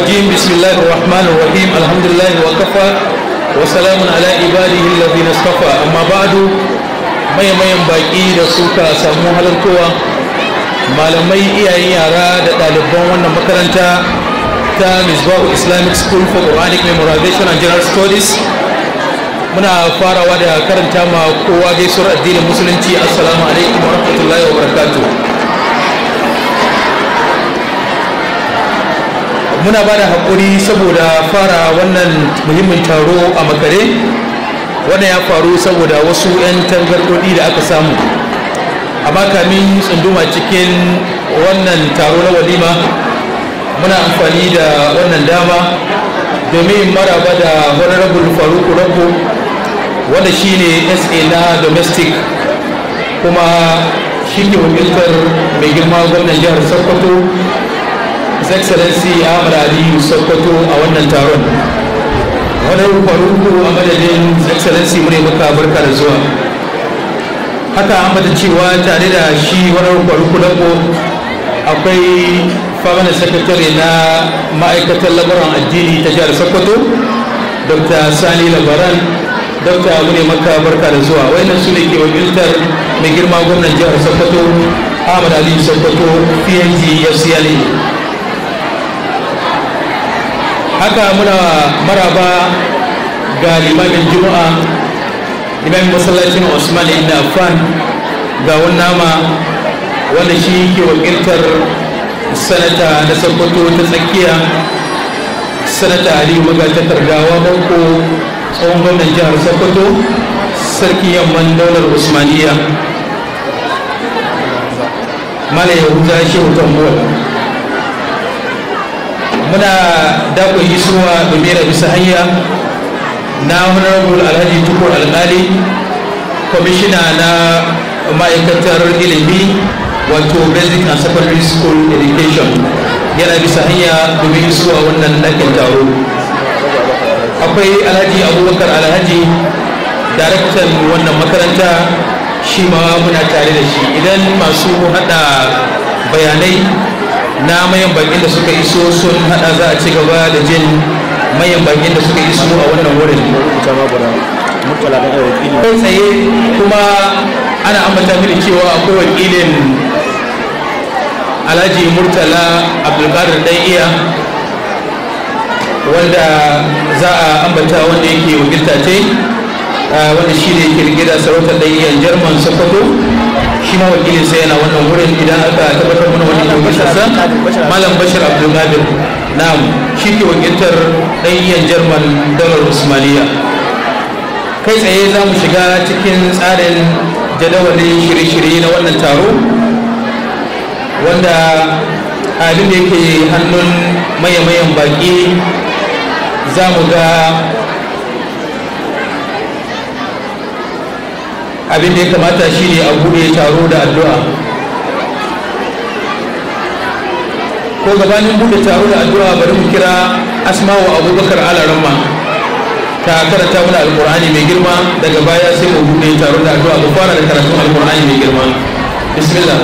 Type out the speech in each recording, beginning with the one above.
الرجيم بسم الله الرحمن الرحيم الحمد لله وكفى وسلام على عباده الذين اصطفى أما بعد maye mayan baƙi da suka samu halartowa malamai iyayen yara da ɗaliban wannan makaranta ta misbahu islamic school for quranic memorization and general studies muna farawa da karanta ma kowa gaisuwar addinin musulunci assalamu alaikum wa rahmatullahi wa barakatuh muna bada da haƙuri saboda fara wannan muhimmin taro a makare wanda ya faru saboda wasu 'yan tangarɗoɗi da aka samu amma kamin tsunduma cikin wannan taro na walima muna amfani da wannan dama domin maraba da honorable faruku rabbo wanda shine sa na domestic kuma shi ne wakiltar mai girma gwamnan jihar sokoto his excellency amur aliyu sokoto a wannan taron wani faruku a madadin his excellency mune muka barka da zuwa haka an bata cewa tare da shi wani faruku lako akwai famanin sakatare na ma'aikatar lamuran addini ta jihar sokoto dr sani labaran dr mure maka barka da zuwa wayannan su ne ke wakiltar mai girma gwamnan jihar sokoto ahmad ali sokoto png fcla e. haka muna maraba ga limamin juma'a limamin masallacin osman inda fan ga nama wanda shi ke wakiltar sanata na sokoto ta tsakiya sanata aliyu magatakar gawa banko tsohon gwamnan jihar sokoto sarki yamman daular usmaniya mala yahuza shehu mawa muna dakon isuwa domin da bisa hanya na honorable alhaji tukur alhali kwamishina na ma'aikatar ilimi wato basic and secondary school education yana bisa hanya domin isuwa wannan dakin taro akwai alhaji abubakar alhaji daraktan wannan makaranta shi ma muna tare da shi idan masu hada bayanai na mayan bakin da suka iso sun hada za a ci gaba da jin mayan bakin da suka iso a wannan wurin kai tsaye kuma ana ambata mini cewa akwai wakilin alhaji murtala abdulkadir dan iya wanda za a ambata wanda yake wakilta ce wanda shi ne ke rigida sarautar dan iya jerman sokoto shima ma wakilin sai yana wannan wurin idan aka tabbatar mana wani domin sassa malam bashir abdulkadir na'am shi ke wakiltar ɗanyen jarman dalar usmaniya kai tsaye za mu shiga cikin tsarin jadawalin shirye-shirye na wannan taro wanda abin da yake hannun maye-mayen baƙi za mu ga abin da ya kamata shi ne a buɗe taro da addu'a ko gabanin buɗe taro da addu'a bari mu kira asma'u abubakar alaramma ta karanta mana alkur'ani mai girma daga baya sai mu buɗe taro da addu'a mu fara da karatun alkur'ani mai girma bismillah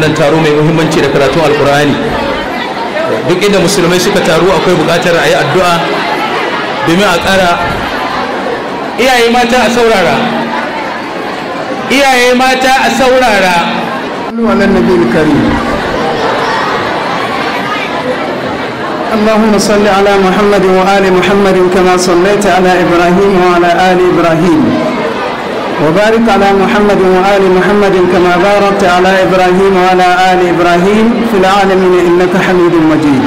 wannan taro mai muhimmanci da karatun alkur'ani duk inda musulmai suka taru akwai buƙatar a yi addu'a domin a ƙara iyaye mata a saurara iyaye mata a saurara wannan nabi karim اللهم صل على محمد وآل محمد كما صليت على إبراهيم وعلى آل إبراهيم وبارك على محمد وآل محمد كما باركت على إبراهيم وعلى آل إبراهيم في العالمين إنك حميد مجيد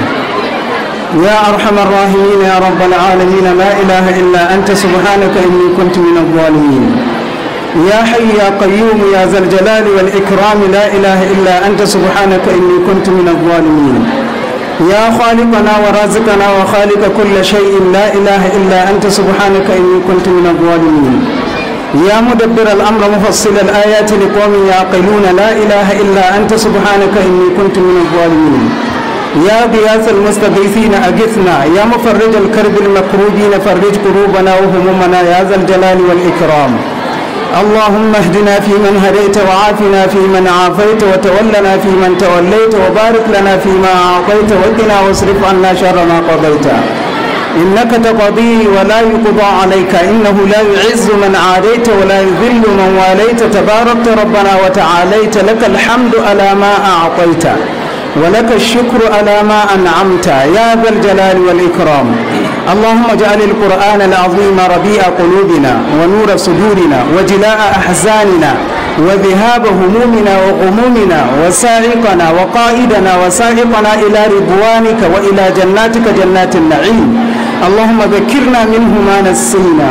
يا أرحم الراحمين يا رب العالمين لا إله إلا أنت سبحانك إني كنت من الظالمين يا حي يا قيوم يا ذا الجلال والإكرام لا إله إلا أنت سبحانك إني كنت من الظالمين يا خالقنا ورازقنا وخالق كل شيء لا إله إلا أنت سبحانك إني كنت من الظالمين يا مدبر الأمر مفصل الآيات لقوم يعقلون لا إله إلا أنت سبحانك إني كنت من الظالمين يا غياث المستغيثين أغثنا يا مفرج الكرب المكروبين فرج كروبنا وهمومنا يا ذا الجلال والإكرام اللهم اهدنا فيمن هديت وعافنا فيمن عافيت وتولنا فيمن توليت وبارك لنا فيما أعطيت وقنا واصرف عنا شر ما قضيت إنك تقضي ولا يقضى عليك إنه لا يعز من عاديت ولا يذل من واليت تباركت ربنا وتعاليت لك الحمد على ما أعطيت ولك الشكر على ما أنعمت يا ذا الجلال والإكرام اللهم اجعل القرآن العظيم ربيع قلوبنا ونور صدورنا وجلاء أحزاننا وذهاب همومنا وغمومنا وسائقنا وقائدنا وسائقنا إلى رضوانك وإلى جناتك جنات النعيم اللهم ذكرنا منه ما نسينا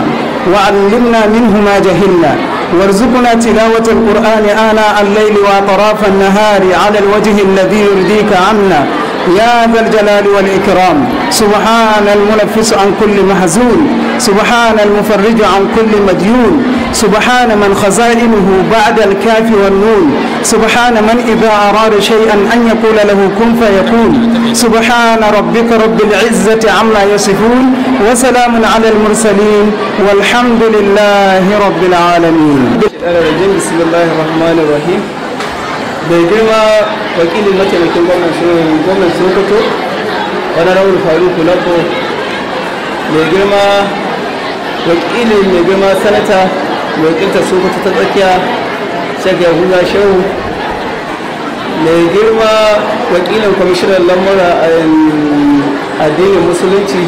وعلمنا منه ما جهلنا وارزقنا تلاوة القرآن آناء الليل وأطراف النهار على الوجه الذي يرضيك عنا يا ذا الجلال والإكرام سبحان المنفس عن كل محزون سبحان المفرج عن كل مديون سبحان من خزائنه بعد الكاف والنون سبحان من إذا أراد شيئا أن يقول له كن فيكون سبحان ربك رب العزة عما يصفون وسلام على المرسلين والحمد لله رب العالمين بسم الله الرحمن الرحيم bai girma wakilin mataimakin gwamnan sokoto wani rawar faruku labo mai girma wakilin mai girma sanata wakilta su ta ta tsakiya shek yahuza shehu mai girma wakilin kwamishinan lamura a addinin musulunci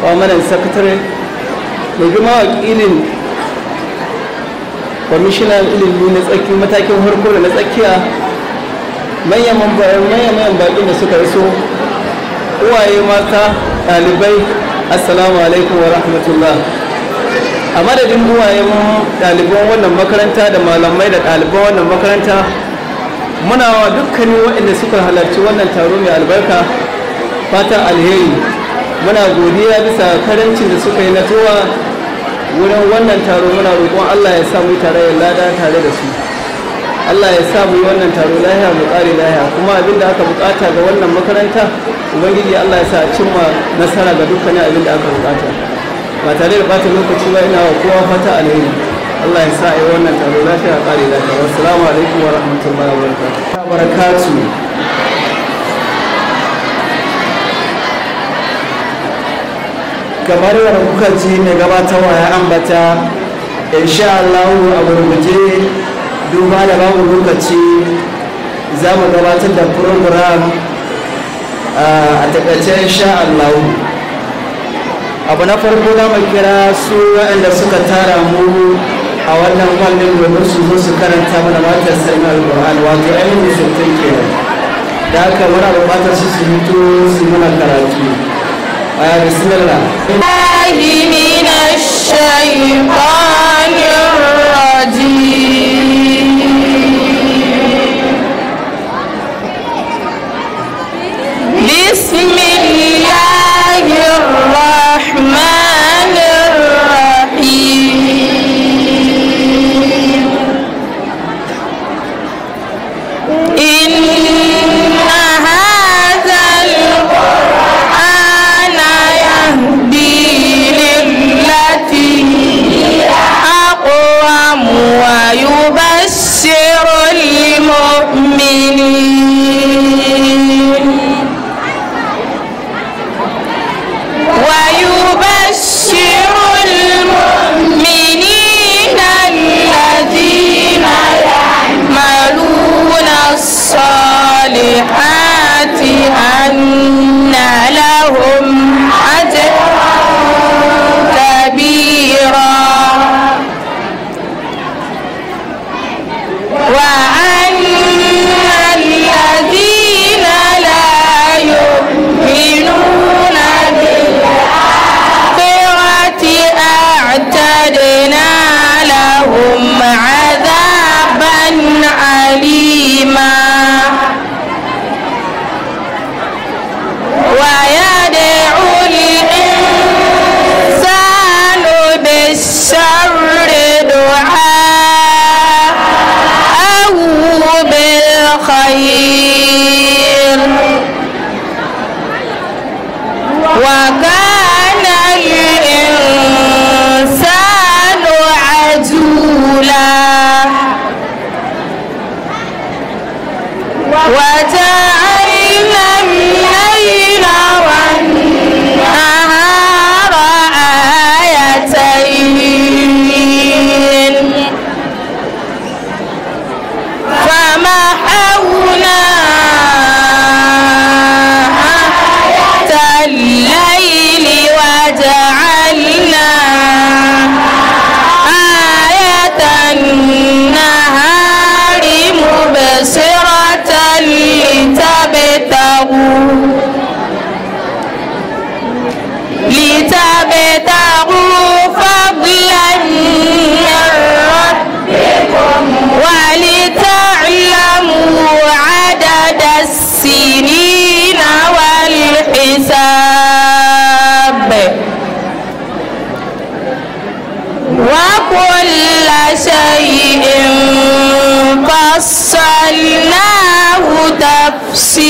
kwamanan sakatare mai girma wakilin kwamishinan ilimi na tsaki matakin harko da na tsakiya manyan manyan baƙin da suka yi so uwaye mata ɗalibai assalamu alaikum wa rahmatullah a madadin buwayen ɗaliban wannan makaranta da malamai da ɗaliban wannan makaranta muna wa dukkanin waɗanda suka halarci wannan taro mai albarka fata alheri muna godiya bisa karancin da suka yi na towa wurin wannan taro muna roƙon allah ya samu tare da lada tare da su allah ya samu wannan taro lahiya mu ƙare lahiya kuma abin da aka buƙata ga wannan makaranta ubangiji allah ya sa cimma nasara ga dukkanin abin da aka buƙata ba tare da bata lokaci ba ina wa kowa fata alheri Allah ya sa yi wannan taro lafiya kare lafiya assalamu alaikum wa rahmatullahi wa barakatuh barakatu kamar yadda kuka ji gabatar wa ya ambata insha Allah a gurguje duba da babu lokaci za mu gabatar da program a takaice insha Allah abu na farko za mu kira su waɗanda suka tara mu a wannan kwallon domin su zo su karanta mana matar sami alƙur'ani wato ainihin musultai kenan da haka muna buƙatar su su fito su muna karatu a bismillah من الشيطان الرجيم بسم الله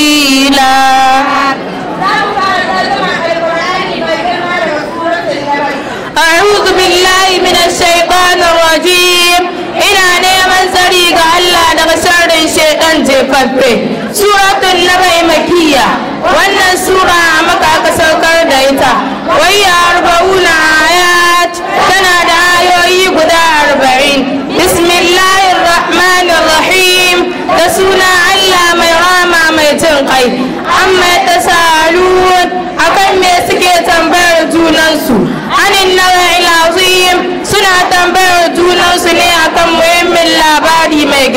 sabila a'udhu billahi minash shaitanir rajim ina neman tsari ga Allah daga sharrin shaitan jefaffe suratul nabai makiyya wannan sura maka ka saukar da ita wai ya rubuta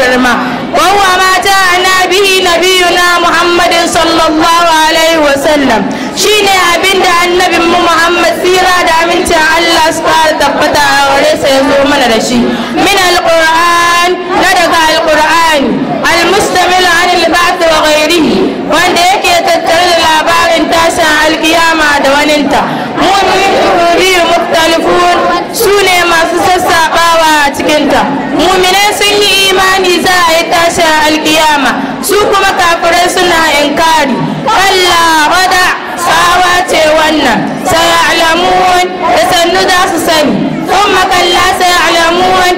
girma wawa mata ana bihi nabiyuna muhammadin sallallahu alaihi wasallam shine abin da annabin mu muhammad sira da amincin allah su fara tabbata a sa ya zo mana da shi min alquran na daga alquran almustamil an alba'th wa ghairihi wanda yake tattare da labarin tashin alkiyama da waninta mu'min asalinta muminai sun yi imani za a yi tashi a alkiyama su kuma kafirai suna inkari Allah wada tsawa ce wannan sai alamuwan da sannu za su sani kun makalla sai alamuwan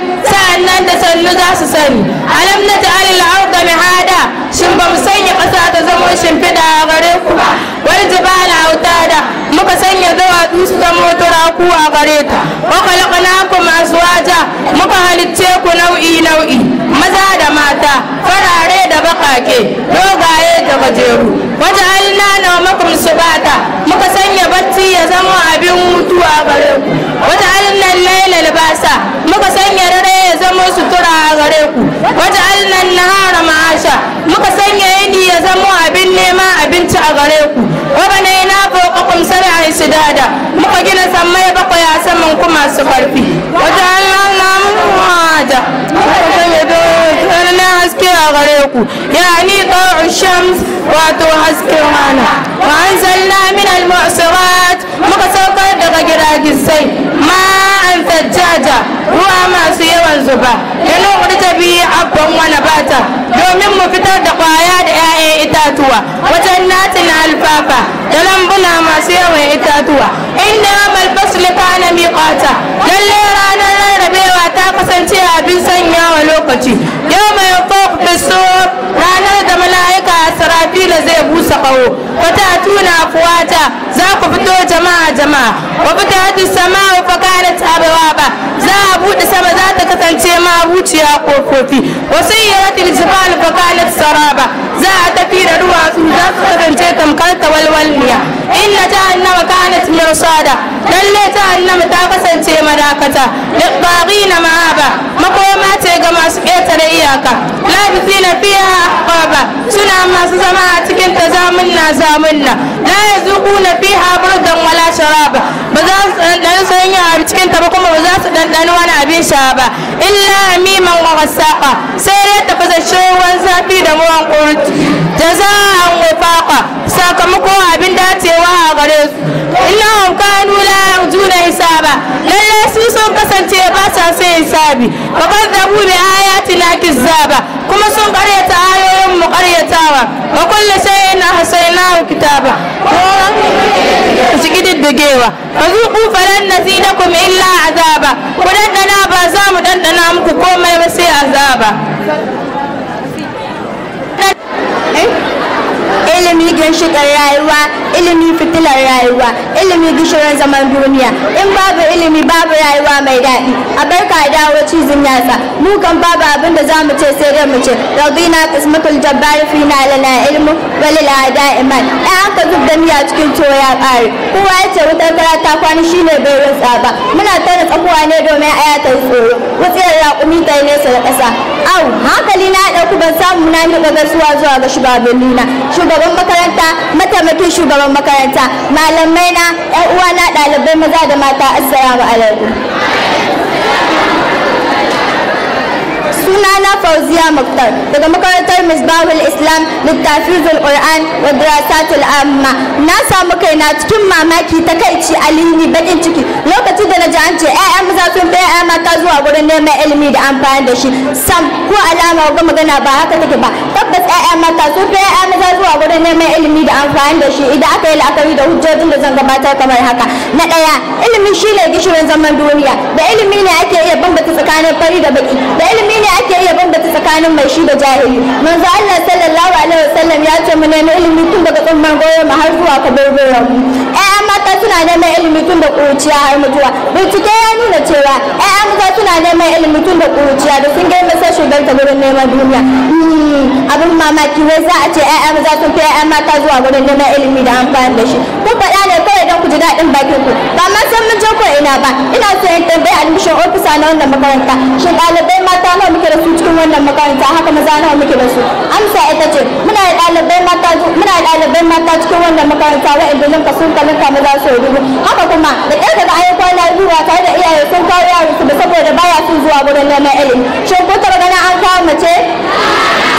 nan da sannu za su sani alam na ta'alil arda mihada shin ba mu sanya ƙasa ta zama shimfiɗa a gare ku ba wal jibala da. muka sanya duwatsu su zama a gare ta wa masu waja muka halicce ku nau'i nau'i maza da mata farare da bakake dogaye da gajeru waje alna na makum bata muka sanya bacci ya zama abin mutuwa gare ku wata allan laila libasa muka sanya dare ya zama sutura a gare ku wata allan nahara ma'asha muka sanya yadi ya zama abin nema abinci a gare ku wabana yana fokakun sabi a yi sidada muka gina samai bakwai a saman ku masu karfi wata allan namun mata muka sanya dole na haske a gare ku ya ni ƙarar shams wato hasken rana wa an zalla min al-mu'sirat muka sauka gira gisai ma an sajjaja ruwa masu yawan zuba ta bi abban wani bata domin mu fitar da kwaya da 'ya'yan itatuwa wajen natin alfafa da lambuna masu yawan itatuwa inda malfasli kana kwata lalle ranar rarrabewa ta kasance abin sanya wa lokaci yau mai kofi ranar da mala'ika sarafila zai busa ƙaho wata tuna kuwata za ku fito jama'a jama'a wa fita hadu sama wa fakana tabewa ba za a buɗe sama za ta kasance ma wuciya kofofi wasu yaratil jibal fakalat saraba za a tafi da duwatsu za su kasance tamkar tawalwalniya inna jahannama kanat mirsada lalle jahannama ta kasance madakata liqagina ma'aba makoma ce ga masu ƙetare iyaka labisina fiha ahqaba suna masu zama a cikin ta zamunna zamunna la fi fiha burdan wala sharaba ba za su ɗanɗani yi a cikin ta ba kuma ba za su ɗanɗani wani abin sha ba illa miman wa wassaƙa sai ya tafi da ruwan zafi da ruwan ƙurut jaza'an wifaqa sakamako abin dacewa a gare su innahum kanu la na hisaba lalle su sun kasance ba sa sai hisabi da kadzabu bi ayatina kizaba kuma sun karyata ayoyin mu karyatawa wa kullu shay'in ahsaynahu kitaba diddigewa fa zuqu falan nazidakum illa azaba ku dandana ba za mu dandana muku komai ba sai azaba. Eh? ilimi ginshiƙar rayuwa ilimi fitilar rayuwa ilimi gishirin zaman duniya in babu ilimi babu rayuwa mai daɗi a barka dawo cizin yasa mu kan babu abin da zamu ce sai dai mu ce rabbina qismatul jabbar na lana ilmu walil ada iman ai haka zub da miya cikin tuwo ya ƙare kowa ya ce wutar karata kwani shine bai rutsa ba muna tare tsakuwa ne domin ayatar tsoro wutsiyar raƙumi ta nesa da ƙasa au hankali na ɗauku ban samu na miƙa gaisuwa zuwa ga shugabannina shugaban makaranta mataimakin shugaban makaranta malamai na 'yan uwana ɗalibai maza da mata assalamu alaikum sunana Fauziya daga makarantar Misbahul Islam Littafizul Qur'an wa Dirasatul Amma na samu kaina cikin mamaki ta kaici alini bakin ciki lokacin da na ji an ce ƴaƴan maza sun fi ƴaƴan mata zuwa gurin neman ilimi da amfani da shi sam ko alama ga magana ba haka take ba tabbas ƴaƴan mata sun bai ƴaƴan maza zuwa gurin neman ilimi da amfani da shi idan aka yi la'akari da hujjojin da zan gabatar kamar haka na ɗaya ilimi ne gishirin zaman duniya da ilimi ne ake iya bambata tsakanin fari da baki da ilimi ne ake iya bambata tsakanin mai shi da jahili manzo Allah sallallahu alaihi wasallam ya ce mu nemi ilimi tun daga tsumman goyon mu har zuwa kaburburan ƴaƴan mata suna neman ilimi tun da ƙuruciya har mutuwa bincike ya nuna cewa ƴaƴan mata suna neman ilimi tun da ƙuruciya da sun girma sai shugabta gurin neman duniya hmm, abin mamaki wai za a ce ƴaƴan maza sun fi ƴaƴan mata zuwa gurin neman ilimi da amfani da shi kun faɗa ne kawai don ku ji daɗin bakin ku ba ma san mun je ko ina ba ina so in tambaya admission officer na wannan makaranta shin ɗalibai mata nawa muke da su cikin wannan makaranta haka maza nawa muke da su amsa ita ce muna da ɗalibai mata muna da ɗalibai mata cikin wannan makaranta wa'anda zan ka sun ka kama maza su dubu haka kuma da ɗaya daga ayyuka na zuwa tare da iyaye sun kawo yaran su saboda baya sun zuwa gurin neman ilimi shin ko ta gana an kawo mace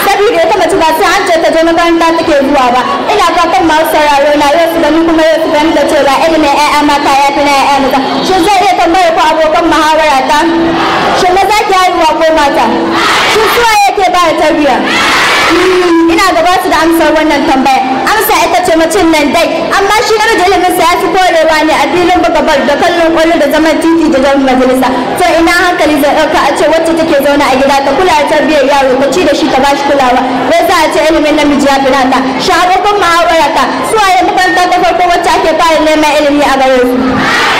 saboda lokaci ba sai an ce ta je makaranta take zuwa ba ina fatan masu sauraro na yau su gani kuma yau su gani da cewa ilimin ƴaƴa mata ya fi na ƴaƴa maza shi zai iya tambaya ko abokan muhawara ta shi maza ki haihuwa ko mata shi suwa yake ba da tarbiyya ina gaba su da amsar wannan tambaya sa ita ce mutum nan dai amma shi yaro da ilimin sa ya fi korewa ne a filin buga da kallon kwallo da zaman titi da zaman majalisa to ina hankali zai ɗauka a ce wacce take zauna a gida ta kula ta biyar yaro ta ci da shi ta ba shi kulawa wai za a ce ilimin namiji ya fi nata su muhawarata suwaye makaranta ta farko wacce ake fara neman ilimi a gare su.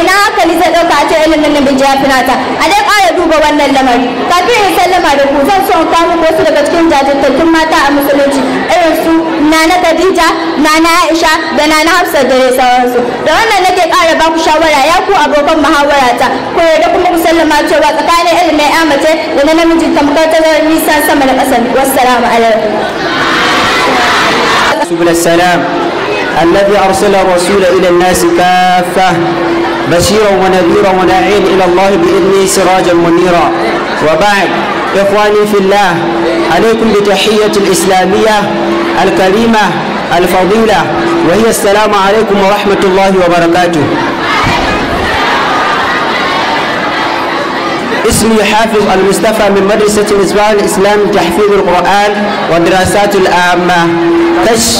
ina hankali zai ɗauka a ce ilimin nan bai finata a dai ƙara duba wannan lamari kafin in sallama da ku zan so in kawo wasu daga cikin jajirtattun mata a musulunci irin su nana khadija nana aisha da nana hafsa da dai sauransu da wannan nake ƙara ba ku shawara ya ku abokan muhawara ta ku yarda kuma ku sallama cewa tsakanin ilimin ya mace da na namiji tamkar tazarar nisan sama da ƙasa wassalamu alaikum subul salam الذي أرسل الرسول إلى الناس كافة بشيرا ونذيرا وداعيا إلى الله بإذنه سراجا منيرا وبعد إخواني في الله عليكم بتحية الإسلامية الكريمة الفضيلة وهي السلام عليكم ورحمة الله وبركاته اسمي حافظ المصطفى من مدرسة مصباح الإسلام تحفيظ القرآن والدراسات العامة تش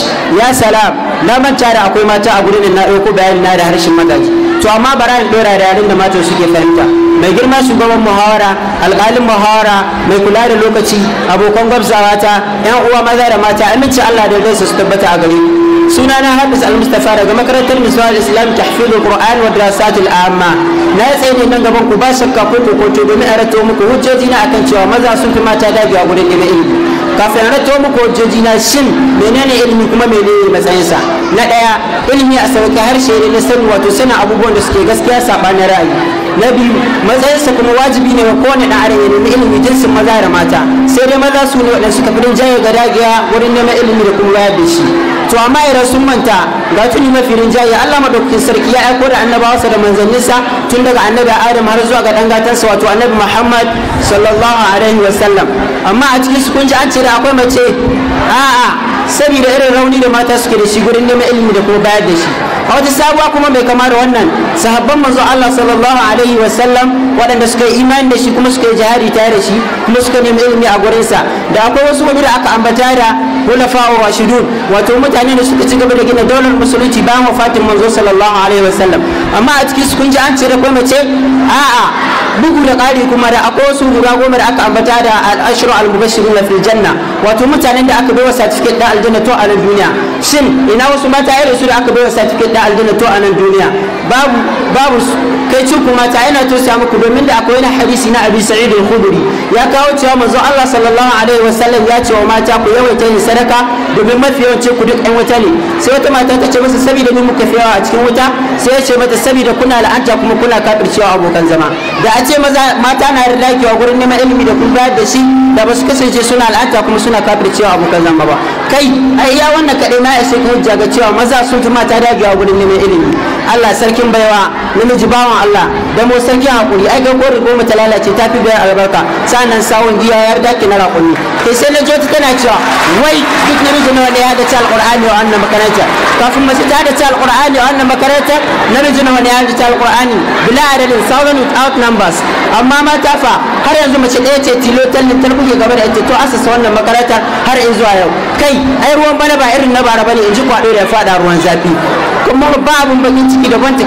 يا سلام na manta da akwai mata a gurin na ɗauko bayani na da harshen magaji to amma bara in dora da yaren da matan suke fahimta mai girma shugaban muhawara alƙalin muhawara mai kula da lokaci abokan gwabzawa ta yan uwa maza da mata aminci Allah da zai su tabbata a gare suna na Hafiz Al-Mustafa daga makarantar Miswar Islam Tahfidul Qur'an wa al Amma na tsaye ne nan gaban ku ba shakka ko kokonto domin a rato muku hujjoji na akan cewa maza sun fi mata dagewa gurin neman ilimi kafin rato muku hujjoji na shin menene ilimi kuma menene matsayinsa na daya ilimi a sauke harshe ne na sani wato sanin abubuwan wanda suke gaskiya sabanin ra'ayi na biyu matsayinsa kuma wajibi ne ga kowane ɗan arewa ya nemi ilimi jinsin maza da mata sai dai maza su ne waɗanda suka fi rinjaye ga dagiya wurin neman ilimi da kuma bayar da shi to amma idan sun manta ga tuni mafi rinjaye Allah madaukakin sarki ya aiko da annabawarsa da manzanninsa tun daga annabi Adam har zuwa ga dangatansa wato annabi Muhammad sallallahu alaihi wasallam amma a cikin su kun ji an ce da akwai mace a'a saboda irin rauni da mata suke da shi gurin neman ilimi da kuma bayar da shi a wata sabuwa kuma bai kama da wannan sahabban manzo Allah sallallahu alaihi sallam waɗanda suka yi imani da shi kuma suka yi jihadi tare da shi kuma suka nemi ilimi a gurin sa da akwai wasu wani da aka ambata da hulafa wa rashidun wato mutane da suka ci gaba da gina daular musulunci bayan wafatin manzo sallallahu alaihi sallam amma a cikin su kun ji an ce da kuma mace a'a bugu da ƙari kuma da ako su guda goma da aka ambata da al'ashiru al-mubashirun na janna wato mutanen da aka baiwa certificate da aljanna to a nan duniya shin ina wasu mata irin su da aka baiwa certificate da aljanna to a nan duniya babu babu kai cin ku mata yana to samu ku domin da akwai na hadisi na abi sa'id al-khudri ya kawo cewa manzo Allah sallallahu alaihi wasallam ya ce wa mata ku yawaita yin sadaka domin mafi yawancin ku duk ɗan wata ne sai wata mata ta ce masa saboda ni muka a cikin wuta sai ya ce mata saboda kuna la'anta kuma kuna kafircewa abokan zama da a ce mata na da dakewa gurin neman ilimi da kuma bayar da shi da ba su kasance suna al'anta kuma suna cewa abokan zama ba kai a iya wannan kaɗai na sai hujja ga cewa maza sun fi mata dagewa gurin neman ilimi Allah sarkin baiwa namiji bawan Allah da mu sarkin hakuri ai ga gori goma ta lalace ta fi bayar albarka sannan sawun giya ya daki na rakuni kai sai na jota tana cewa wai duk namiji na wani ya da ta alqur'ani wa annan makaranta kafin mace ta da ta alqur'ani wa annan makaranta namiji na wani ya da ta alqur'ani bila adadin sauran out na numbers amma mata fa har yanzu mace ɗaya ce tilo tallin kuke gaba da ita to asasa wannan makarantar har in zuwa yau kai ai ruwan bana ba irin na bara bane in ji kwado da ya faɗa ruwan zafi kuma babin bakin ciki da ban ci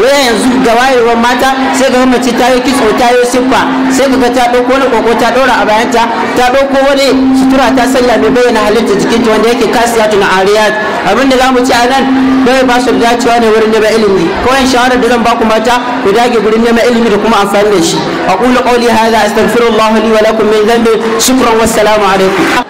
waya yanzu ga wayewar mata sai ga mace ta yi kitso ta yi siffa sai ga ta ɗauko wani koko ta ɗora a bayanta ta ɗauko wani sutura ta sallah mai bayyana halitta jikinta wanda yake kasiya tuna ariyat abin da zamu ci a nan bai ba su dacewa ne wurin neman ilimi ko in shawarar da zan ba ku mata ku dage gurin neman ilimi da kuma amfani da shi aqulu qawli hadha astaghfirullah li wa lakum min dhanbi shukran wassalamu alaikum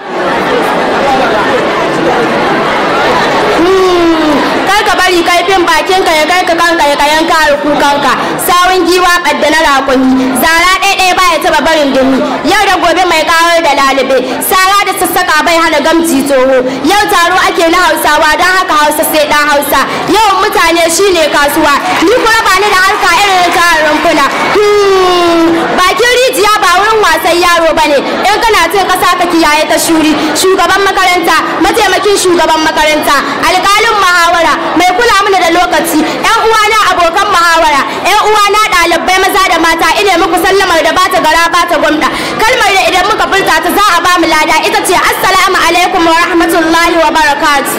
bari kaifin bakinka ya kai ka kanka ya kayan ku kanka sawun giwa baddana na rakumi zara ɗaya ɗaya ba ya taɓa barin dumi yau da gobe mai kawar da lalube sara da sassaka bai hana gamji toho yau taro ake na hausawa don haka hausa sai ɗan hausa yau mutane shine kasuwa ni kuma ba ni da harka irin ta rumfuna hmm, bakin rijiya ba wurin wasan yaro ba ne in kana cin kasa ka kiyaye ta shuri shugaban makaranta mataimakin shugaban makaranta alƙalin muhawara mai kula mana da lokaci yan uwana abokan muhawara yan uwana ɗalibai maza da mata ina muku sallamar da bata gara bata gwamna kalmar da idan muka furta ta za a ba mu lada ita ce assalamu alaikum wa rahmatullahi wa barakatuh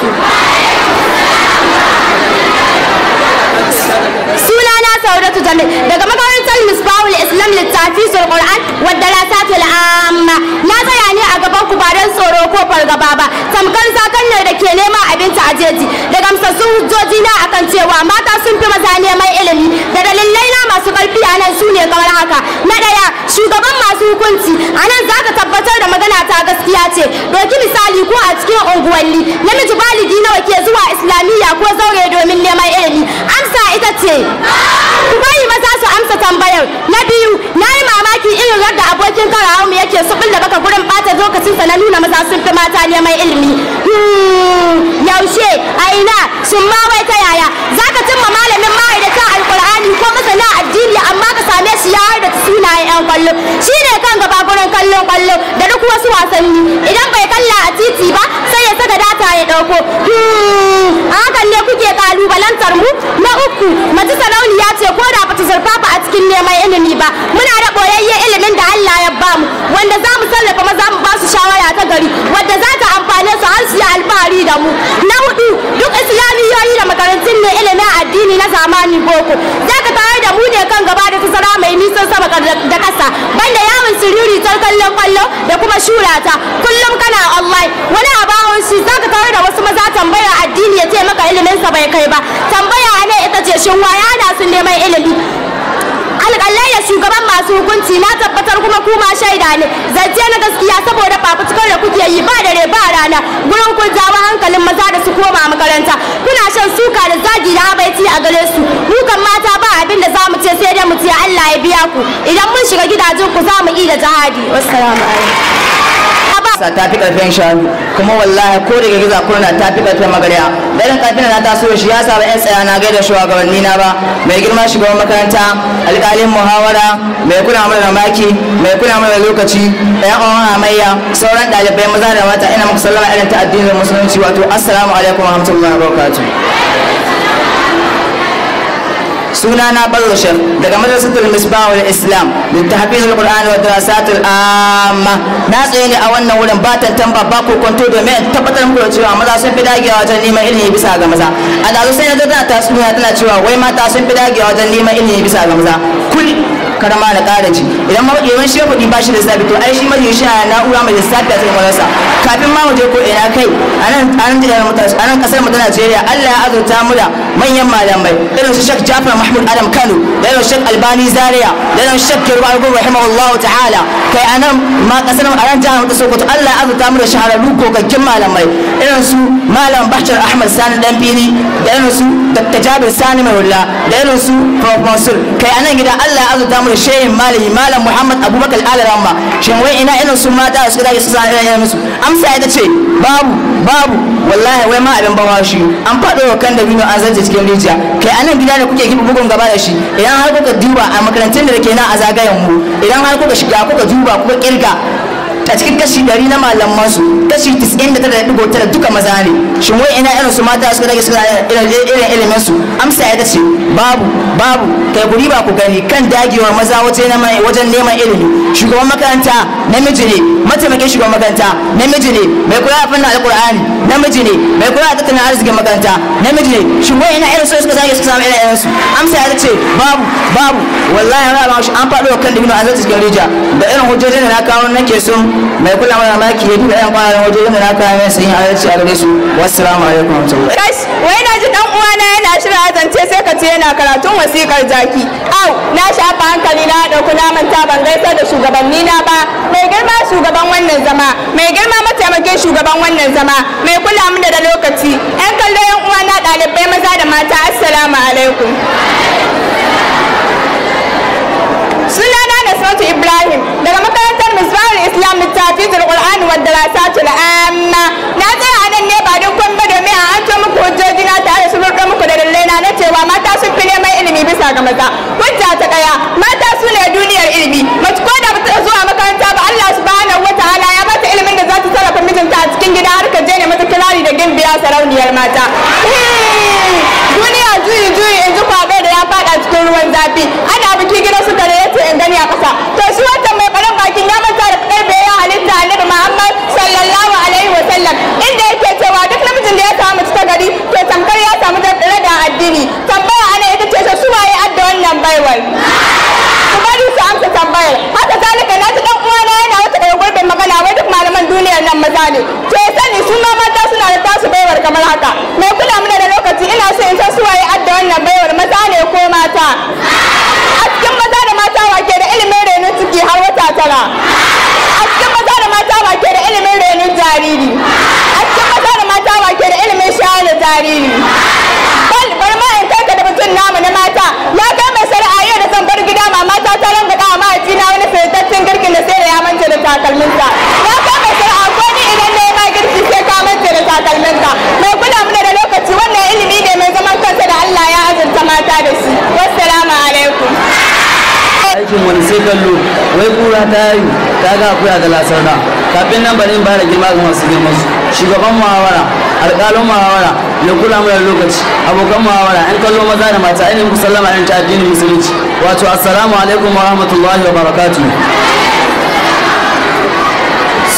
sunana saudatu jamil daga makarantar misbahul islam sul qur'an wa dalasatul amma na tsaya ne a gaban ku ba don tsoro ko fargaba ba tamkar zakannar da ke nema abinci a jeji da gamsassun hujjoji na akan cewa mata sun fi maza neman ilimi da dalilai na masu karfi a nan su ne kamar haka na ɗaya shugaban masu hukunci a nan za ka tabbatar da magana ta gaskiya ce doki misali ko a cikin unguwanni namiji baligi nawa ke zuwa islamiyya ko zaure domin neman ilimi amsa ita ce ku bari maza su amsa tambayar na biyu Aliyu na yi mamaki irin yadda abokin karawa mu yake su bulla baka gurin bata lokacin sa na nuna maza sun fi mata neman ilimi. Hmm, yaushe Aina, ina ma wai ta yaya za ka cimma malamin ta alkur'ani ko masana addini amma ka same shi ya da sunayen yan kwallo shi ne kan gaba gurin kallon kwallo da duk wasu wasanni idan bai kalla a titi ba sai kusa da data ya dauko hmm, a hakan ne kuke kalubalantar mu na uku mace sarauniya ce ko da bata zurfafa a cikin neman ilimi ba muna da boyayyen ilimin da Allah ya ba mu wanda za mu sarrafa maza mu ba su shawara ta gari wanda za ta amfane su har su yi alfahari da mu na hudu duk islamiyoyi da makarantun ne ilimin addini na zamani boko tare da mu ne kan gaba da tasara mai nisan sama da kasa banda yawon siriri tar kallon kwallo da kuma shurata kullum kana online wani abawon shi zaka tare da wasu maza tambaya addini ya ce maka ilimin sa bai kai ba tambaya ne ita ce shin waya da sun neman ilimi alƙalai da shugaban masu hukunci na tabbatar kuma kuma shaida ne zance na gaskiya saboda fafutukar da kuke yi ba da ba rana gurin kun jawo hankalin maza da su koma makaranta kuna shan suka da zagi da abaiti a gare su mu mata ba abin da za mu ce sai dai mu ce Allah ya biya ku idan mun shiga gidajen ku za mu yi da jihadi wassalamu alaikum sa ta fi karfin shanu kuma wallahi ko da girgiza kurna ta fi karfin magarya garin kafin na taso shi ya saba yan tsaya na gaida shugabanni na ba mai girma shugaban makaranta alƙalin muhawara mai kula mana maki mai kula mana lokaci ɗan uwan amayya sauran ɗalibai maza da mata ina muku sallama irin ta addinin musulunci wato assalamu alaikum wa rahmatullahi wa barakatuh sunana Bello Shek daga Madrasatul Misbahul Islam da Tahfizul Qur'an wa Dirasatul Amma na tsaye ne a wannan wurin ba tantamba ba ko kwanto domin tabbatar muku cewa maza sun fi dagewa wajen neman ilimi bisa ga maza a da sai na tana tatsuniya tana cewa wai mata sun fi dagewa wajen neman ilimi bisa ga maza kul karama na ƙara ci idan ma yawan shi kuɗi ba shi da sabi to ai shi ma shi a na'ura mai lissafi a cikin marasa kafin ma mu je ko ina kai a nan ƙasar mu ta Najeriya Allah ya azurta mu da manyan malamai irin su Sheikh Jafar Mahmud Adam Kano da irin Sheikh Albani Zaria da irin Sheikh Kirwa Abubakar rahimahullahu ta'ala kai a nan ma ƙasar mu a nan ta Sokoto Allah ya azurta mu da shahararru kokakkin malamai irin su Malam Bashir Ahmad Sani Dan Fili da irin su Dr. Jabir Sani Maula da irin su Prof. Mansur kai a nan gida Allah ya azurta mu samun shehin malami malam muhammad abubakar alaramma shin wai ina irin su mata da suka dage su sa irin musu amsa ita ce babu babu wallahi wai ma abin bawa shi an faɗo wa kan dabino an zance cikin rijiya kai anan gida da kuke gibi bugun gaba da shi idan har kuka duba a makarantun da ke nan a zagayen mu idan har kuka shiga kuka duba kuka kirga a cikin kashi dari na malaman su kashi tis'in da tara da ɗigo tara duka maza ne shin mu ina irin su mata suka rage suka irin ilimin su amsa ya ce babu babu kai guri ba ku gani kan dagewar maza wajen neman ilimi shugaban makaranta namiji ne mataimakin shugaban makaranta namiji ne mai kula da fannin alkur'ani namiji ne mai kula da tattalin arzikin makaranta namiji ne shin mu ina irin su suka zage su samu irin irin su amsa ya ce babu babu wallahi na ba shi an faɗo kan dubino an zata cikin rija da irin hujjojin da na kawo nake sun mai kula mana maki ya duka yan kwanan waje yana naka mai sayin adalci a gare su wassalamu alaikum rahmatullahi guys wai na ji dan uwana yana shirya azance sai ka ce yana karatun wasikar jaki au na shafa hankali na dauku na manta ban gaisa da shugabanni na ba mai girma shugaban wannan zama mai girma mataimakin shugaban wannan zama mai kula mun da lokaci yan kallo yan uwana ɗalibai maza da mata assalamu alaikum sunana na sautu ibrahim daga makarantar misbahul islam littafizul qur'ani wa darasatul amma na tsaya a nan ne ba don kun ba da a an muku hujjoji na tare su rurɗa muku da na na cewa mata sun fi neman ilimi bisa ga maza hujja ta ɗaya mata su ne duniyar ilimi mace ko da ta zuwa makaranta ba Allah subhanahu wataala ya bata ilimin da za ta sarrafa mijinta a cikin gida har ka je ne mata kirari da gimbiya sarauniyar mata duniya juyi juyi in ji kwabe da ya fada cikin ruwan zafi ana biki gidan su kare yace in gani a kasa to su wata mai mutum ya manta da kadar ya halitta annabi Muhammad sallallahu alaihi wa sallam inda yake cewa duk namijin da ya samu mace ta gari to tamkar ya samu daddare da addini tambaya ana ita ce su waye adda wannan baiwar ku bari su amsa tambayar haka zalika na ji dan uwana yana wata daga gurbin magana wai duk malaman duniyar nan maza ne to ya sani su ma mata suna da tasu baiwar kamar haka mai kula mana da lokaci ina so in san su waye adda wannan baiwar maza ne ko mata a cikin maza da mata wake da ilimin ciki har wata tara a cikin maza da mata ba ke da ilimin renin jariri a cikin maza da mata ba ke da ilimin shayar da jariri bar ma in da mutum namu na mata ya kai mai shari'a yau da zan bar gida mata ta ran ranga a ma na wani fitaccen girkin da sai da ya manta da takalminta ya kai mai shari'a ko ni idan na yi ma girki sai ka manta da takalminta mai kula mana da lokaci wannan ilimi ne mai zaman kansa da Allah ya azurta mata da shi wassalamu alaikum aikin wani sai kallo wai kura ta yi ta ga akuya da lasarda, kafin nan bari in ba da girma ga masu girma su shugaban muhawara alƙalin muhawara ya kula lokaci abokan muhawara in kallo maza da mata ainihin ku sallama irin ta addinin musulunci wato assalamu alaikum wa rahmatullahi wa barakatuh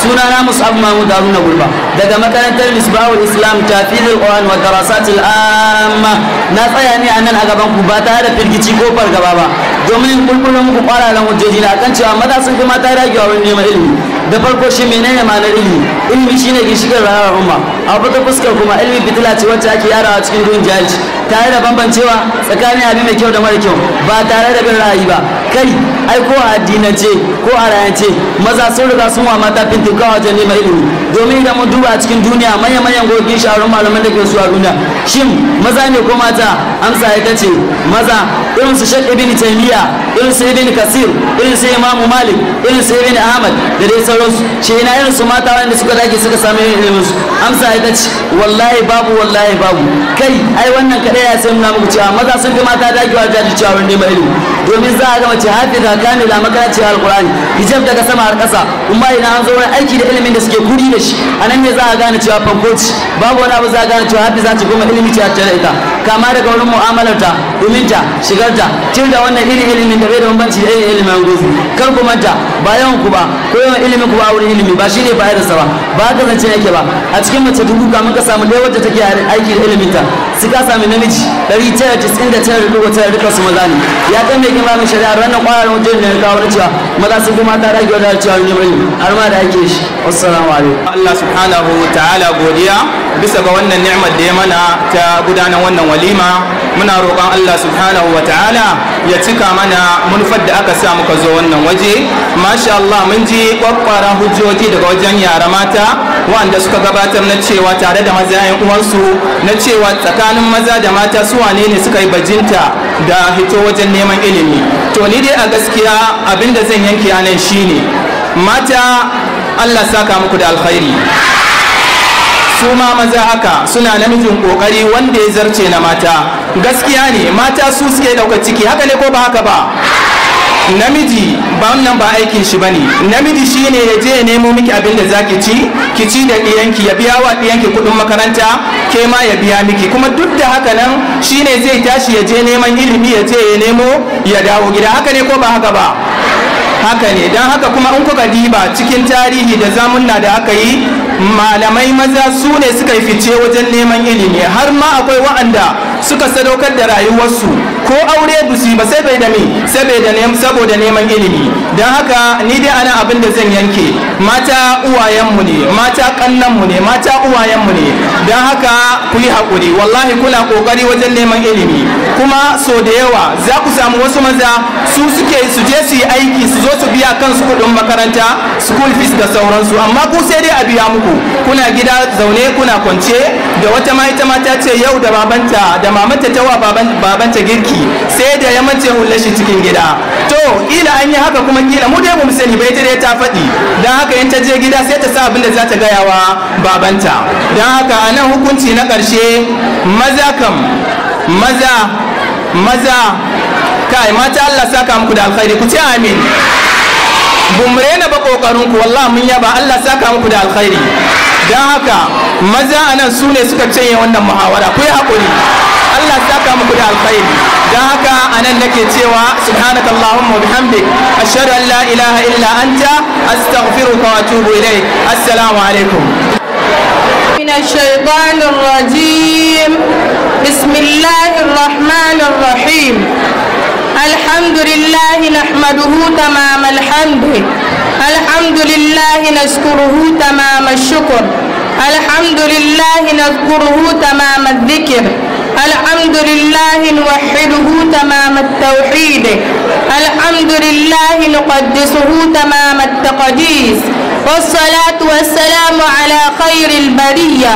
suna na musab mahmud haruna gulba daga makarantar misbahul islam tafizul ƙwan wa darasatil amma na tsaya ne a nan a gaban ku ba tare da firgici ko fargaba ba domin kulkulo muku ran hujjoji na kan cewa maza sun fi mata dagewa wurin neman ilimi da farko shi menene na ilimi ilimi shine da rayuwar umma a wata fuskar kuma ilimi fitila ce wacce ake yarawa cikin duhun jahilci tare da bambancewa tsakanin abin mai kyau da mara kyau ba tare da bin ra'ayi ba kai ai ko a addinance ko a rayance maza sun riga sun wa mata fintukawa wajen neman ilimi domin idan mun duba a cikin duniya manya manyan gogin shaharun malamai da ke su a duniya shin maza ne ko mata amsa ita ce maza irin su shek ibn taymiya irin su ibn kasir irin su imam malik irin su ibn ahmad da dai sauransu shi ina irin su mata wanda suka dake suka samu ilimin su amsa ita ce wallahi babu wallahi babu kai ai wannan kadai ya sai nuna muku cewa maza sun fi mata dagewa cewa wurin neman ilimi domin za a ga mace da kamila makarancin alkurani hijab daga sama har kasa kuma ina an zo wani aiki da ilimin da suke kuri da shi a nan ne za a gane cewa fankoci babu wani abu za a gane cewa za ce kuma ilimi ce a tare ita kama daga wurin mu'amalarta ilminta shigarta cin da wannan iri ilimin da bai da bambanci da irin ilimin gozu kar ku manta ba yawan ku ba ko yawan ilimin ku ba wurin ilimi ba shine fa'idarsa ba ba ka zance yake ba a cikin mace dubu kamun ka samu ɗaya wadda take aiki da iliminta suka sami namiji ɗari tara tisin da tara dubu tara duka su maza ne ya kai mai kima mai shari'a ranar kwararar wajen da ya kawo na cewa maza sun kuma ta rage wadda cewa ne mai arma da ake shi assalamu alaikum Allah subhanahu wa ta'ala godiya bisa ga wannan ni'mar da ya mana ta gudanar wannan walima muna roƙon Allah subhanahu wa ta'ala ya cika mana munfar da aka sa muka zo wannan waje masha Allah mun ji kwakwara hujjoji daga wajen yara mata wanda suka gabatar na cewa tare da maza yan uwansu na cewa tsakanin maza da mata su wane ne suka yi bajinta da hito wajen neman ilimi to ni dai a gaskiya abin da zan yanke a nan shine mata Allah saka muku da alkhairi su ma maza haka suna namijin kokari wanda ya zarce na mata gaskiya ne mata su suke daukar ciki haka ne ko ba haka ba namiji ba wannan ba aikin shi bane namiji shine ya je ya nemo miki abin da zaki ci ki ci da ɗiyanki ya biya wa ɗiyanki kuɗin makaranta ke ma ya biya miki kuma duk da haka nan shine zai tashi ya je neman ilimi ya je ya nemo ya dawo gida haka ne ko ba haka ba haka ne don haka kuma in kuka diba cikin tarihi da zamunna da aka yi malamai maza su ne suka yi fice wajen neman ilimi har ma akwai wa'anda suka sadaukar da rayuwarsu ko aure ba su ba sai bai da me sai bai da saboda neman ilimi don haka ni dai ana abin da zan yanke mata uwayenmu ne mata kannanmu ne mata uwayenmu ne don haka ku yi haƙuri wallahi kuna ƙoƙari wajen neman ilimi kuma so da yawa za ku samu wasu maza su suke su je su yi aiki su zo su biya kansu kuɗin makaranta school fees da sauransu amma ku sai dai a biya muku kuna gida zaune kuna kwance da wata ma ita ma ce yau da babanta da mamata ta wa babanta girki sai da ya mace hular shi cikin gida to kila an yi haka kuma kila mu dai mu sani bai ta dai ta faɗi Dan haka in ta je gida sai ta sa abin da za ta gaya wa babanta Dan haka a nan hukunci na ƙarshe maza kam maza maza kai mata Allah saka muku da alkhairi ku ce amin bumre ba kokarin ku wallahi mun yaba Allah saka muku da alkhairi Dan haka maza anan su ne suka canye wannan muhawara ku yi haƙuri الله ساكا مكولي على الخير داكا أنا لك تيوى سبحانك اللهم وبحمدك أشهد أن لا إله إلا أنت أستغفرك وأتوب إليك السلام عليكم من الشيطان الرجيم بسم الله الرحمن الرحيم الحمد لله نحمده تمام الحمد الحمد لله نشكره تمام الشكر الحمد لله نذكره تمام الذكر الحمد لله نوحده تمام التوحيد الحمد لله نقدسه تمام التقديس والصلاة والسلام على خير البرية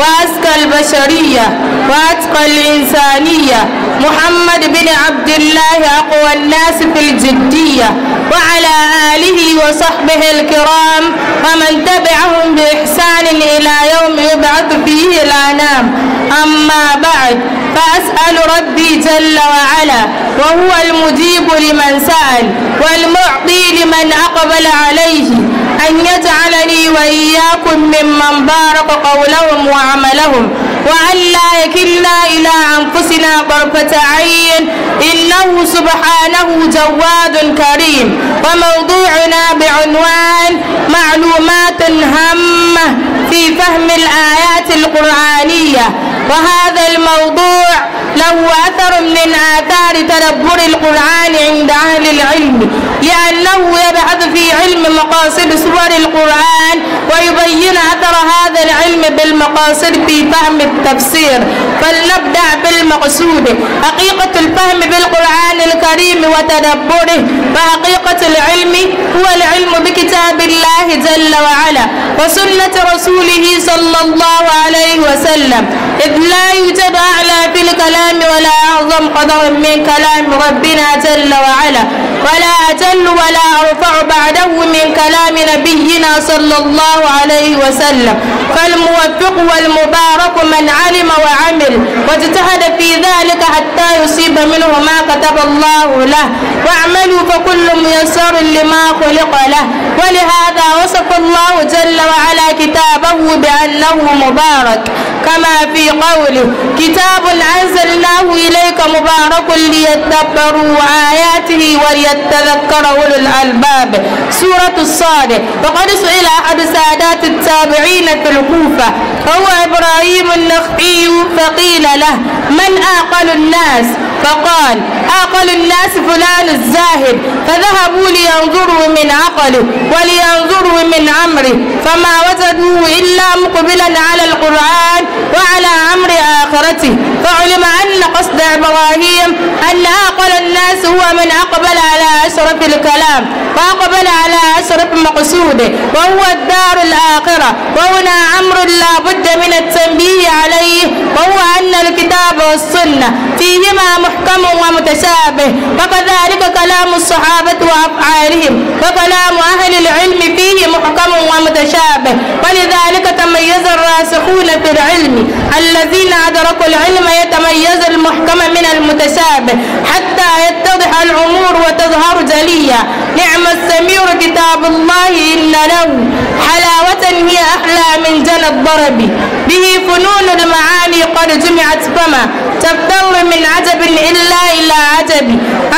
وأزكى البشرية وأتقى الإنسانية محمد بن عبد الله أقوى الناس في الجدية وعلى آله وصحبه الكرام ومن تبعهم بإحسان إلى يوم يبعث فيه الأنام أما بعد فأسأل ربي جل وعلا وهو المجيب لمن سأل والمعطي لمن أقبل عليه أن يجعلني وإياكم ممن بارك قولهم وعملهم وأن لا يكلنا إلى أنفسنا طرفة عين إنه سبحانه جواد كريم وموضوعنا بعنوان معلومات هامة في فهم الآيات القرآنية وهذا الموضوع له أثر من آثار تدبر القرآن عند أهل العلم لأنه يبحث في علم مقاصد سور القرآن ويبين أثر هذا العلم بالمقاصد في فهم التفسير فلنبدأ بالمقصود حقيقة الفهم بالقرآن الكريم وتدبره فحقيقة العلم هو العلم بكتاب الله جل وعلا وسنة رسوله صلى الله عليه وسلم إذ لا يوجد أعلى في الكلام الكلام ولا أعظم قدرا من كلام ربنا جل وعلا ولا أجل ولا أرفع بعده من كلام نبينا صلى الله عليه وسلم فالموفق والمبارك من علم وعمل واجتهد في ذلك حتى يصيب منه ما كتب الله له واعملوا فكل ميسر لما خلق له ولهذا وصف الله جل وعلا كتابه بأنه مبارك كما في قوله كتاب أنزلناه إليك مبارك ليتدبروا آياته وليتذكر أولو الألباب سورة الصاد وقد سئل أحد سادات التابعين في الكوفة هو إبراهيم النخعي فقيل له من أعقل الناس فقال أعقل الناس فلان الزاهد فذهبوا لينظروا من عقله ولينظروا من أمره فما وجدوه إلا مقبلا على القرآن وعلى أمر آخرته فعلم أن قصد إبراهيم أن أقل الناس هو من أقبل على أشرف الكلام وأقبل على أشرف مقصوده وهو الدار الآخرة وهنا أمر لا بد من التنبيه عليه وهو أن الكتاب والسنة فيهما محكم ومتشابه وكذلك كلام الصحابة وأفعالهم وكلام أهل العلم فيه محكم ومتشابه ولذلك تميز الراسخون في العلم الذين أدركوا العلم يتميز المحكم من المتشابه حتى يتضح الأمور وتظهر جليا نعم السميع كتاب الله إن له حلاوة هي أحلى من جنى الضرب به فنون المعاني قد جمعت فما تفر من عتب إلا إلى عتب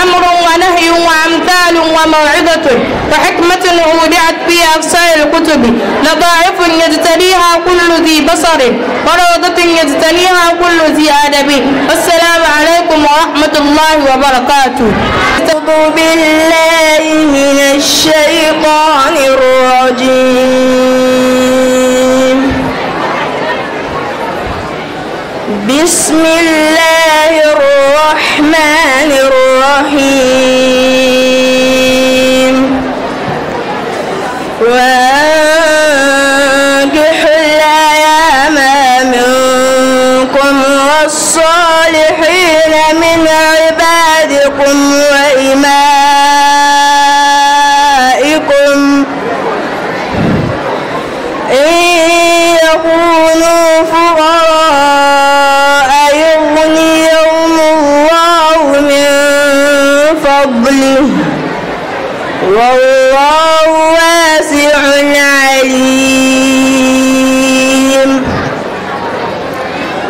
أمر ونهي وأمثال وموعظة وحكمة أودعت في أفسار الكتب لضاعف يجتليها كل ذي بصر وروضة يجتليها كل ذي أدب والسلام عليكم ورحمة الله وبركاته أعوذ بالله من الشيطان الرجيم بسم الله الرحمن الرحيم وانجح الأيام منكم والصالحين من عبادكم وإمامكم والله واسع عليم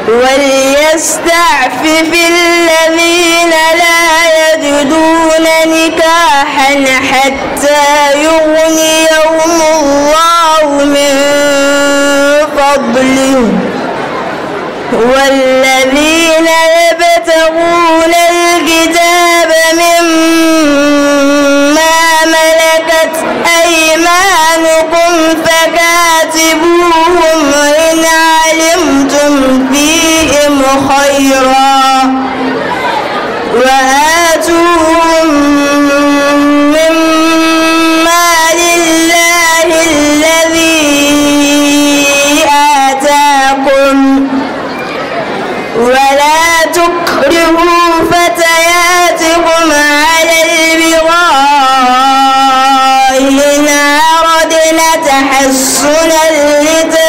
وليستعفف الذين لا يجدون نكاحا حتى يغنيهم الله من فضله والذين يبتغون الكتاب فاستغفروهم إن علمتم فيهم خيرا وآتوهم مما لله الذي آتاكم ولا تكرهوا فتياتكم على البغاء إن أردنا تحصنا لتحصنا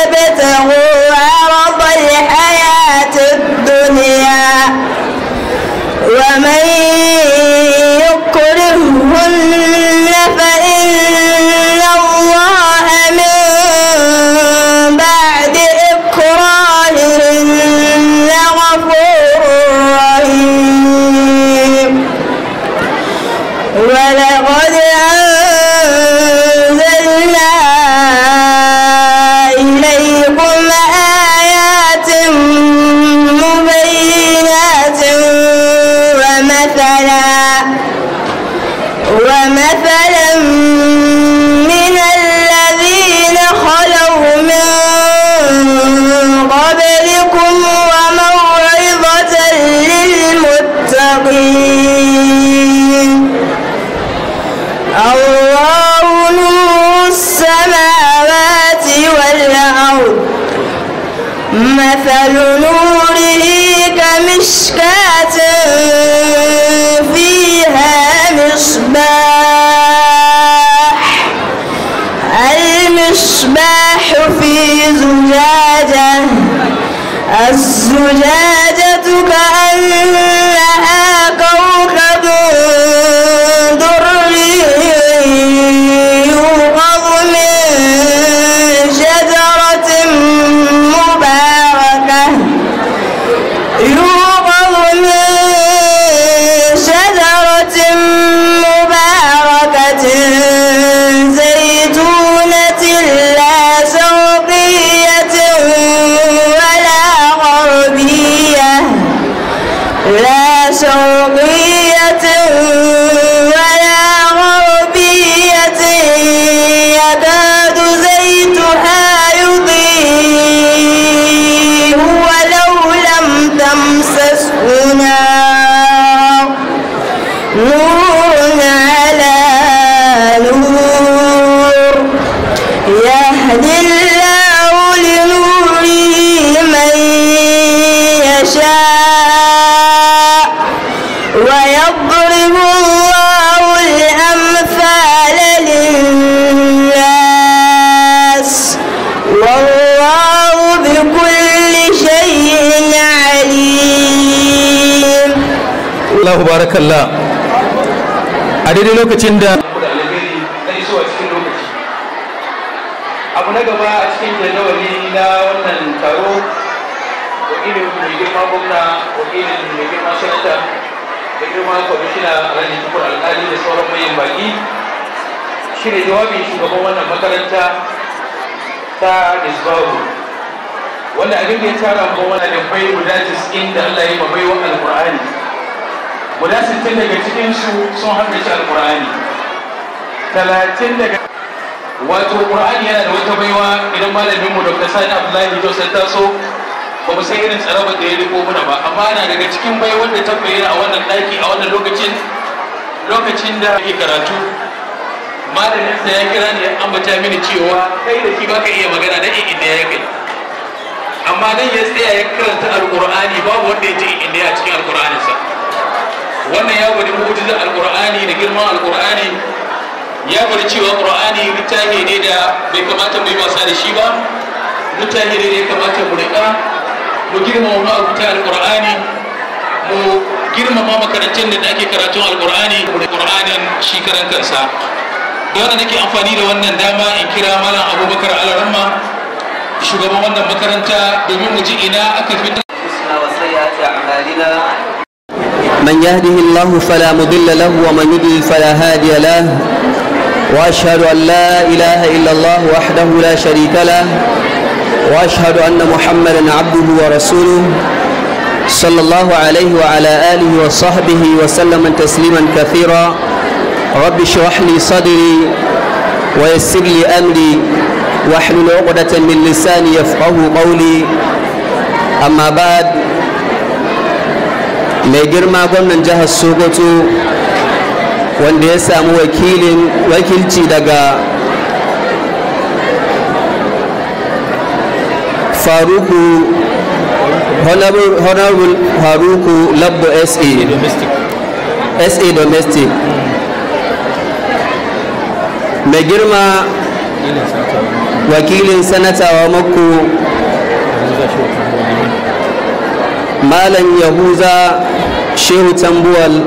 مستقيم الله نور السماوات والأرض مثل نوره كمشكاة فيها مصباح المصباح في زجاجة الزجاجة كأنها Allahu barakallah a daidai lokacin da abu na gaba a cikin jadawali na wannan taro wakilin mai girma gwamna wakilin mai girma sanata da girma kwamishina alhaji tukur alkali da sauran mayan baki shi ne jawabin shugaban wannan makaranta ta disbawu wanda abin da ya tara ga wannan da bai guda 90 da Allah ya yi mabaiwa alkur'ani guda sittin daga cikinsu sun shi alƙur'ani talatin daga wato ƙur'ani yana da wata baiwa idan malaminmu dr sani abdullahi joseph taso ba mu san irin tsaraba da ya riko muna ba amma yana daga cikin bai wanda ta bayyana a wannan ɗaki a wannan lokacin lokacin da ake karatu malamin sa ya kira ni an bata mini cewa kai da shi baka iya magana da in inda ya kai amma dan ya tsaya ya karanta alqur'ani babu wanda ya ji inda ya cikin alqur'anin sa wannan ya bari mu'jizar alqur'ani da girman alqur'ani ya bari cewa qur'ani mutane ne da bai kamata mu yi wasa da shi ba mutane ne da ya kamata mu riƙa mu girmama ma'abuta alqur'ani mu girmama makarantar da ake karatun alqur'ani da qur'anin shi karan kansa dole nake amfani da wannan dama in kira malam abubakar alaramma shugaban wannan makaranta domin mu ji ina aka fitar. من يهده الله فلا مضل له ومن يضلل فلا هادي له واشهد ان لا اله الا الله وحده لا شريك له واشهد ان محمدا عبده ورسوله صلى الله عليه وعلى اله وصحبه وسلم تسليما كثيرا رب اشرح لي صدري ويسر لي امري واحلل عقده من لساني يفقه قولي اما بعد mai girma gwamnan jihar sokoto wanda ya samu wakilin wakilci daga faruku honorable faruku labbo sa sa domestic mai girma wakilin sanatawa mako malam yahuza shehu tambuwal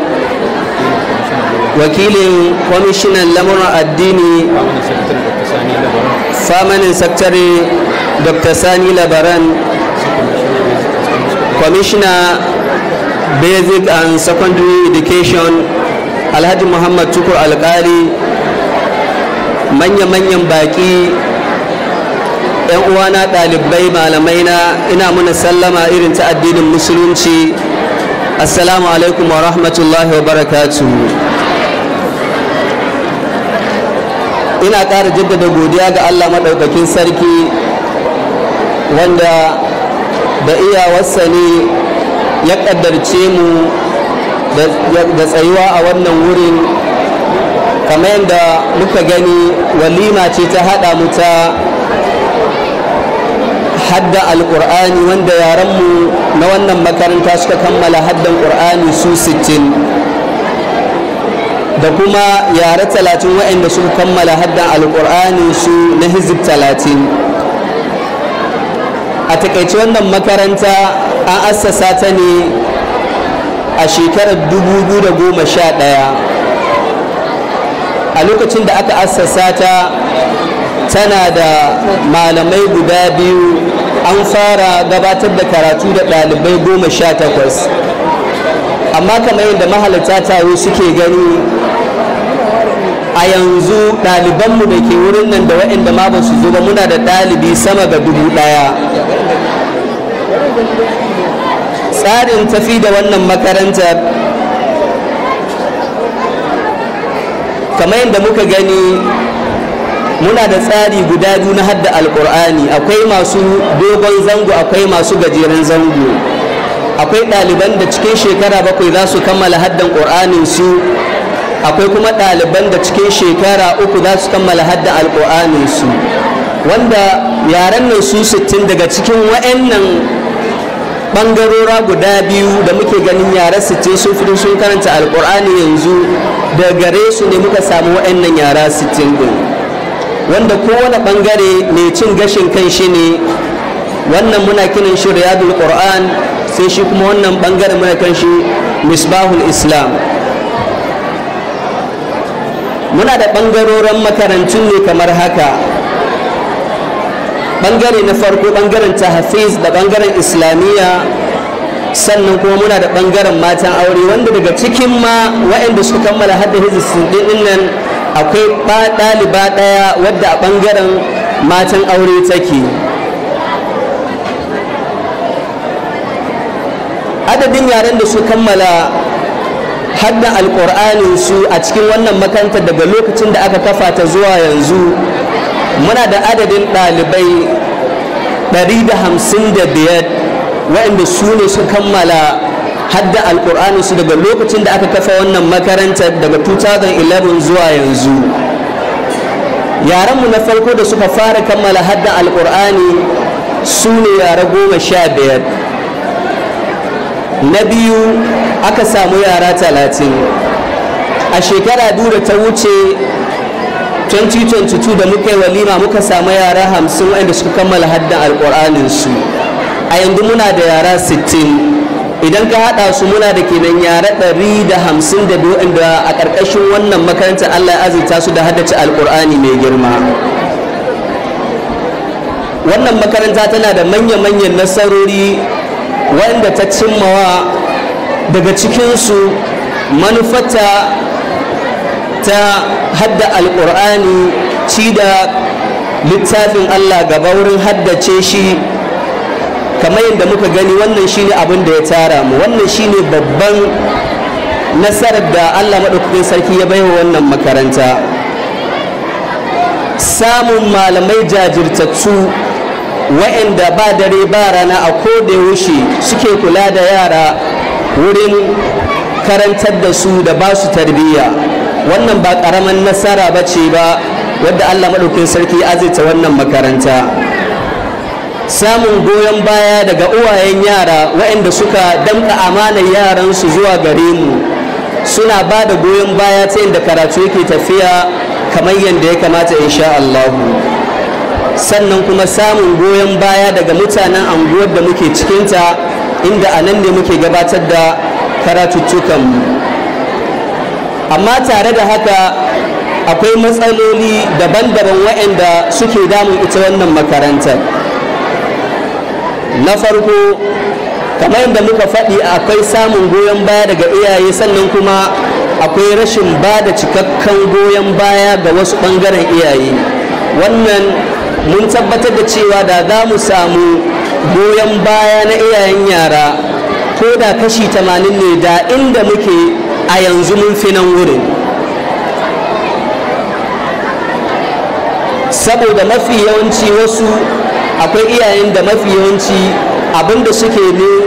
wakilin kwamishinan lamuran addini famanin saktare dr sani labaran kwamishina basic and secondary education alhaji muhammad tukur alkali manya-manyan baki yan uwana ɗalibai malamai na ina muna sallama irin ta addinin musulunci assalamu alaikum wa rahmatullahi wa barakatu ina ƙara jaddada godiya ga allah maɗaukakin sarki wanda da iyawarsa ne ya ƙaddarce mu da tsayuwa a wannan wurin kamar yadda muka gani walima ce ta haɗa mu ta hadda alƙur'ani wanda yaranmu na wannan makaranta suka kammala haddan ƙur'ani su sittin da kuma yare talatin waɗanda suka kammala haddan alƙur'ani su na hizib talatin a takaice wannan makaranta an assasa ta ne a shekarar 2011 a lokacin da aka assasa ta tana da malamai guda biyu an fara gabatar da karatu da ɗalibai goma sha takwas amma kamar yadda mahalarta taro suke gani a yanzu ɗalibanmu da ke wurin nan da waɗanda ma ba su zo ba muna da ɗalibi sama ga dubu ɗaya tsarin tafi da wannan makaranta kamar yadda muka gani muna da tsari guda biyu na hadda alkur'ani akwai masu dogon zango akwai masu gajeren zango akwai ɗaliban da cikin shekara bakwai za su kammala haddan ƙur'anin su akwai kuma ɗaliban da cikin shekara uku za su kammala haddan alƙur'anin su wanda yaren nan su sittin daga cikin wa'annan ɓangarora guda biyu da muke ganin yaren sittin sun fito sun karanta alƙur'ani yanzu da gare su ne muka samu wa'annan yara sittin ɗin wanda kowane bangare mai cin gashin kan shi ne wannan muna kinin shi riyadul qur'an sai shi kuma wannan bangare muna kan shi misbahul islam muna da bangarorin makarantun ne kamar haka bangare na farko bangaren hafiz da bangaren islamiyya sannan kuma muna da bangaren matan aure wanda daga cikin ma waɗanda suka kammala hadda hizis ɗin nan akwai ɗaliba ɗaya wadda a ɓangaren matan aure take adadin yaren da su kammala hadda alƙur'anin su a cikin wannan makarantar daga lokacin da aka kafa ta zuwa yanzu muna da adadin ɗalibai 155 waɗanda su ne su kammala hadda alkur'ani su daga lokacin da aka kafa wannan makarantar daga 2011 zuwa yanzu mu na farko da suka fara kammala hadda alkur'ani su ne yara goma sha biyar na biyu aka samu yara talatin a shekara dura ta wuce 2022 da muka yi walima muka samu yara hamsin wanda suka kammala haddan su a yanzu muna da yara sittin. idan ka haɗa su muna da kenan yare ɗari da hamsin da biyu inda a ƙarƙashin wannan makarantar allah ya azurta su da haddace alƙur'ani mai girma wannan makaranta tana da manya-manyan nasarori wanda ta cimmawa daga cikinsu manufata ta hadda alƙur'ani ci da littafin allah gaba wurin haddace shi kamar yadda muka gani wannan shine abin da ya tara mu wannan shine babban nasarar da allah maɗaukakin sarki ya bai baiwa wannan makaranta samun malamai jajirtattu wa'anda ba dare ba rana a ko da yaushe suke kula da yara wurin karantar da su da ba su tarbiyya wannan ba ƙaramin nasara ba ce ba wadda allah maɗaukakin sarki ya azita wannan makaranta samun goyon baya daga uwayen yara waɗanda suka damka amanar yaransu zuwa gare mu suna ba da goyon baya ta yadda karatu yake tafiya kamar yadda ya kamata sha Allahu sannan kuma samun goyon baya daga mutanen anguwar da muke cikinta inda a nan ne muke gabatar da karatuttukan mu amma tare da haka akwai matsaloli daban-daban waɗanda suke damun ita wannan makarantar na farko kamar yadda muka faɗi akwai samun goyon baya daga iyaye sannan kuma akwai rashin ba da cikakken goyon baya ga wasu ɓangaren iyaye wannan mun tabbatar da cewa da za mu samu goyon baya na iyayen yara ko da kashi tamanin ne da inda muke a yanzu mun fi nan wurin saboda mafi yawanci wasu akwai iyayen da mafi yawanci abinda suke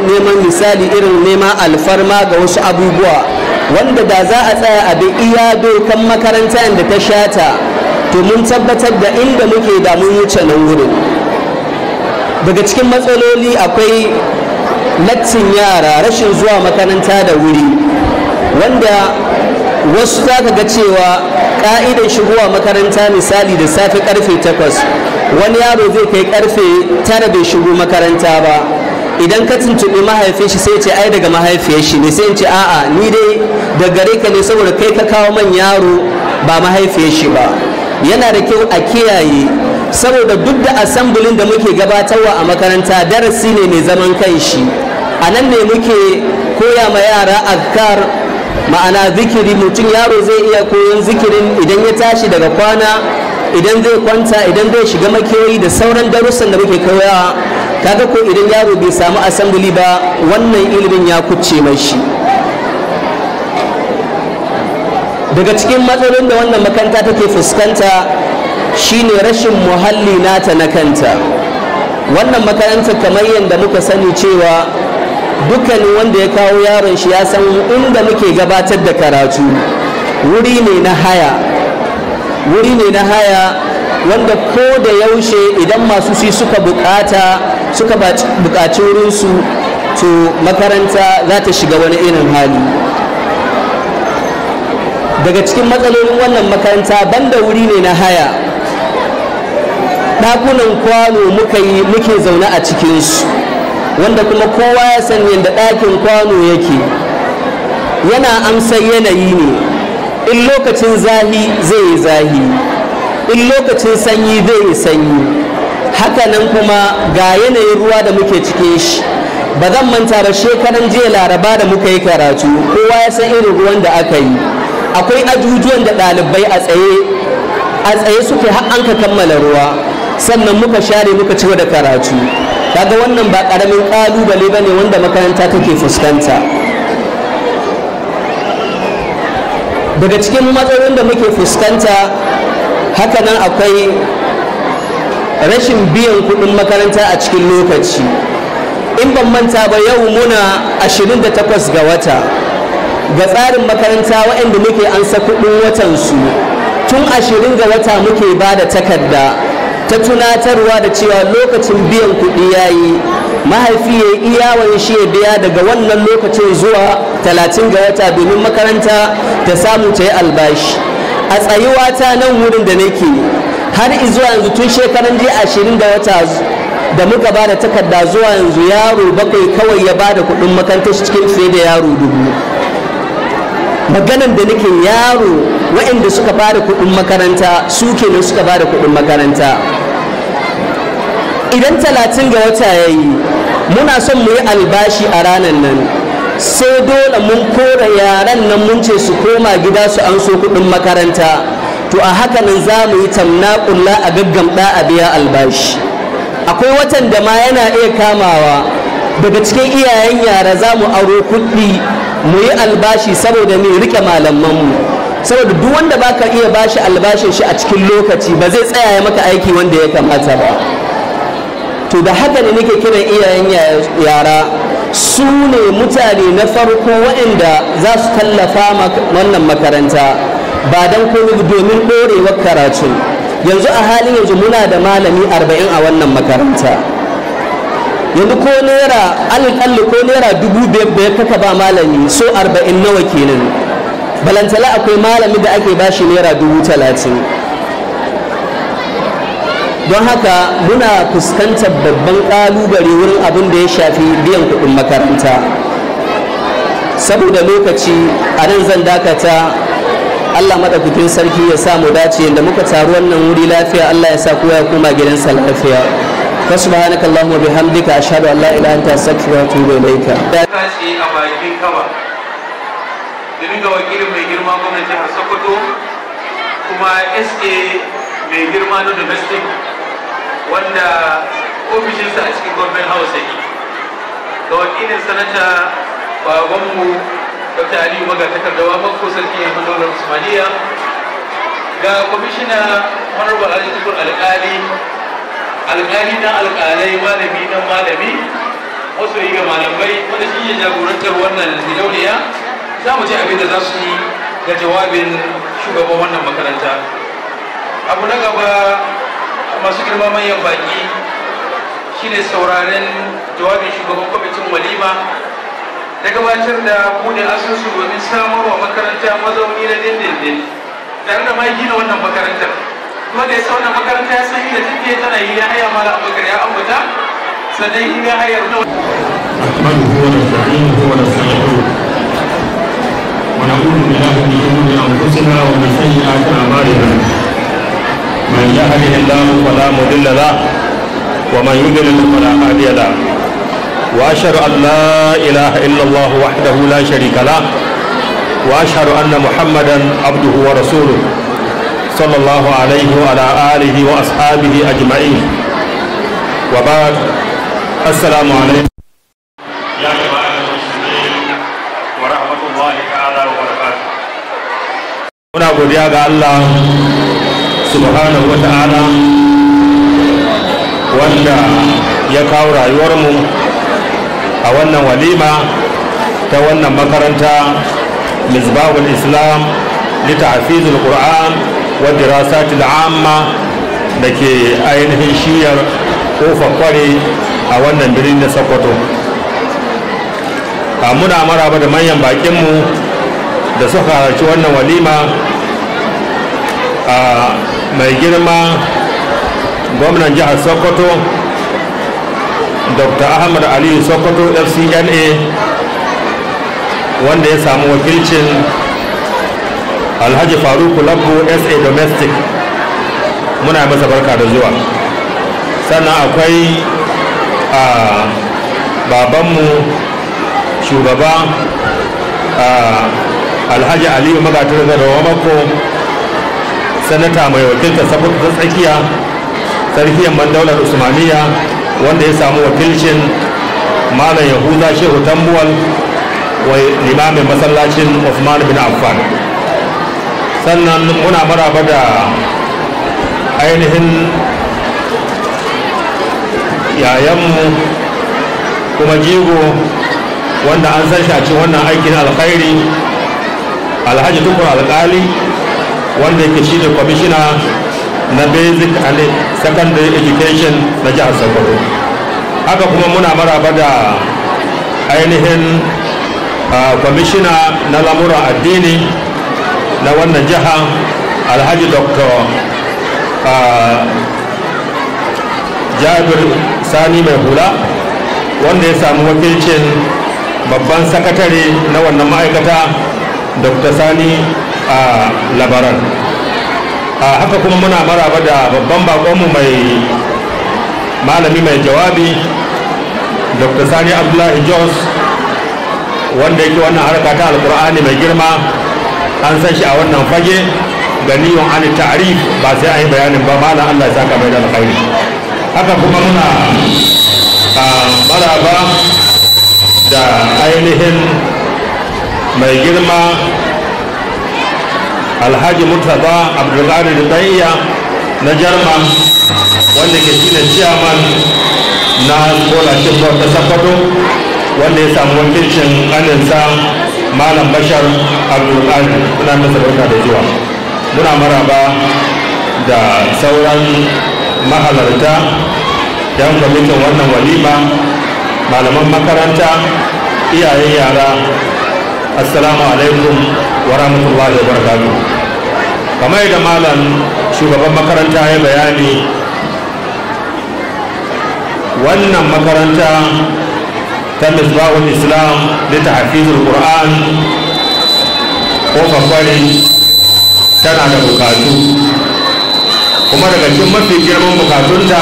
neman misali irin neman alfarma ga wasu abubuwa wanda da za a tsaya a bi iya dokan makaranta yadda ta shata to mun tabbatar da inda muke da mun wuce nan wurin daga cikin matsaloli akwai lattin yara rashin zuwa makaranta da wuri wanda wasu za ka ga cewa shigo shigowa makaranta misali da safe karfe takwas wani yaro zai kai karfe tara bai shigo makaranta ba idan ka tuntuɓi mahaifin shi sai ce ai daga mahaifiyar shi ne sai ce a'a ni dai da gare ka ne saboda kai ka kawo man yaro ba mahaifiyar shi ba yana da kyau a kiyaye saboda duk da assemblin da muke gabatarwa a makaranta darasi ne mai zaman kanshi a nan ne muke koya ma yara akar ma'ana zikiri mutum yaro zai iya koyon zikirin idan ya tashi daga kwana idan zai kwanta idan zai shiga makewayi da sauran darussan da muke koyawa kaga ko idan yaro bai samu asambili ba wannan ilimin ya kuce mai shi daga cikin matsalolin da wannan makanta take fuskanta shine rashin muhalli nata na kanta wannan makarantar kamar yadda muka sani cewa dukkanin wanda ya kawo yaron shi ya san inda muke gabatar da karatu wuri ne na haya wuri ne na haya wanda ko da yaushe idan masu shi suka bukata suka bukaci wurinsu to makaranta za ta shiga wani irin hali daga cikin matsalolin wannan makaranta banda wuri ne na haya ɗakunan kwano muke zaune a cikinsu wanda kuma kowa ya san yadda ɗakin kwano yake yana amsar yanayi ne in lokacin zahi zai yi zahi in lokacin sanyi zai yi sanyi hakanan kuma ga yanayin ruwa da muke cike shi ba zan manta ba shekaran jiya laraba da muka yi karatu kowa ya san irin ruwan da aka yi akwai ajujuwan da ɗalibai a tsaye a tsaye suke har an ka kammala ruwa sannan muka share muka ci da karatu kaga wannan ba ƙaramin ƙalubale ba ne wanda makaranta take fuskanta daga cikin matsayin da muke fuskanta hakanan akwai rashin biyan kuɗin makaranta a cikin lokaci in ban manta ba yau muna 28 ga wata ga tsarin makaranta waɗanda muke ansa kuɗin watansu tun 20 ga wata muke ba da takarda ta tunatarwa da cewa lokacin biyan kuɗi ya yi mahaifi ya yi iyawan shi ya biya daga wannan lokacin zuwa talatin ga wata domin makaranta ta samu ta yi albashi a tsayuwa ta nan wurin da nake har zuwa yanzu tun shekaran jiya ashirin da wata da muka ba da takarda zuwa yanzu yaro bakwai kawai ya ba da kuɗin makarantar shi cikin fiye da yaro dubu maganan da nake yaro waɗanda suka ba da kuɗin makaranta su ne suka ba da kuɗin makaranta idan talatin ga wata ya yi muna son mu yi albashi a ranar nan sai dole mun kora yaran nan mun ce su koma gida su an so kuɗin makaranta to a haka nan za mu yi tamna ƙulla a gaggamɗa a biya albashi akwai watan da ma yana iya kamawa daga cikin iyayen yara za mu aro kuɗi mu yi albashi saboda ne rike mu, saboda duk wanda baka iya bashi albashin shi a cikin lokaci ba zai tsaya maka aiki wanda ya kamata ba to da haka ne nake kiran iyayen yara su ne mutane na farko waɗanda za su tallafa wannan makaranta ba don komai domin ɗorewar karatu yanzu a halin yanzu muna da malami arba'in a wannan makaranta yanzu ko naira alƙalli ko naira dubu biyar kaka ba malami so arba'in nawa kenan balantala akwai malami da ake bashi naira dubu talatin don haka muna fuskantar babban ƙalubale wurin abin da ya shafi biyan kuɗin makaranta saboda lokaci a nan zan dakata allah maɗaukakin sarki ya sa mu dace da muka taru wannan wuri lafiya allah ya sa kowa ya koma gidansa lafiya kasu اللهم وبحمدك اشهد ان hamdika a الا انت استغفرك واتوب اليك domin ga wakilin mai girma sokoto kuma sa mai girma na domestic wanda ofishinsa a cikin gwamnan hausa ne ga wakilin sanata babanmu dr aliyu takardawa mako sarki ya manolar usmaniya ga kwamishina honorable ali alkali na alkalai malami na malami wasu yi ga malamai wanda shi ya jagorantar wannan gidauniya za mu ji abin da za su yi ga jawabin shugaban wannan makaranta abu na gaba masu girma manyan baki shine sauraren jawabin shugaban kwamitin walima da gabatar da buɗe asusu domin samar wa makaranta mazauni na dindindin tare da magi na wannan makarantar kuma da ya sa wannan makaranta ya san da take tana yi ya haya mala abubakar ya ambata sannan yi ya hayar da ونعوذ بالله من شرور انفسنا ومن سيئات اعمالنا يهده الله فلا مضل له ومن يضلل فلا هادي له واشهد ان لا اله الا الله وحده لا شريك له واشهد ان محمدا عبده ورسوله صلى الله عليه وعلى اله واصحابه اجمعين وبعد السلام عليكم يا جماعه المسلمين ورحمه الله تعالى وبركاته muna godiya ga Allah subhanahu wata'ala wanda ya kawo rayuwarmu a wannan walima ta wannan makaranta misbahul islam litafizul qur'an wa dirasatil amma da ke ainihin shiyar kofar kware a wannan birnin da sokoto muna maraba da manyan bakinmu da suka halarci wannan walima A mai girma gwamnan jihar sokoto dr ahmad aliyu sokoto fcna wanda ya samu wakilcin alhaji faruku labbu sa domestic muna masa barka da zuwa sannan akwai a babanmu shugaba alhaji aliyu magatar da mako sanata mai wakilta sabuwar tsakiya sarkiyar mandaular usmaniya wanda ya samu wakilcin malam yahuza shehu tambuwal wa limamin masallacin usman bin affan sannan muna maraba da ainihin yayanmu kuma jigo wanda an san shi a cikin wannan aikin alkhairi alhaji tukur alkali wanda yake shi da kwamishina na basic and secondary education na jihar sokoto haka kuma muna maraba da ainihin kwamishina na lamuran addini na wannan jiha alhaji dr jabir sani mai hula wanda ya samu wakilcin babban sakatare na wannan ma'aikata dr sani a labaran haka kuma muna maraba da babban bakonmu mai malami mai jawabi dr sani abdullahi jos wanda yake wannan harka ta alkur'ani mai girma an san shi a wannan fage ganiyun a'ni ta'arif ba sai an yi bayanin ba malam allah ya saka mai da alkhairi haka kuma muna maraba da ainihin mai girma alhaji murtaba abdulgani rubaiya na jarman wanda ke shine chairman na scholarship board ta sakwato wanda ya samu wakilcin sa malam bashar abdulgani na masa barka da zuwa muna maraba da sauran mahalarta yan kwamitin wannan walima malaman makaranta iyayen yara assalamu alaikum wa rahmatullahi wa kamar da malam shugaban makaranta ya bayani wannan makaranta ta misbahul islam da ta hafizul qur'an ko kwakwari tana da bukatu kuma daga cikin mafi girman bukatunta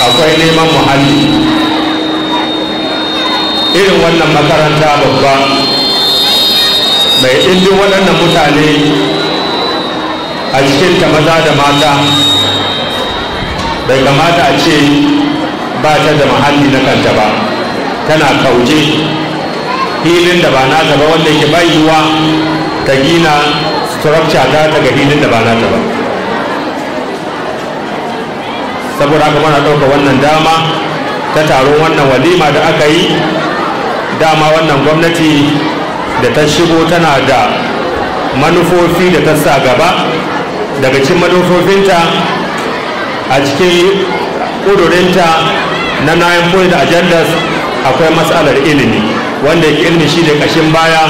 akwai neman muhalli irin wannan makaranta babba mai indin waɗannan mutane a ta maza da mata bai kamata a ce ba ta da muhalli na kanta ba tana kauce hilin da ba ta ba wanda yake bai yiwa ta gina structure ta ta ga filin da ba ta ba saboda haka mana ɗauka wannan dama ta taro wannan walima da aka yi dama wannan gwamnati da ta shigo tana da manufofi da ta sa gaba daga cikin manufofinta a cikin ƙudurinta na nayan point agendas akwai matsalar ilimi wanda ilimi shi ne ƙashin baya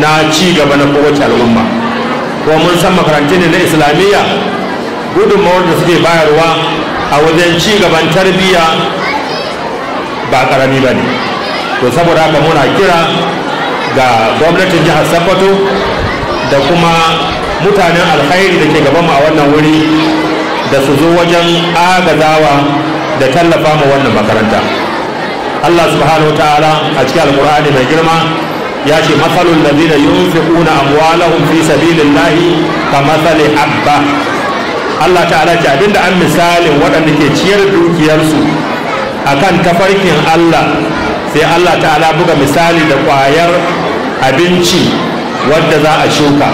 na ci gaba na kowace al'umma ko mun san makarantu ne na islamiyya gudunmawar da suke bayarwa a wajen ci gaban tarbiyya ba ƙarami ba ne to saboda haka muna kira ga gwamnatin jihar sokoto da kuma mutanen alkhairi da ke gaban mu a wannan wuri da su zo wajen agazawa da tallafa mu wannan makaranta allah subhanahu wa ta'ala a cikin alkur'ani mai girma ya ce matsalul ladina yunfiquna amwalahum fi sabilillahi kamathali Abba. allah ta'ala ce da an misalin waɗanda ke ciyar dukiyarsu akan tafarkin allah sai Allah ta'ala buga misali da ƙwayar abinci wadda za a shuka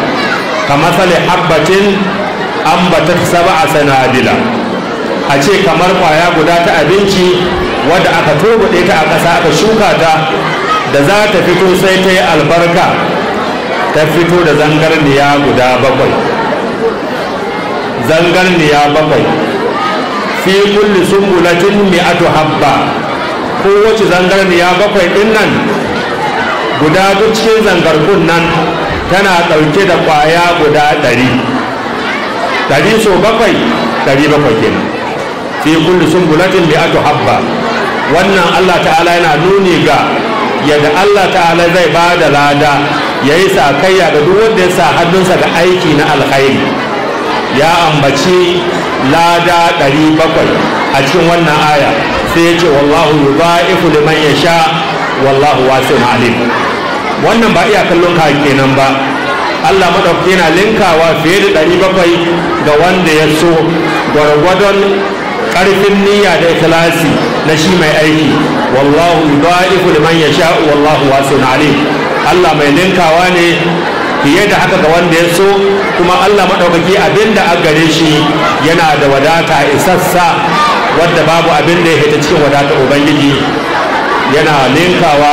kamar sale habbatin ambatar saba a sanadila a ce kamar ƙwaya guda ta abinci wadda aka turbuɗe ta a ƙasa aka shuka ta da za ta fito sai ta yi albarka ta fito da zangarniya guda bakwai zangarniya bakwai fi kulli sumbulatin mi'atu habba kowace zangarniya bakwai ɗin nan guda duk cikin zangargun nan tana ɗauke da ƙwaya guda ɗari ɗari so bakwai ɗari bakwai kenan fi kulli sumbulatin bi ato habba wannan allah ta'ala yana nuni ga yadda allah ta'ala zai ba da lada ya yi sa kayya duk wanda ya sa hannunsa ga aiki na alkhairi ya ambaci lada bakwai a cikin wannan aya sai ya ce wallahu yudha'ifu liman yasha wallahu wasi'un alim wannan ba iya kallon ka kenan ba Allah madauki yana linkawa fiye da ɗari 700 ga wanda ya so gwargwadon karfin niyya da ikhlasi na shi mai aiki wallahu yudha'ifu liman yasha wallahu wasi'un alim Allah mai linkawa ne fiye da haka ga wanda ya so kuma Allah maɗaukaki abinda a gare shi yana da wadata isassa wadda babu abin da ya ta cikin wadata ubangiji yana linkawa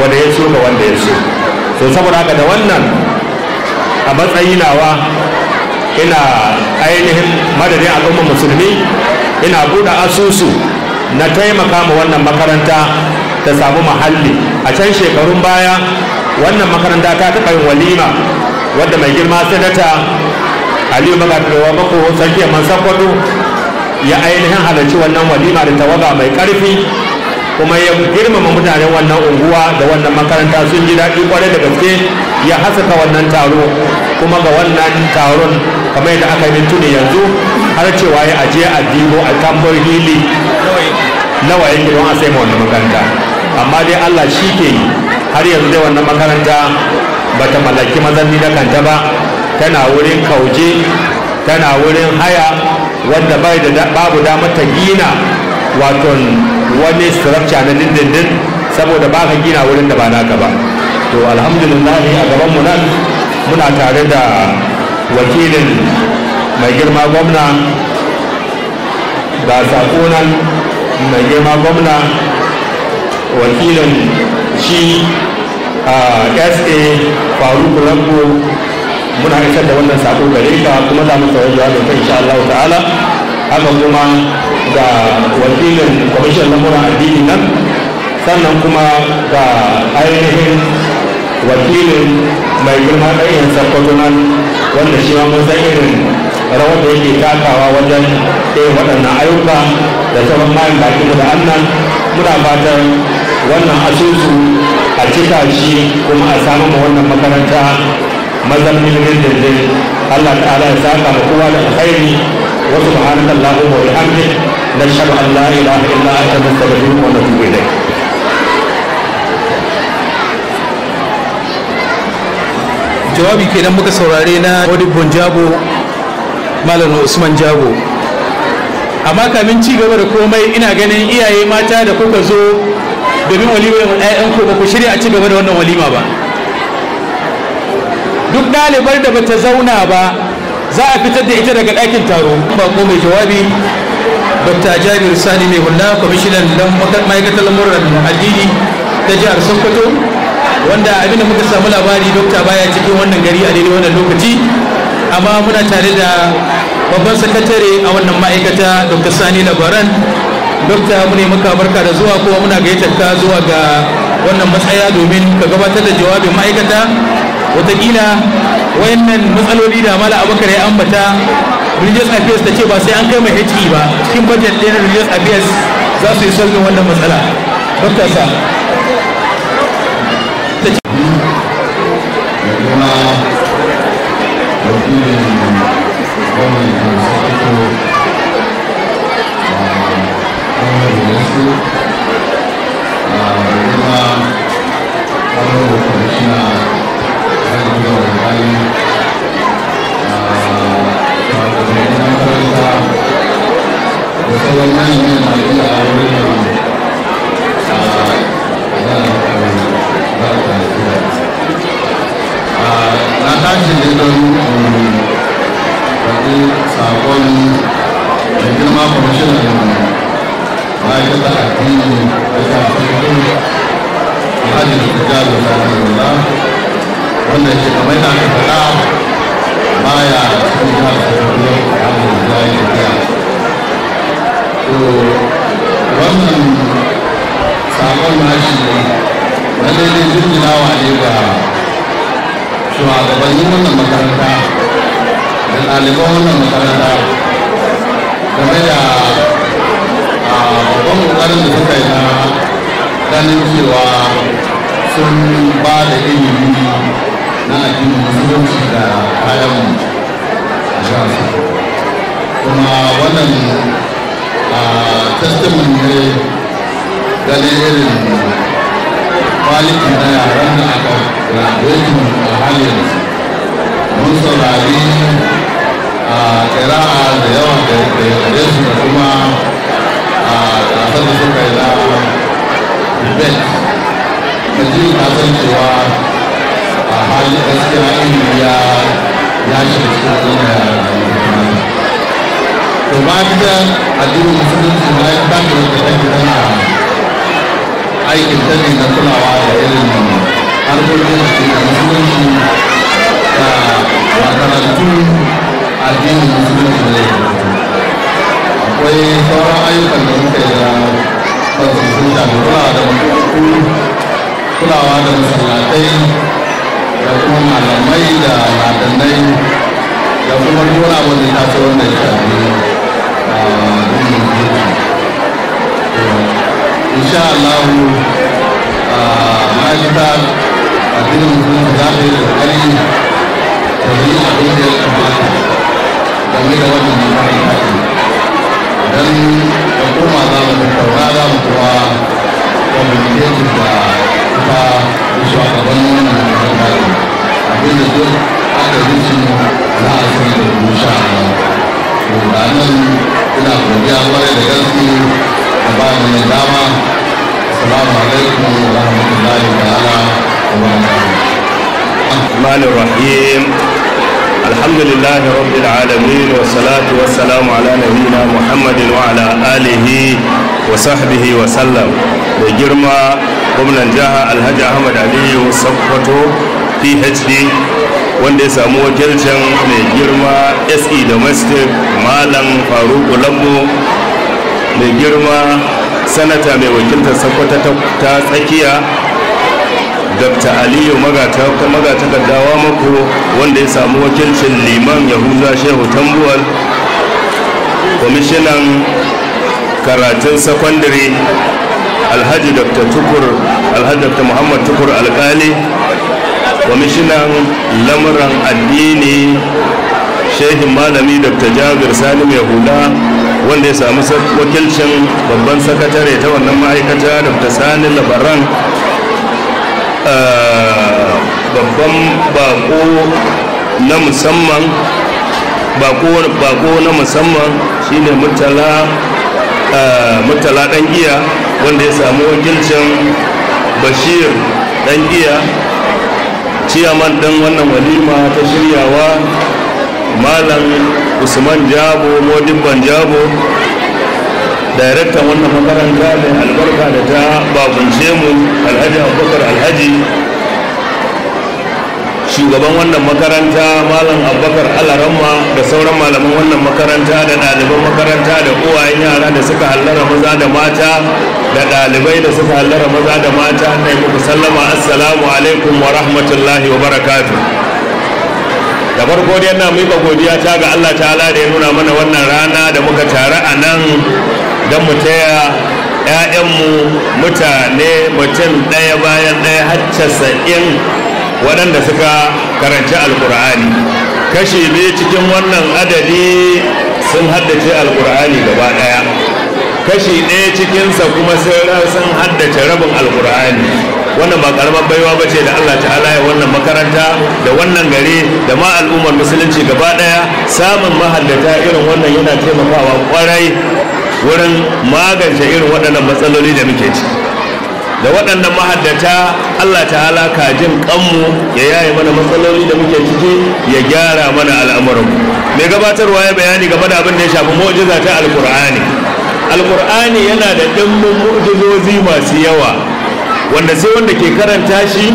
wanda ya so ga wanda ya so so saboda haka da wannan a matsayi nawa ina ainihin madadin al'ummar musulmi ina buɗe asusu na taimaka ma wannan makaranta ta samu muhalli a can shekarun baya wannan makaranta ta taɓa yin walima wadda mai girma sanata aliyu magadarwa mako a man sakwado ya ainihin halarci wannan walima da tawaga mai karfi kuma ya girmama mutanen wannan unguwa da wannan makaranta sun ji daɗi kwarai da gaske ya hasaka wannan taro kuma ga wannan taron kamar yadda aka yi tuni yanzu har cewa ya ajiye a dibo a tambar hili nawa yake don a sai wannan makaranta amma dai allah shi ke yi har yanzu dai wannan makaranta ba ta mallaki ni na kanta ba tana wurin kauje tana wurin haya wanda bai da babu damar ta gina wato wani structure na dindindin saboda ba ka gina wurin da ba naka ba to alhamdulillah a gaban mu nan muna tare da wakilin mai girma gwamna ga sako nan mai girma gwamna wakilin shi a sa faruk rambo muna isar da wannan sako gare ka kuma za mu tsawon da ka insha Allah ta'ala haka kuma ga wakilin kwamishin lamuran addini nan sannan kuma ga ainihin wakilin mai girma ɗayan sarkwato nan wanda shi mun san irin rawar da yake takawa wajen ɗaya waɗannan ayyuka da sauran mayan baki da annan muna fatan wannan asusu a cika shi kuma a samu wannan makaranta mazan ilimin dindin Allah ta'ala ya saka ma kowa da alkhairi wa subhanaka allahumma wa bihamdik nashhadu an la ilaha illa anta nastaghfiruka wa natubu ilayk jawabi kenan muka saurare na Odibon Jabo Malam Usman Jabo amma kamin ci gaba da komai ina ganin iyaye mata da kuka zo domin walimar 'ya'yanku ba ku shirya a ci gaba da wannan walima ba duk ɗalibar da bata zauna ba za a fitar da ita daga ɗakin taro bako mai jawabi dr jabir sani mai hula kwamishinan ma'aikatar lamuran addini ta jihar sokoto wanda abinda muka samu labari dokta baya cikin wannan gari a daidai wannan lokaci amma muna tare da babban sakatare a wannan ma'aikata dr sani labaran dokta mu ne muka barka da zuwa kuma muna gayyatar ka zuwa ga wannan matsaya domin ka gabatar da jawabin ma'aikata watakila wayannan matsaloli da mala abubakar ya ambata religious affairs ta ce ba sai an kai mai HE ba cikin budget ɗaya na religious affairs za su yi solving wannan matsala dokta sa ta ce Thank ありがとうございます。dr tukur alhajjata muhammad tukur alkali kwamishinan lamuran addini shehin malami dr jabir sani mai hula wanda ya samu wakilcin babban sakatare ta wannan ma'aikata dr sani labaran ah, babban bako na musamman bako na musamman shine mutala ah, mutala dan giya wanda ya samu wakilcin bashir dan iya ciyaman dan wannan walima ta shiryawa malam usman jabo modibban jabo daraktan wannan makaranta da albarka da ta babunce mu alhaji abubakar alhaji shugaban wannan makaranta malam abubakar alaramma da sauran malaman wannan makaranta da ɗaliban makaranta da uwayen yara da suka hallara maza da mata da ɗalibai da suka hallara maza da mata na yi muku sallama assalamu alaikum wa rahmatullahi wa barakatu da farko dai na muka godiya ta ga allah ta'ala da ya nuna mana wannan rana da muka tare a nan don mu taya ‘ya'yanmu mutane mutum ɗaya bayan ɗaya har casa'in waɗanda suka karanci alkur'ani kashi biyu cikin wannan adadi sun haddace alkur'ani gaba ɗaya kashi ɗaya cikinsa kuma sun haddace rabin alkur'ani wannan ba karamar baiwa ba ce da allah ta'ala ya wannan makaranta da wannan gari da ma al'ummar musulunci gaba ɗaya samun mahallata irin wannan yana taimakawa kwarai wurin magance irin waɗannan matsaloli da muke ciki da waɗannan mahaddata Allah ta halaka jin kanmu ya yaye mana matsaloli da muke ciki ya gyara mana al'amuranmu mai gabatarwa ya bayani game da abin da ya shafi mu'jiza ta alkur'ani alkur'ani yana da ɗimbin mu'jizozi masu yawa wanda sai wanda ke karanta shi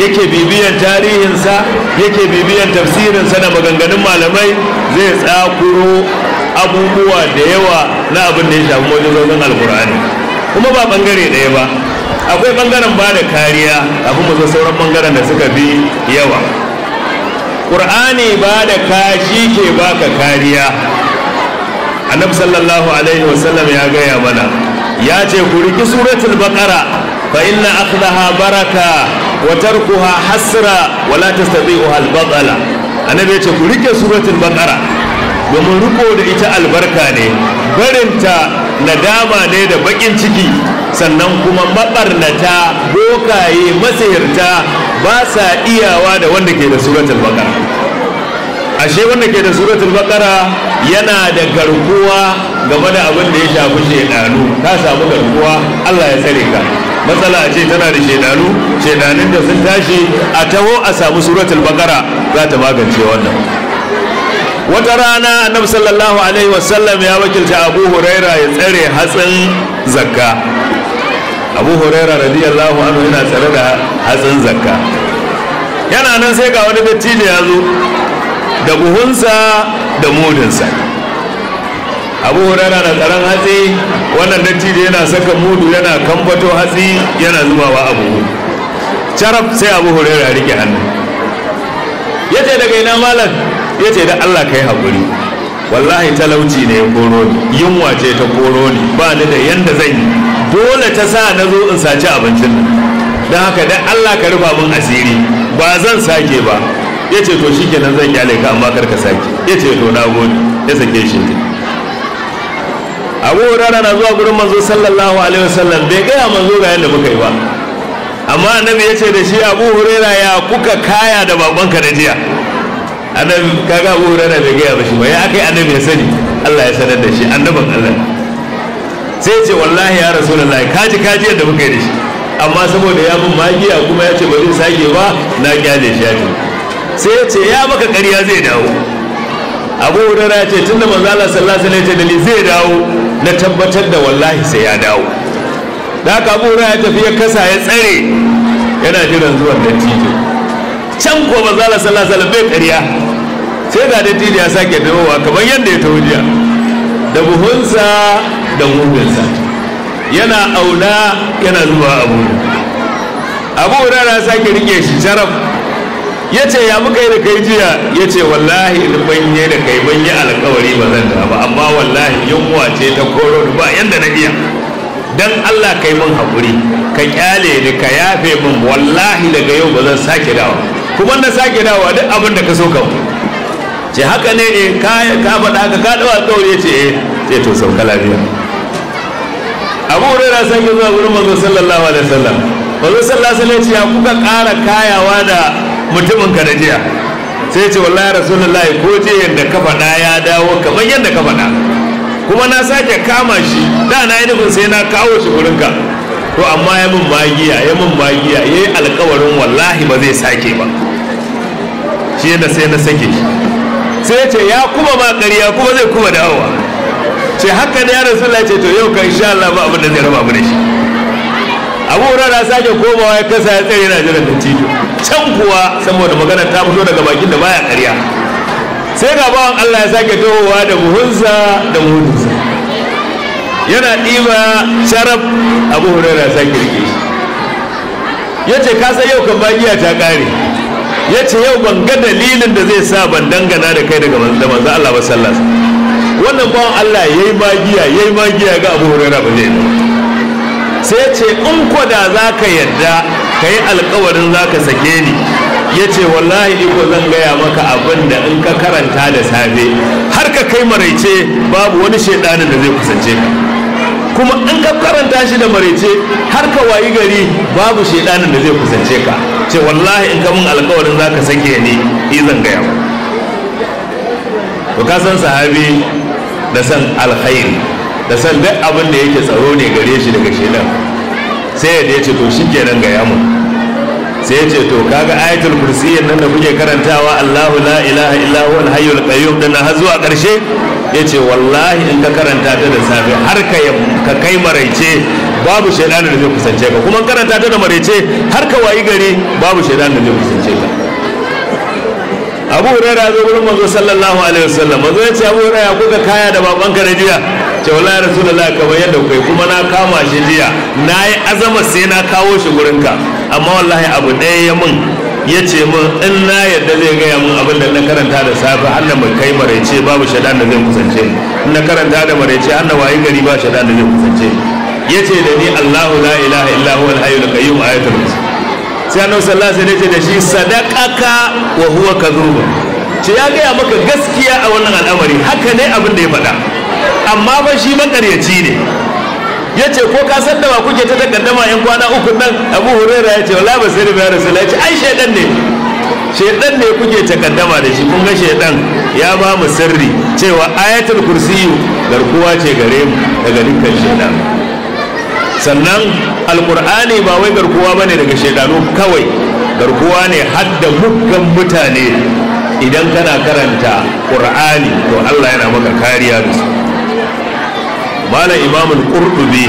yake bibiyan tarihinsa yake bibiyan tafsirinsa da maganganun malamai zai tsakuro abubuwa da yawa na abin da ya shafi mu'jizozin alkur'ani kuma ba bangare ɗaya ba akwai bangaren ba da kariya kafin mu sauran bangaren da suka bi yawa ƙur'ani ba da kashi ke baka kariya annabi sallallahu alaihi wasallam ya gaya mana ya ce ku riki suratul baqara fa inna akhdaha baraka wa tarkuha hasra wa la tastati'uha al-batala annabi ya ce ku rike suratul baqara domin riko da ita albarka ne barinta nadama ne da bakin ciki sannan kuma mabarnata bokaye masayarta ba sa iyawa da wanda ke da suratul bakara ashe wanda ke da suratul bakara yana da garkuwa game da abin da ya shafi shedanu ka samu garkuwa Allah ya tsare ka matsala ce tana da shedanu shedanun da sun tashi a taho a samu suratul bakara za ta magance wannan wata rana annabi sallallahu alaihi wasallam ya wakilta abu huraira ya tsare hatsin zakka abu huraira radiyallahu anhu yana tsare da hatsin zakka yana nan sai ga wani dattijo ya zo da buhunsa da mudinsa abu huraira na tsaron hatsi wannan dattijo yana saka mudu yana kambato hatsi yana zubawa a abu carab sai abu huraira rike hannu yace daga ina malam ya ce da Allah ka yi haƙuri wallahi talauci ne ya koro ni yunwa ce ta koro ni ba ni da yanda zan yi dole ta sa na zo in saci abincin don haka da Allah ka rufa min asiri ba zan sake ba ya ce to shi kenan zan kyale ka amma kar ka sake ya ce to na gode ya sake shi ne. abu hurara na zuwa gurin manzo sallallahu alaihi wasallam bai gaya manzo ga yadda muka yi ba amma annabi ya ce da shi abu hurera ya kuka kaya da babanka da jiya annabi kaga abu hurara bai gaya ba shi ba ya aka yi annabi ya sani allah ya sanar da shi annaban allah sai ce wallahi ya rasu rasulullahi kaji kaji yadda muka yi da shi amma saboda ya bin magiya kuma ya ce ba zai sake ba na kyale shi ya sai ya ce ya maka ƙarya zai dawo abu hurara ya ce tun da manzo allah sallallahu alaihi wasallam ya ce zai dawo na tabbatar da wallahi sai ya dawo da haka abu hurara ya tafi ya kasa ya tsare yana jiran zuwan dattijo can ko manzala sallallahu bai ƙarya sai ga da ya sake dawowa kamar yadda ya taho jiya da buhunsa da mugunsa yana auna yana zuwa abu abu rana sake rike shi sharaf ya ce ya muka yi da kai jiya ya ce wallahi in ban yi da kai ban yi alkawari ba zan ba amma wallahi yunwa ce ta koro ba yadda na iya dan Allah kai mun haƙuri ka kyale ni ka yafe mun wallahi daga yau ba zan sake dawo kuma na sake dawa duk abin da ka so kawo ce haka ne ne eh, ka faɗa haka ka ɗawa alƙawari ya ce e ce to sauka lafiya abu hurairah sake zuwa wurin manzo sallallahu alaihi wasallam manzo sallallahu alaihi wasallam ya kuka ƙara kayawa da mutumin ka da jiya sai ce wallahi rasulullahi ko je yadda ka faɗa ya dawo kamar yadda ka faɗa kuma na sake kama shi da na yi nufin sai na kawo shi wurinka. to amma ya mun magiya ya mun magiya ya yi alkawarin wallahi ba zai sake ba shi yana sai na sake shi sai ya ce ya kuma ma ƙarya kuma zai kuma dawowa ce haka ne ya rasulullah ce to yau kan sha Allah ba abin da zai raba mu da shi abu na sake komawa ya kasa ya tsere na jiran da tito can kuwa saboda magana ta fito daga bakin da baya ƙarya sai ga bawan Allah ya sake tohowa da buhunsa da muhunsa yana ɗiba sharaf abu na sa kirki ya ce kasa yau kan bagiya ta ƙare ya ce yau ban ga dalilin da zai sa ban dangana da kai daga manzo Allah ba sallas wannan bawan Allah yayi magiya yayi magiya ga abu hurera ba zai sai ce in kwada da za ka yadda ka yi alkawarin za ka sake ni ya ce wallahi ni zan gaya maka abin da in ka karanta da safe har ka kai maraice babu wani shaidanin da zai kusance ka kuma in ka karanta shi da marece har ka wayi gari babu shaidanin da zai kusance ka ce wallahi in ka mun alkawarin zaka ka sake ni izan gaya to ka san sahabi da san alkhairi da san duk abin da yake tsaro ne gare shi daga shaidan sai ya ce to shi kenan gaya mu sai ya ce to kaga ayatul kursiyyin nan da kuke karantawa Allahu la ilaha illa al hayyul qayyum din har zuwa karshe yace wallahi in ka karanta ta da safe har ka ka kai maraice babu shaydan da zai kusance ka kuma karanta ta da maraice har ka wayi gari babu shaydan da zai kusance ka Abu Hurairah zo gurin manzo sallallahu alaihi wasallam manzo ya ce Abu Hurairah kuka kaya da baban na jiya ce wallahi rasulullahi kamar yadda kai kuma na kama shi jiya nayi azama sai na kawo shi ka amma wallahi abu ɗaya ya mun ya ce min in na yadda zai gaya min abin da na karanta da safe har na mai kai maraice babu shaɗan da zai kusance na karanta da maraice har na wayi gari ba shaɗan da zai kusance ya ce da ni allahu la ilaha illahu alhayu da kayyum ayatul kursi sai annabi sallallahu alaihi wasallam ya ce da shi sadaqaka wa huwa kadhubun ce ya gaya maka gaskiya a wannan al'amari haka ne abin da ya faɗa amma ba shi makaryaci ne ya ce ko ka san da ba kuke ta takaddama yan kwana uku nan abu hurera ya ce wala ba sai da rasul ya ce ai shaidan ne shaidan ne kuke takaddama da shi kun ga shaidan ya ba mu sirri cewa ayatul kursiyu garkuwa ce gare mu daga dukkan shaidan sannan alkur'ani ba wai garkuwa bane daga shaidanu kawai garkuwa ne hadda muggan mutane idan kana karanta ƙur'ani to allah yana maka kariya da su malam imamul qurtubi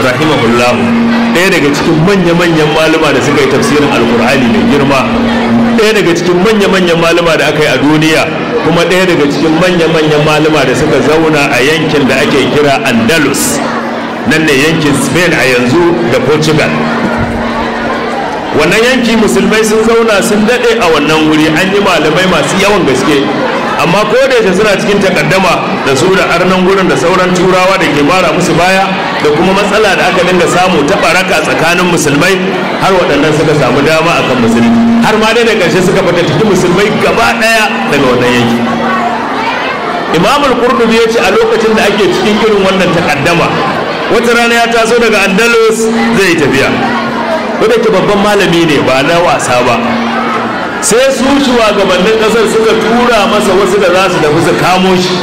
rahimahullah ɗaya daga cikin manya-manyan malama da suka yi tafsirin alkur'ani mai girma ɗaya daga cikin manya-manyan malama da aka yi a duniya kuma ɗaya daga cikin manya-manyan malama da suka zauna a yankin da ake kira andalus nan ne yankin spain a yanzu da portugal wannan yanki musulmai sun zauna sun daɗe a wannan wuri an yi malamai masu yawan gaske amma ko da yake suna cikin takaddama da su da arnan gurin da sauran turawa da ke bara musu baya da kuma matsala da aka dinga samu ta baraka tsakanin musulmai har waɗannan suka samu dama akan musulmi har ma dai da ƙarshe suka fita tafi musulmai gaba ɗaya daga wannan yanki imamul qurtubi ya ce a lokacin da ake cikin irin wannan takaddama wata rana ya taso daga andalus zai tafiya ko ke babban malami ne ba na wasa ba sai su shuwa shugabannin kasar suka tura masa wasu da za su tafi su kamo shi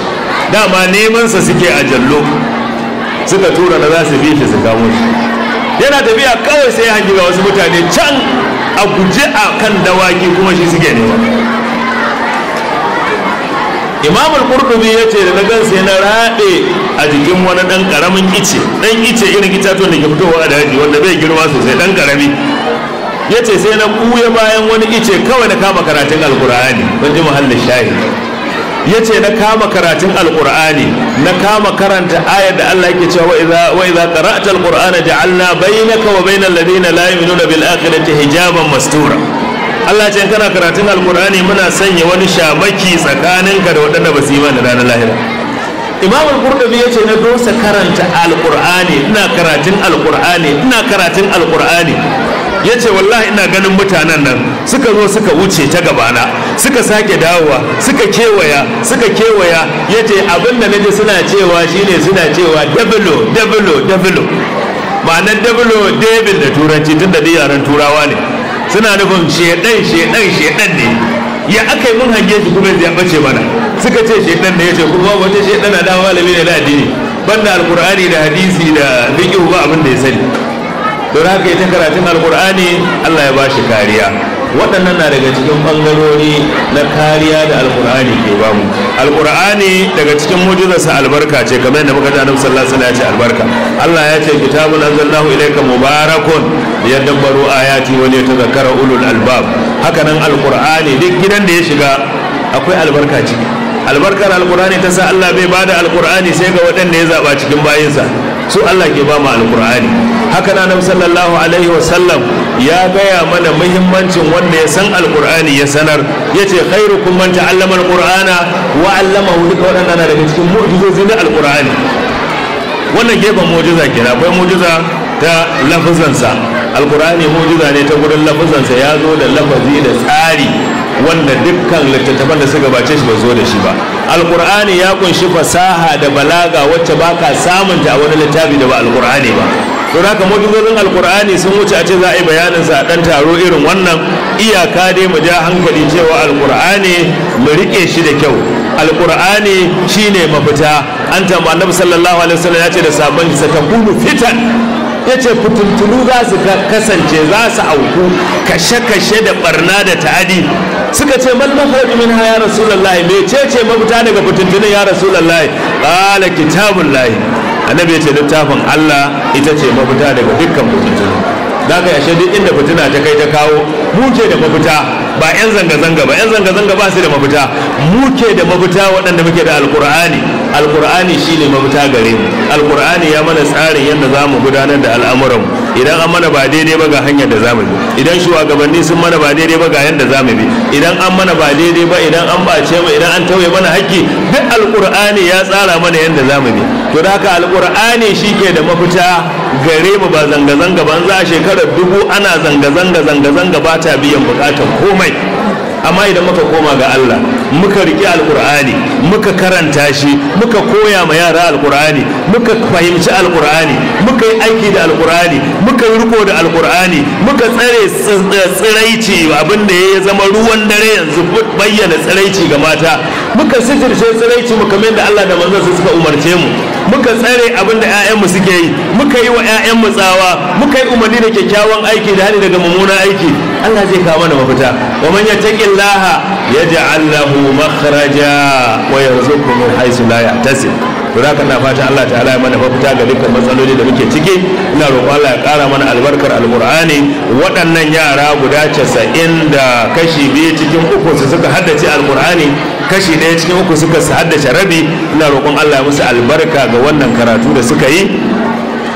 dama nemansa suke a jallo suka tura da za su bi shi su kamo shi yana tafiya kawai sai hangi ga wasu mutane can a guje a kan dawaki kuma shi suke nema imam al-qurtubi ya ce da na gansa yana raɗe a jikin wani ɗan ƙaramin ice ɗan ice irin itatuwan da ke fitowa da haji, wanda bai girma sosai ɗan ƙarami ya ce sai na buya bayan wani ice kawai na kama karatun alkur'ani kun ji muhallin shahi ya ce na kama karatun alkur'ani na kama karanta ayar da Allah yake cewa wa idza qara'ta alqur'ana ja'alna bainaka wa bainal ladina la yu'minuna bil akhirati hijaban mastura Allah ya ce kana karatun alkur'ani muna sanya wani shamaki tsakaninka da waɗanda ba su yi mana ranar lahira imam al-qurtubi ce na dosa karanta alkur'ani ina karatun alkur'ani ina karatun alkur'ani ya ce wallahi ina ganin mutanen nan suka zo suka wuce ta gabana suka sake dawowa suka kewaya suka kewaya ya ce abin da ji suna cewa shine suna cewa dabilo dabilo dabilo ma'anar dabilo dabil da turanci tun da yaran turawa ne suna nufin shedan shedan shedan ne ya aka yi mun hange shi kuma ya bace mana suka ce shedan ne ya ce kuma wata shedan na dawo malami da na addini banda alkur'ani da hadisi da fiqh ba abin da ya sani don haka ita karatun alkur'ani allah ya ba shi kariya waɗannan na daga cikin ɓangarori na kariya da alkur'ani ke bamu alkur'ani daga cikin mujizarsa albarka ce kamar yadda muka tanu sallallahu alaihi ce albarka Allah ya ce kitabun anzalnahu ilayka mubarakun liyadabbaru ayati ya liyatadhakkara ulul albab haka nan alkur'ani duk gidan da ya shiga akwai albarka ciki albarkar alkur'ani ta sa Allah bai bada alkur'ani sai ga waɗanda ya zaɓa cikin bayinsa su Allah ke ba mu alkur'ani haka na annabi sallallahu alaihi wasallam ya gaya mana muhimmancin wanda ya san alqur'ani ya sanar yace khairukum man ta'allama alqur'ana wa 'allamahu duka wadannan na daga cikin mu'jizozi na alqur'ani wannan gefen mu'jiza kenan akwai mu'jiza ta lafazansa alqur'ani mu'jiza ne ta gurin lafazansa ya zo da lafazi da tsari wanda dukkan littattafan da suka bace shi ba zo da shi ba alqur'ani ya kunshi fasaha da balaga wacce baka samunta a wani littafi da ba alqur'ani ba don haka mujizozin alkur'ani sun wuce a ce za a yi bayaninsa a ɗan taro irin wannan iyaka dai mu ja hankali cewa alkur'ani mu riƙe shi da kyau alkur'ani shine mafita an tamba annabi sallallahu alaihi wasallam ya ce da sabon shi satakunu fitan ya ce fitintunu za su kasance za su auku kashe-kashe da barna da ta'adi suka ce mal mafarji min ha ya rasulullahi mecece mafita daga fitintunun ya rasulullahi kitabun kitabullahi annabi ya ce littafin Allah ita ce mafita daga dukkan fitintunu za ka yashe duk inda fitina ta kai ta kawo muke da mafita ba 'yan zanga-zanga ba 'yan zanga-zanga ba su da mafita muke da mafita waɗanda muke da alkur'ani alkur'ani ne mafita gare mu alkur'ani ya mana tsarin yadda za mu gudanar da al'amuran idan an mana ba daidai ba ga hanyar da za mu bi idan shugabanni sun mana ba daidai ba ga yadda za mu bi idan an mana ba daidai ba idan an bace mu idan an tauye mana haƙƙi duk alkur'ani ya tsara mana yadda za mu bi to da haka alkur'ani ke da mafita gare mu ba zanga-zanga ba za a shekarar dubu ana zanga-zanga zanga-zanga ba ta biyan bukatar komai amma idan muka koma ga Allah muka riƙe alƙur'ani muka karanta shi muka koya ma yara alƙur'ani muka fahimci alƙur'ani muka yi aiki da alƙur'ani muka yi riko da alƙur'ani muka tsare eh, tsiraici abin da ya zama ruwan dare yanzu bayyana tsiraici ga mata muka sitirce tsiraici muka kamar da Allah da manzon suka umarce mu muka tsare abin da 'ya'yanmu suke yi muka yi wa 'ya'yanmu tsawa muka yi umarni da kyakkyawan aiki da hali daga mummunan aiki Allah zai kawo mana mafita wa man yattaqillaha yaj'al lahu makhraja wa yarzuqhu min haythu la yahtasib to da na fata Allah ta'ala ya mana mafita ga dukkan matsaloli da muke ciki ina roƙon Allah ya ƙara mana albarkar alqur'ani waɗannan yara guda casa'in da kashi biyu cikin uku su suka haddace alqur'ani kashi ɗaya cikin uku suka su haddace rabi ina roƙon Allah ya musu albarka ga wannan karatu da suka yi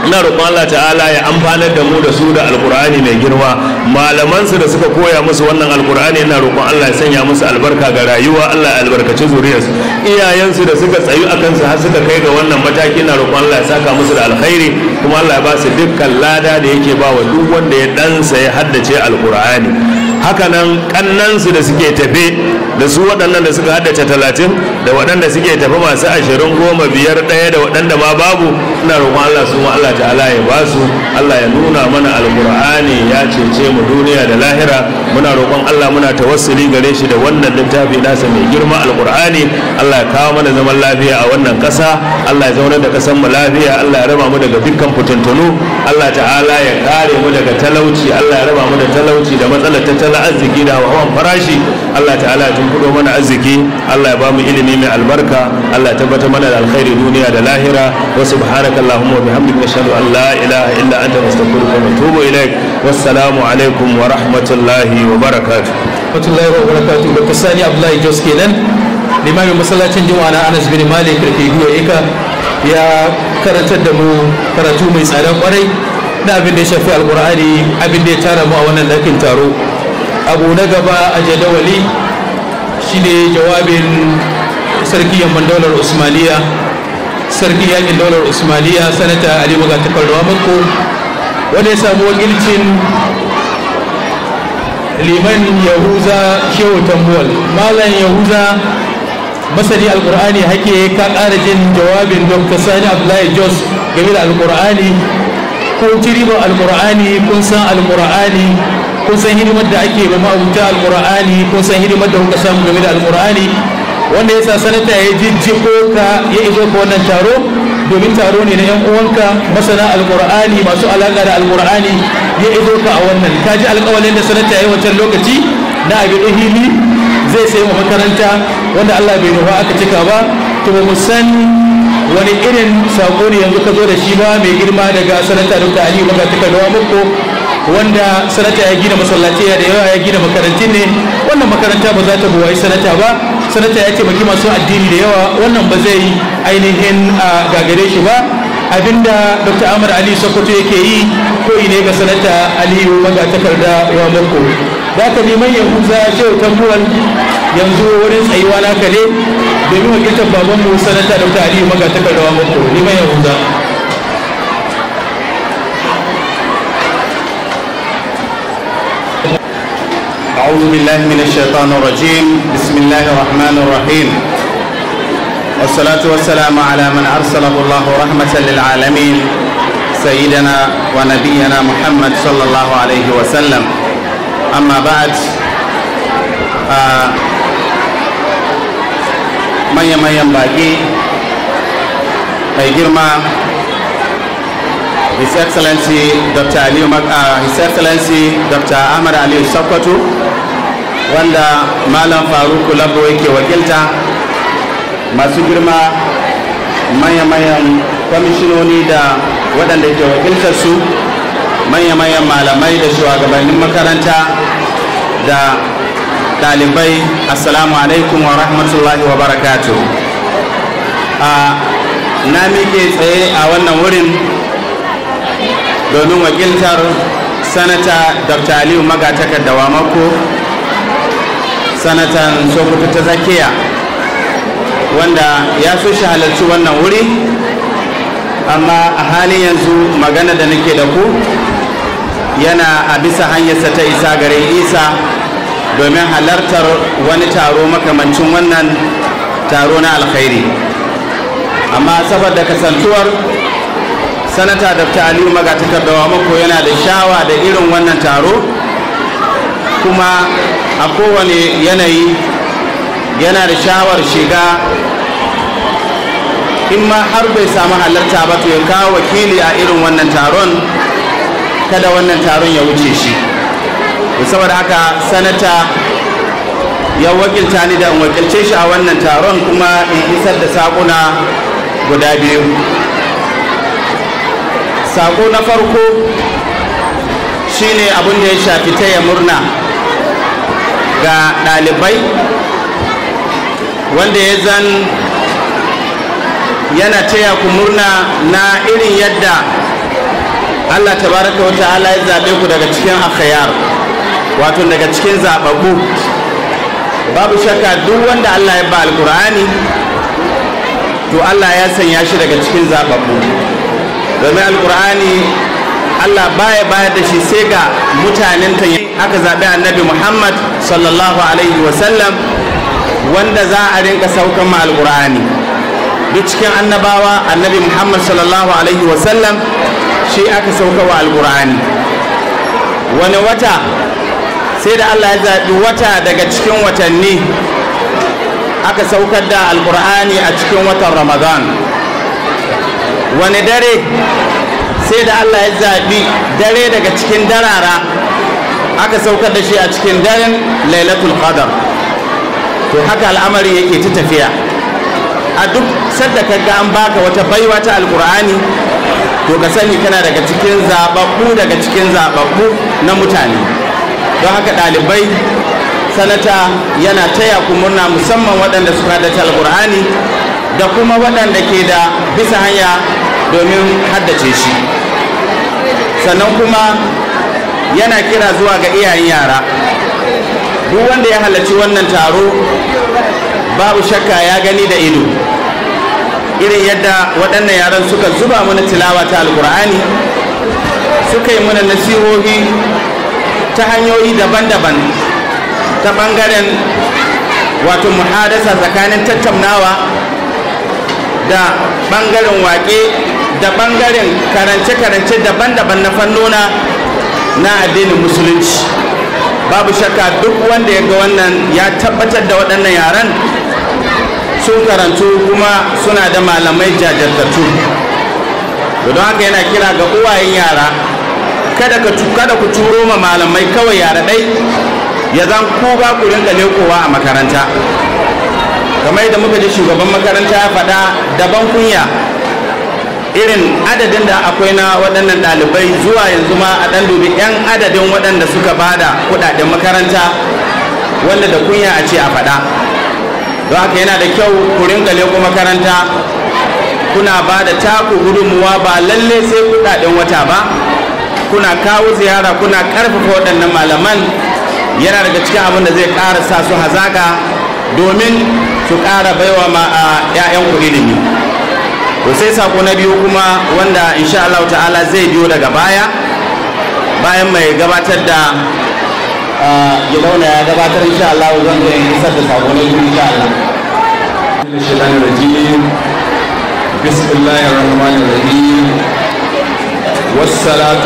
ina roƙon Allah ta'ala ya amfanar da mu da su da alkur'ani mai girma malamansu da suka koya musu wannan alkur'ani ina roƙon Allah ya sanya musu albarka ga rayuwa Allah ya albarkaci zuriyarsu iyayensu da suka tsayu a kansu har suka kai ga wannan mataki ina roƙon Allah ya saka musu da alkhairi kuma Allah ya ba su dukkan lada da yake ba wa duk wanda ya ɗansa ya haddace alkur'ani hakanan kannansu da suke tafe da su waɗannan da suka haddace talatin da waɗanda suke tafe masu ashirin goma biyar ɗaya da waɗanda ma babu ina roƙon Allah su Allah ta'ala ya ba su Allah ya nuna mana alƙur'ani ya cece mu duniya da lahira muna roƙon Allah muna tawassuli gare shi da wannan littafi nasa mai girma alƙur'ani Allah ya kawo mana zaman lafiya a wannan ƙasa Allah ya zauna da ƙasar mu lafiya Allah ya raba mu daga dukkan fitintunu Allah ta'ala ya kare mu daga talauci Allah ya raba mu da talauci da matsalar tattalin tattalin arziki da hawan farashi Allah ta'ala tun kudo mana arziki Allah ya bamu ilimi mai albarka Allah ya tabbata mana da alkhairi duniya da lahira wa subhanaka allahumma wa bihamdika ashhadu an la ilaha illa anta astaghfiruka wa atubu ilaik wassalamu alaikum wa rahmatullahi wa barakatuh rahmatullahi wa barakatuh da Sani Abdullahi Jos kenan limamin masallacin Juma'a na Anas bin Malik da ke Eka ya karantar da mu karatu mai tsadan kwarai da abin da ya shafi alkur'ani abin da ya tara mu a wannan lakin taro abu na gaba a jadawali shine jawabin sarki yamman daular usmaniya sarki yakin daular usmaniya sanata ali magatakar mako wanda ya samu wakilcin liman yahuza shehu tambuwal malam yahuza masani alkur'ani hake ka kara jin jawabin don sani abdullahi jos game da alkur'ani kun ci ribar alkur'ani kun san alkur'ani kun san hidimar da ake ba ma'abuta alkur'ani kun san hidimar da kuka samu game da alkur'ani wanda yasa sanata ya jijjiko ka ya izo ka wannan taro domin taro ne na yan uwanka masana alkur'ani masu alaƙa da alkur'ani ya izo ka a wannan ka ji alƙawalin da sanata ya yi wancan lokaci na abin hili zai sai wa makaranta wanda Allah bai nufa aka cika ba to ba mu san wani irin sako ne yanzu ka zo da shi ba mai girma daga sanata Dr. aliyu Baka ta kawo muku wanda sanata ya gina masallaci da yawa ya gina makarantun ne wannan makaranta ba za ta buwayi sanata ba sanata ya ce taimaki masu addini da yawa wannan ba zai ainihin gagare shi ba abinda dr amur ali sokoto yake yi ko ne ga sanata aliyu maga takarda wa mako za ka neman ya huza shehu tambuwan yanzu wurin tsayuwa na kare domin wakiltar babanmu sanata dr aliyu maga takarda wa mako neman ya huza أعوذ بالله من الشيطان الرجيم بسم الله الرحمن الرحيم والصلاة والسلام على من أرسله الله رحمة للعالمين سيدنا ونبينا محمد صلى الله عليه وسلم أما بعد manyan-manyan baƙi mai ما his excellency dr Ali, uh, his excellency dr ahmad Ali Sokotu, wanda malam faruku labo yake wakilta masu girma manya-manyan kwamishinoni da waɗanda ke wakiltar su manya-manyan malamai da shugabannin makaranta da ɗalibai assalamu alaikum wa rahmatullahi wa barakatu na miƙe tsaye a wannan wurin domin wakiltar sanata dr aliyu magatakardawa mako sanatan sokoto ta zakiya wanda ya so shi halarci wannan wuri amma a halin yanzu magana da nake da ku yana a bisa hanyarsa ta isa gare isa domin halartar wani taro makamancin wannan taro na alkhairi amma saboda kasantuwar sanata dr aliyu magatakardawa mako yana da shawa da irin wannan taro kuma a kowane yanayi yana da shawar shiga in ma har bai samu halarta ba to ya kawo wakili a irin wannan taron kada wannan taron ya wuce shi saboda haka sanata ya wakilta ni da in wakilce shi a wannan taron kuma in isar da sakuna guda biyu sako na farko shine abin da ya shafi taya murna ga ɗalibai wanda ya zan yana taya ku murna na irin yadda allah tabaraka wata ala ya zaɓe ku daga cikin akhayar wato daga cikin zaɓaɓɓu babu shakka duk wanda allah ya ba alkur'ani to allah ya sanya shi daga cikin zaɓaɓɓu domin alkur'ani allah baya bayar da shi sai ga mutanen ta aka zaɓi annabi muhammad sallallahu alaihi wasallam wanda za a rinka saukan ma alƙur'ani duk cikin annabawa annabi muhammad sallallahu alaihi wasallam shi aka sauka wa alƙur'ani wani wata sai da allah ya zaɓi wata daga cikin watanni aka saukar da alƙur'ani a cikin watan ramadan wani dare sai da allah ya zaɓi dare daga cikin darara aka saukar da shi a cikin daren lailatul qadar to haka al'amari yake ta tafiya a duk sadda ka ga an baka wata baiwa ta alkur'ani to ka sani kana daga cikin zababbu daga cikin zababbu na mutane don haka ɗalibai sanata yana taya ku murna musamman waɗanda suka da alqur'ani da kuma waɗanda ke da bisa hanya domin haddace shi sannan kuma yana kira zuwa ga iyayen yara duk wanda ya halarci wannan taro babu shakka ya gani da ido irin yadda waɗannan yaran suka zuba mana tilawa ta alkur'ani suka yi mana nasihohi ta hanyoyi daban-daban ta ɓangaren wato muhadasa tsakanin tattaunawa da ɓangaren waƙe da ɓangaren karance-karance daban-daban na fannona na addinin musulunci babu shakka duk wanda ya ga wannan ya tabbatar da waɗannan yaran sun karantu kuma suna da malamai jajirtattu don haka yana kira ga uwayen yara kada ka ku turo ma malamai kawai yara ɗai ya zan ku ba ku rinka lekowa a makaranta kamar yadda muka ji shugaban makaranta ya faɗa daban kunya irin adadin da akwai na waɗannan ɗalibai zuwa yanzu ma a ɗan dubi 'yan adadin waɗanda suka ba da kuɗaɗen makaranta wanda da kunya a ce a faɗa don haka yana da kyau ku ringa leko makaranta kuna ba da taku gudunmuwa ba lalle sai kuɗaɗen wata ba kuna kawo ziyara kuna ƙarfafa waɗannan malaman yana daga cikin abin da zai ƙara sa su hazaka domin su ƙara baiwa ma a 'ya'yanku ilimi to sai sako na biyu kuma wanda insha Allah ta'ala zai biyo daga baya bayan mai gabatar da launa ya gabatar insha Allah zan zai isar da sako na biyu insha Allah بسم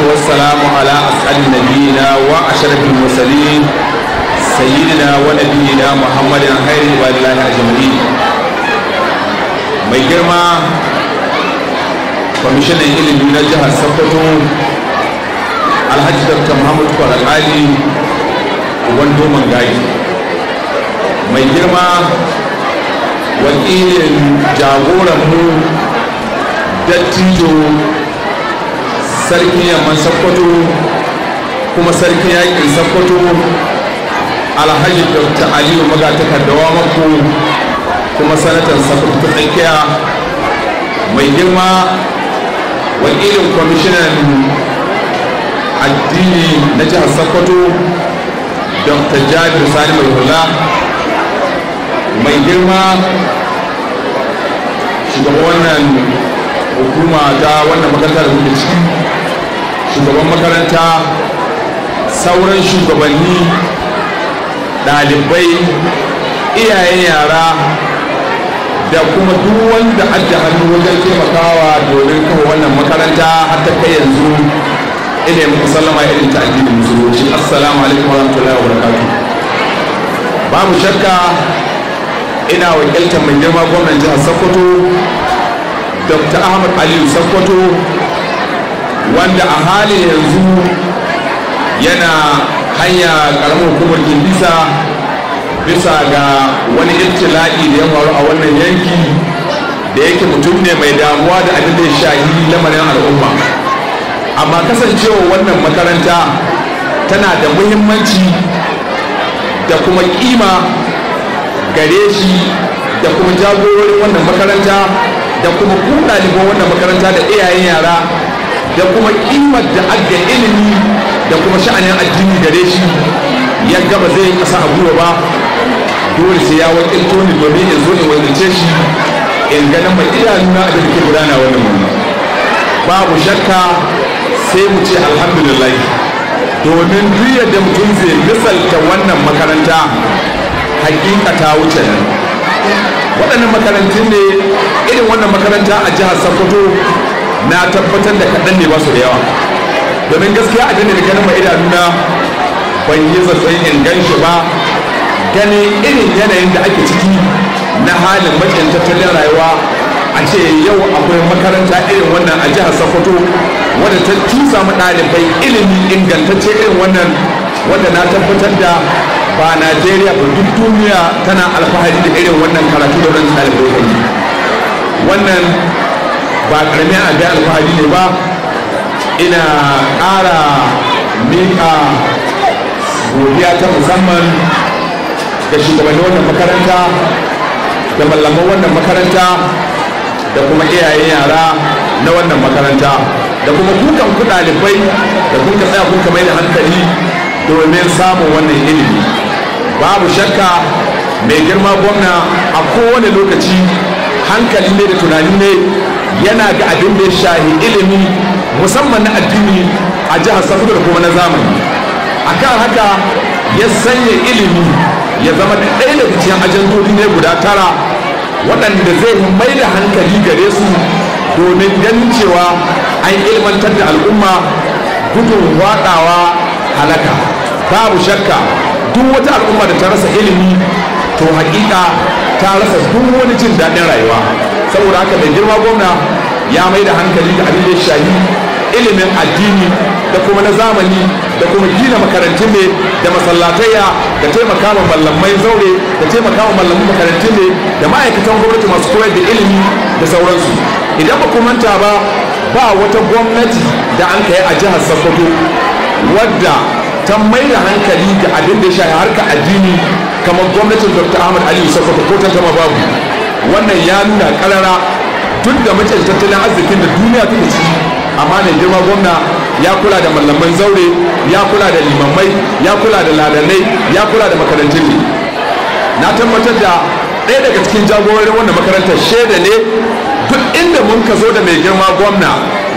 والسلام على أسعد نبينا وأشرف المرسلين سيدنا ونبينا محمد خير عباد الله أجمعين mai girma kwamishinan ilimi na jihar sokoto alhaji dr muhammad kwaralali wando mangayi mai girma wakilin jagoranmu dattijo sarki yamman sokoto kuma sarki yakin sokoto alhaji dr aliyu magatakardawa mako kuma sanatan sokoto ta tsakiya mai girma wakilin kwamishinan addini na jihar sokoto don jabir sani mai hula mai girma shugaban wannan hukuma ta wannan makaranta da kuke ciki shugaban makaranta sauran shugabanni ɗalibai iyayen yara da kuma duk wanda adda hannu wajen taimakawa domin kawo wannan makaranta har ta kai yanzu ina yi muku sallama irin ta addinin musulunci assalamu alaikum warahmatullahi wabarakatuh mu shakka ina wakiltar mai girma gwamnan jihar sokoto dr ahmad aliyu sokoto wanda a halin yanzu yana hanya karamar hukumar gindisa bisa ga wani iltila'i da ya faru a wannan yanki da yake mutum ne mai damuwa da abin da ya shahi lamarin al'umma amma kasancewa wannan makaranta tana da muhimmanci da kuma kima gare shi da kuma jagororin wannan makaranta da kuma kuna liban wannan makaranta da iyayen yara da kuma kimar da adda ilimi da kuma sha'anin addini gare shi ya gaba zai yi kasa a ba dole sai ya wakilto ni domin in zo in wakilce shi in ganin mai idanuna da ke gudana wannan murna babu shakka sai mu ce alhamdulillah domin duk yadda mutum zai misalta wannan makaranta hakika ta wuce nan waɗannan makarantun ne irin wannan makaranta a jihar sokoto na tabbatar da kaɗan ne ba su da yawa domin gaskiya a da ganin mai idanuna ban yi zaton in gan shi ba ganin irin yanayin da ake ciki na halin matsayin tattalin rayuwa a ce yau akwai makaranta irin wannan a jihar sokoto wadda ta tusa mu ɗalibai ilimi ingantacce irin wannan wadda na tabbatar da ba najeriya ba duk duniya tana alfahari da irin wannan karatu da wani ɗalibai wannan ba ƙaramin abin alfahari ne ba ina ƙara miƙa godiya ta musamman ga shugabannin wannan makaranta da mallaman wannan makaranta da kuma iyaye yara na wannan makaranta da kuma kukan ku ɗalibai da kuka tsaya kuka mai da hankali domin samun wannan ilimi babu shakka mai girma gwamna a kowane lokaci hankali ne da tunani ne yana ga abin da ya shahi ilimi musamman na addini a jihar safi da kuma na zamani A kan haka ya sanya ilimi ya zama ɗaya daga cikin ajandodi ne guda tara waɗanda zai mai da hankali gare su domin ganin cewa an ilmantar da al'umma gudun waɗawa halaka babu shakka duk wata al'umma da ta rasa ilimi to hakika ta rasa duk wani jin daɗin rayuwa saboda haka mai girma gwamna ya mai da hankali da abin da ya shahi ilimin addini da kuma na zamani da kuma gina makarantun ne da masallataiya da taimaka wa mallamai zaure da taimaka wa mallamai makarantun ne da ma'aikatan gwamnati masu koyar da ilimi da sauransu idan ba ku manta ba ba wata gwamnati da an kai a jihar sokoto wadda ta mai da hankali ga abin da ya shafi harka addini kamar gwamnatin dr ahmad ali sokoto ko ta tama babu wannan ya nuna karara tun da mace tattalin arzikin da duniya take ciki amma mai girma gwamna ya kula da mallaman zaure ya kula da limamai ya kula da ladanai ya kula da makarantun ne na tabbatar da ɗaya daga cikin jagororin wannan makarantar shaida ne duk inda mun ka zo da mai girma gwamna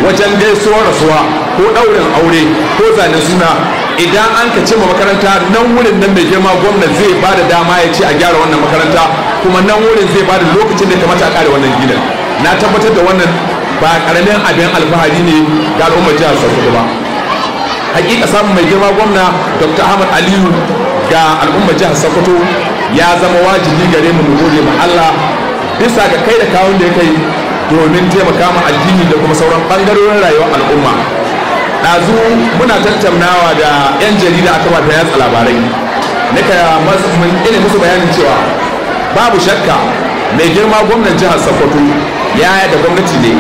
wajen gaisuwa rasuwa ko ɗaurin aure ko zanen suna idan an ka ce ma makaranta nan wurin nan mai girma gwamna zai ba da dama ya ce a gyara wannan makaranta kuma nan wurin zai ba da lokacin da kamata a kare wannan gidan na tabbatar da wannan ba karamin abin alfahari ne ga al'ummar jihar sokoto ba hakika samun mai girma gwamna dr ahmad aliyu ga al'ummar jihar sokoto ya zama wajibi gare mu mu gode ma allah bisa ga kai da kawun da ya kai domin taimaka ma addini da kuma sauran bangarorin rayuwar al'umma ɗazu muna tattaunawa da 'yan jarida aka bata yatsa labarai nika mun ina musu bayanin cewa babu shakka mai girma gwamnan jihar sokoto ya da gwamnati ne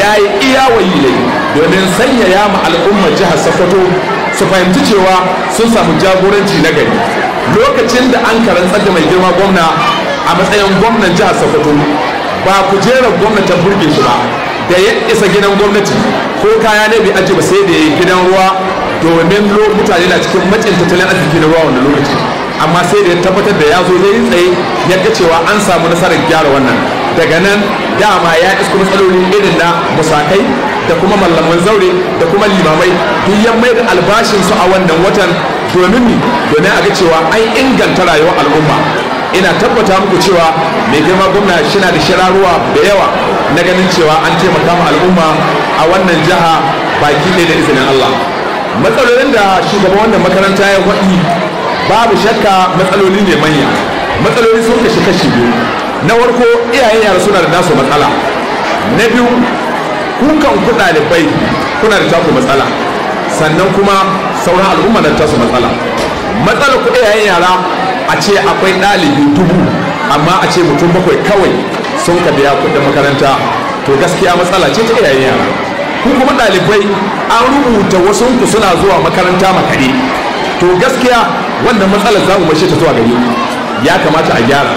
ya yi iya wayilai domin sanyaya ma al'ummar jihar sokoto su fahimci cewa sun samu jagoranci na gari lokacin da an karantsar da mai girma gwamna a matsayin gwamnan jihar sokoto ba kujerar gwamnati burge shi ba da ya isa gidan gwamnati ko kaya ne bai aji ba sai da ya gidan ruwa domin mutane na cikin matsin tattalin arziki na ruwa wanda lokaci amma sai da ya tabbatar da ya zo zai tsaye ya ga cewa an samu nasarar gyara wannan daga nan dama ya isko matsaloli irin na musakai da kuma mallaman zaure da kuma limamai duk ya mai da su a wannan watan domin ni domin a ga cewa an inganta rayuwar al'umma ina tabbata muku cewa mai girma gwamna shina da shirarruwa da yawa na ganin cewa an taimaka ma al'umma a wannan jiha baki ne da izinin Allah matsalolin da shugaban wannan makaranta ya waɗi babu shakka matsaloli ne manya matsaloli sun kashi kashi biyu na warko, iyayen yara suna da nasu matsala na biyu kukan ku ɗalibai kuna da taku matsala sannan kuma sauran al'umma na tasu matsala matsalar ku iyayen yara a ce akwai ɗalibi dubu amma a ce mutum bakwai kawai sun ka biya kuɗin makaranta to gaskiya matsala ce ta iyayen yara ku kuma ɗalibai an rubuta wasu suna zuwa makaranta makare to gaskiya wannan matsalar za mu mace ta zuwa gari ya kamata a gyara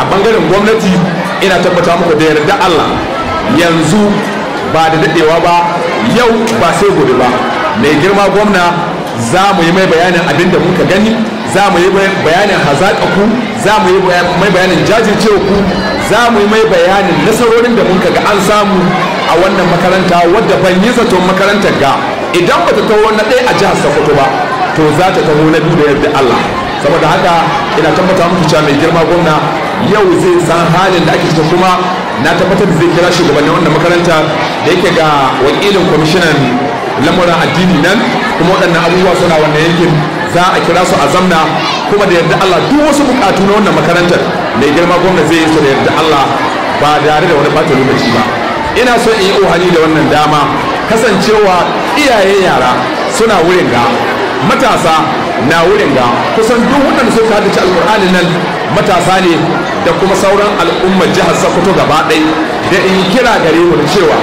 a bangaren gwamnati ina tabbata muku da yarda Allah yanzu ba da dadewa ba yau ba sai gobe ba mai girma gwamna za mu yi mai bayanin abin da muka gani za mu yi bayanin ku, za mu yi mai bayanin ku, za mu yi mai bayanin nasarorin da muka ga an samu a wannan makaranta wadda ban yi zaton makarantar ga idan ba ta tawo na ɗaya a jihar sokoto ba to za ta taho na biyu da yadda Allah saboda haka ina tabbata muku cewa mai girma gwamna yau zai san halin da ake ta kuma na tabbatar da zai kira shugabannin wannan makaranta da yake ga wakilin kwamishinan lamuran addini nan kuma waɗannan abubuwa suna wanda yankin za a kira su a zamna kuma da yadda Allah duk wasu bukatu na wannan makarantar mai girma gwamna zai yi su da yadda Allah ba tare da wani bata lokaci ba ina so in yi ohani da wannan dama kasancewa iyaye yara suna wurin ga matasa na wurin ga kusan duk waɗanda ka dace alkur'ani nan matasa ne da kuma sauran al'ummar jihar sokoto gaba ɗaya da in kira gare mu cewa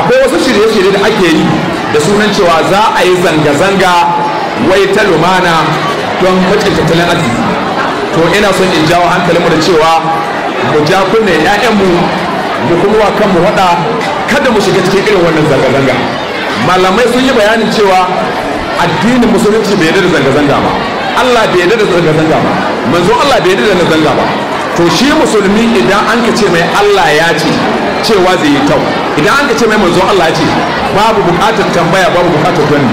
akwai wasu shirye-shirye da ake yi da sunan cewa za a yi zanga-zanga wai ta lumana don kacin tattalin arziki to ina son in jawo mu da cewa mu ja kunne 'ya'yanmu mu kuma wa kanmu waɗa kada mu shiga cikin irin wannan zanga-zanga malamai sun yi bayanin cewa addinin musulunci bai yarda da zanga-zanga ba Allah bai yarda da zanga-zanga ba manzo Allah bai yarda da zanga-zanga ba to shi musulmi idan an ka ce mai Allah ya ce cewa zai yi tau idan an ka ce mai manzo Allah ya ce babu bukatar tambaya babu bukatar gani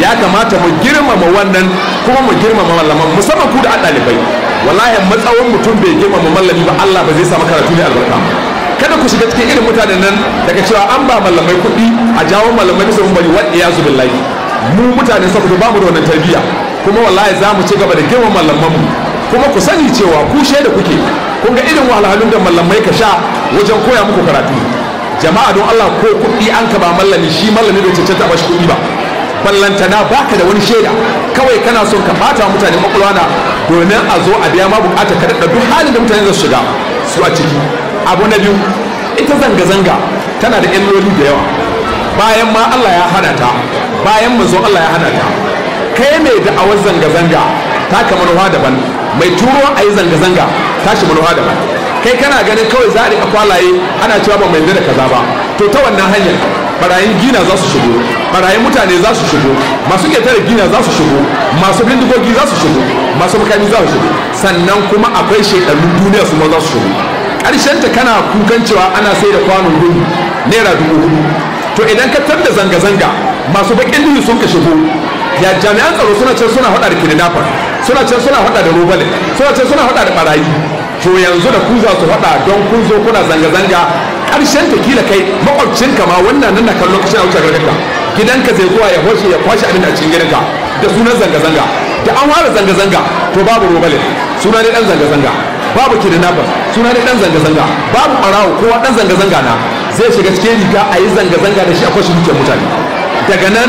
ya kamata mu girmama wannan kuma mu girmama malaman musamman ku da ɗalibai wallahi matsawon mutum bai girmama mallami ba Allah ba zai samu karatu ne albarka kada ku shiga cikin irin mutanen nan daga cewa an ba malamai kuɗi a jawo malamai bisa mun bari wadda ya zubin layi mu mutane saboda ba mu da wannan tarbiyya kuma wallahi za mu ci gaba da girma malamanmu kuma ku sani cewa ku da kuke kun ga irin wahalhalun da malamai ka sha wajen koya muku karatu jama'a don Allah ko kuɗi an ka ba mallami shi mallami bai cancanta ba shi kuɗi ba ballantana baka da wani shaida kawai kana son ka bata mutane na domin a zo a biya ma bukata ka daɗa duk halin da mutane za su shiga su a ciki abu na biyu ita zanga-zanga tana da illoli da yawa bayan ma Allah ya hana ta bayan manzon Allah ya hana ta kai mai da'awar zanga-zanga ta ka manuwa daban mai turo a yi zanga-zanga ta shi manuwa daban kai kana ganin kawai za a kwalaye ana cewa ba mai da kaza ba to ta wannan hanyar barayin gina za su shigo barayin mutane za su shigo masu ƙetare gina za su shigo masu bindigogi za su shigo masu makami za su shigo sannan kuma akwai shekarun duniya su ma za su shigo ƙarshen ta kana kukan cewa ana sai da kwanon gudu naira dubu hudu to idan ka tar da zanga-zanga masu bakin dini sun ka shigo ya jami'an tsaro suna can suna hada da kidnapper suna can suna hada da robalin suna can suna hada da barayi to yanzu da ku za su hada don kun zo kuna zanga-zanga karshen ta kila kai makwabcinka ma wannan nan na kan lokacin a wuce Gidan ka zai zuwa ya hoshe ya kwashe abin da cikin ka da sunan zanga-zanga da an ware zanga-zanga to babu robalin suna ne dan zanga-zanga babu kidnapper suna ne dan zanga-zanga babu barawo kowa dan zanga-zanga na zai shiga cikin riga a yi zanga-zanga da shi a kwashe dukiyar mutane daga nan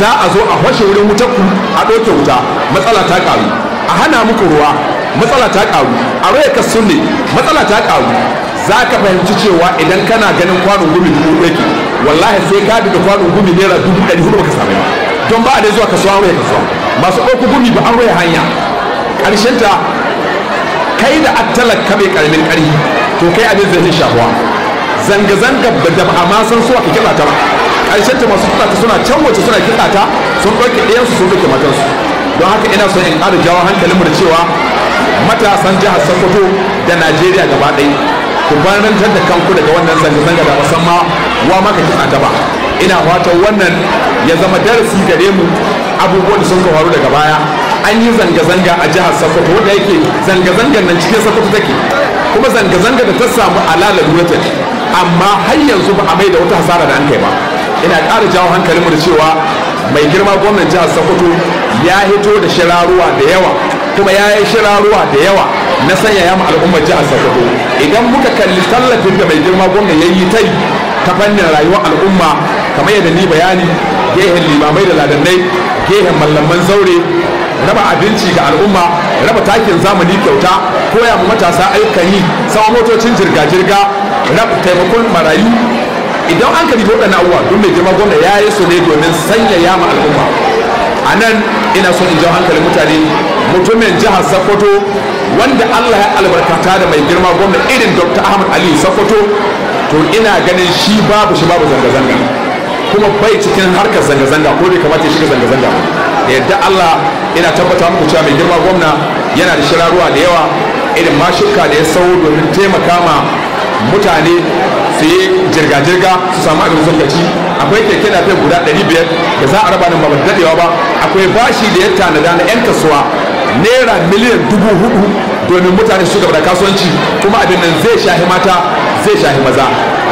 za a zo a kwashe wurin wutar ku a ɗauke wuta matsala ta ƙaru a hana muku ruwa matsala ta ƙaru a raya kasu ne matsala ta ƙaru za ka fahimci cewa idan kana ganin kwanon gumi dubu ɗaya wallahi sai ka daga kwanon gumi naira dubu ɗari hudu baka sami. don ba a dai zuwa kasuwa an raya kasuwa masu ɗauku gumi ba an raya hanya ta kai da attalar kame ƙaramin ƙarfi to kai abin zai shafuwa zanga-zanga da ba a ma san su aka kiɗa ta ba ƙarshen ta masu kiɗa ta suna can wace suna kiɗa ta sun ɗauke ɗayansu sun ɗauke matansu don haka ina son in ƙara jawo mu da cewa matasan jihar sokoto da najeriya gaba ɗaya ku barantar da kanku daga wannan zanga-zanga da ma wa ka kiɗa ta ba ina fatan wannan ya zama darasi gare mu abubuwan da sun faru daga baya an yi zanga-zanga a jihar sokoto wanda yake zanga-zangar nan cikin sokoto take kuma zanga-zanga da ta samu alalar wutar amma har yanzu ba a mai da wata hasara da an kai ba ina ƙara jawo mu da cewa mai girma gwamnan jihar sokoto ya hito da shiraruwa da yawa kuma ya yi shiraruwa da yawa na sanya ma al'ummar jihar sokoto idan muka kalli tallafin da mai girma gwamnan ya yi ta ta fannin rayuwar al'umma kamar yadda ni bayani gehen limamai da ladannai gehen mallaman zaure raba abinci ga al'umma raba takin zamani kyauta koya mu matasa ayyukan yi sama motocin jirga-jirga na taimakon marayu idan an kabi na uwa don mai girma gwamna ya yi su ne domin sanya yama al'umma a nan ina son in jawo hankalin mutane mutumin jihar sokoto wanda allah ya albarkata da mai girma gwamna irin dr ahmad Ali sokoto to ina ganin shi babu shi babu zanga-zanga kuma bai cikin harkar zanga-zanga ko bai kamata ya shiga zanga-zanga da yadda allah ina tabbata muku cewa mai girma gwamna yana da shirarwa da yawa irin mashuka da ya sau domin taimaka ma mutane su yi jirga-jirga su samu abin sun gaci akwai keke na guda 500 da za a raba nan ba dadewa ba akwai bashi da ya tanada na 'yan kasuwa naira miliyan dubu hudu domin mutane su gaba da kasuwanci kuma abin nan zai shahi mata zai shahi maza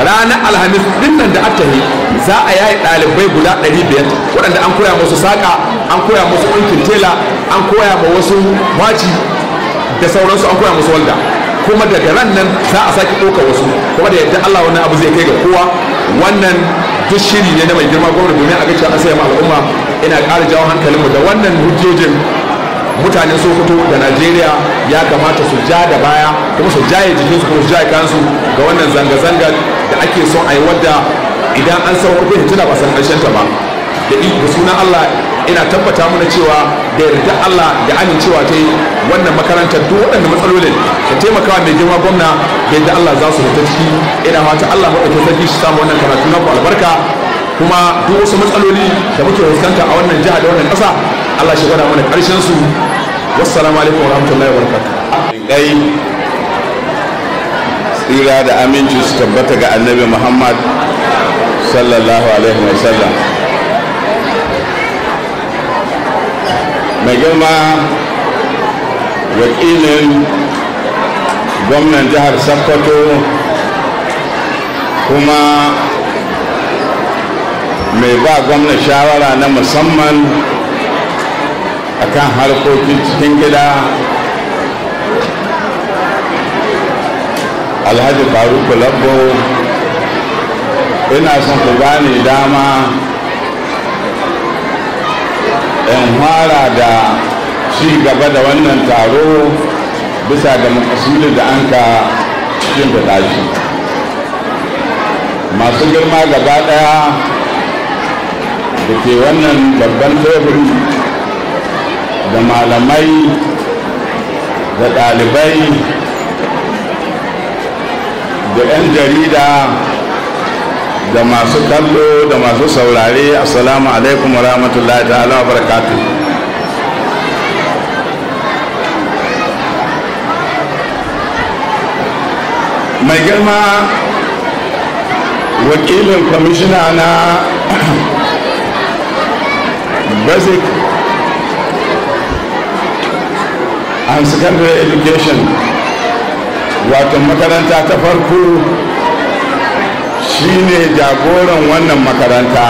ranar alhamis dinnan da yi za a yayi ɗalibai guda 500 waɗanda an koya musu saƙa an koya musu ɗinkin tela an koya ma wasu waci da sauransu an koya musu walda kuma daga ran nan za a sake ɗauka wasu kuma da yadda Allah wannan abu zai kai ga kowa wannan duk shiri ne na mai girma gwamnati domin a ga cewa an sayar al'umma ina ƙara jawo hankalinmu da wannan hujjojin mutanen sokoto da najeriya ya kamata su ja da baya kuma su jaye jikinsu kuma su jaye kansu ga wannan zanga-zangar da ake son a yi wadda idan an sauƙaƙe hitina ba san ƙarshen ba da da sunan Allah ina tabbata mana cewa da yarda Allah da amincewa ta yi wannan makarantar duk waɗanda matsalolin da taimakawa mai girma gwamna da yadda Allah za su fita ciki ina fata Allah ta sarki shi samu wannan karatu na albarka kuma duk wasu matsaloli da muke fuskanta a wannan jiha da wannan ƙasa Allah shi gwada mana ƙarshen su wassalamu alaikum wa rahmatullahi wa barakatuh tsira da aminci su tabbata ga annabi muhammad sallallahu alaihi wasallam mai girma wakilin gwamnan jihar sokoto kuma mai ba gwamnan shawara na musamman akan harkokin cikin gida alhaji faruku labbo ina son ku bani dama in fara da ci gaba da wannan taro bisa ga makasudin da an ka cikin da masu girma gaba daya da ke wannan babban tebur da malamai da ɗalibai da 'yan jarida da masu kallo da masu saurare assalamu alaikum wa rahmatullahi ta'ala wa mai girma wakilin kwamishina na basic and secondary education wato makaranta ta farko Shi ne jagoran wannan makaranta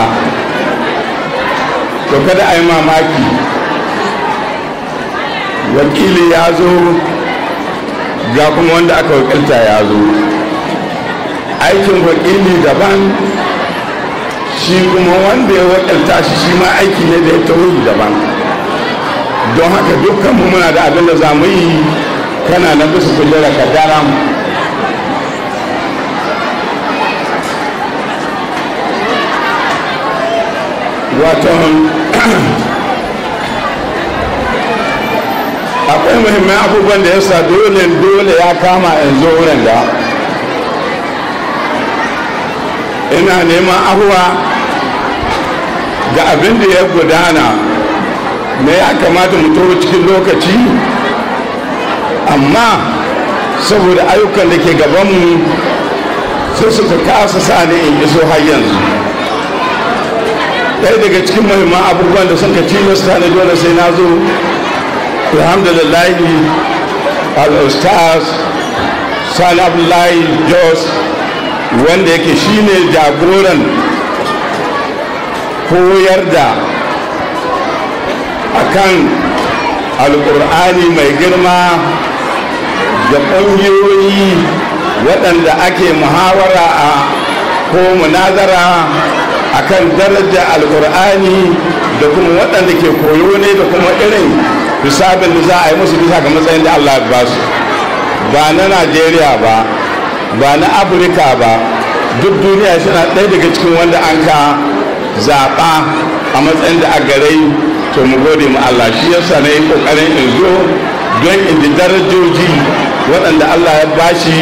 to kada a yi mamaki wakili ya zo ga kuma wanda aka wakilta ya zo aikin wakili daban shi kuma wanda ya wakilta shi shi ma aiki ne da ya tauri daban don haka dukkanmu muna da abin da za mu yi kana na bisa kullum da wato akwai muhimman abubuwan da yasa dole dole ya kama in zo wurin da ina neman ahuwa ga abin da ya gudana na ya kamata mu toro cikin lokaci amma saboda ayyukan da ke gabanmu sai fi kasa sa ne in iso har yanzu ɗaya daga cikin muhimman abubuwan da sun ka tilasta na dole sai na zo alhamdulillahi al sani abdullahi jos wanda yake shine jagoran koyar da akan alƙur'ani mai girma da ƙungiyoyi waɗanda ake muhawara a ko munazara akan daraja alkur'ani da kuma waɗanda ke koyo ne da kuma irin hisabin da za a yi musu bisa ga matsayin da allah ba su ba na najeriya ba ba na afirka ba duk duniya suna ɗaya daga cikin wanda an ka zaɓa a matsayin da a garai to mu gode mu allah shi sa na yi ƙoƙarin in zo don in ji darajoji waɗanda allah ya bashi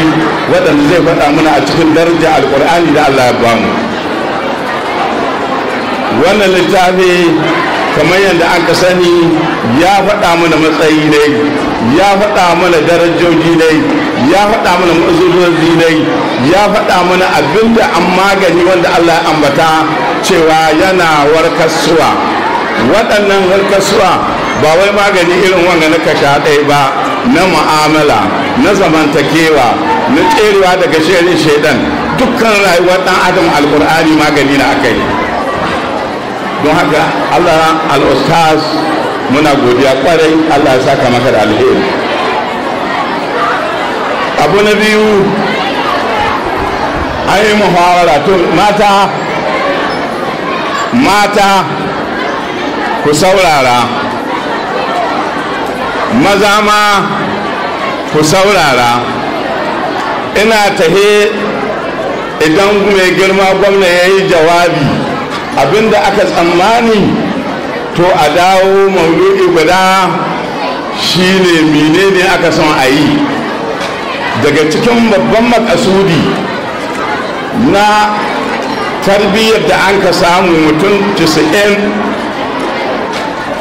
waɗanda zai faɗa mana a cikin daraja alkur'ani da allah ya bamu wannan littafi kamar yadda aka sani ya faɗa mana matsayi dai ya faɗa mana darajoji dai ya faɗa mana matsaloli dai ya faɗa mana abinda an magani wanda allah ya ambata cewa yana warkaswa waɗannan warkaswa ba wai magani irin wanga na kasha ɗaya ba na ma'amala na zamantakewa na tserewa daga shirin shaidan dukkan rayuwar ɗan adam alkur'ani magani na aka yi don haka allah al'ustaz muna godiya kwarai allah ya saka maka da alheri abu na biyu an yi muhawara to mata mata ku saurara maza ma ku saurara ina tahe idan mai girma gwamna ya yi jawabi abinda aka tsammani to a dawo maudu'i guda shine menene aka son a yi daga cikin babban makasudi na tarbiyyar da an ka samu mutum 90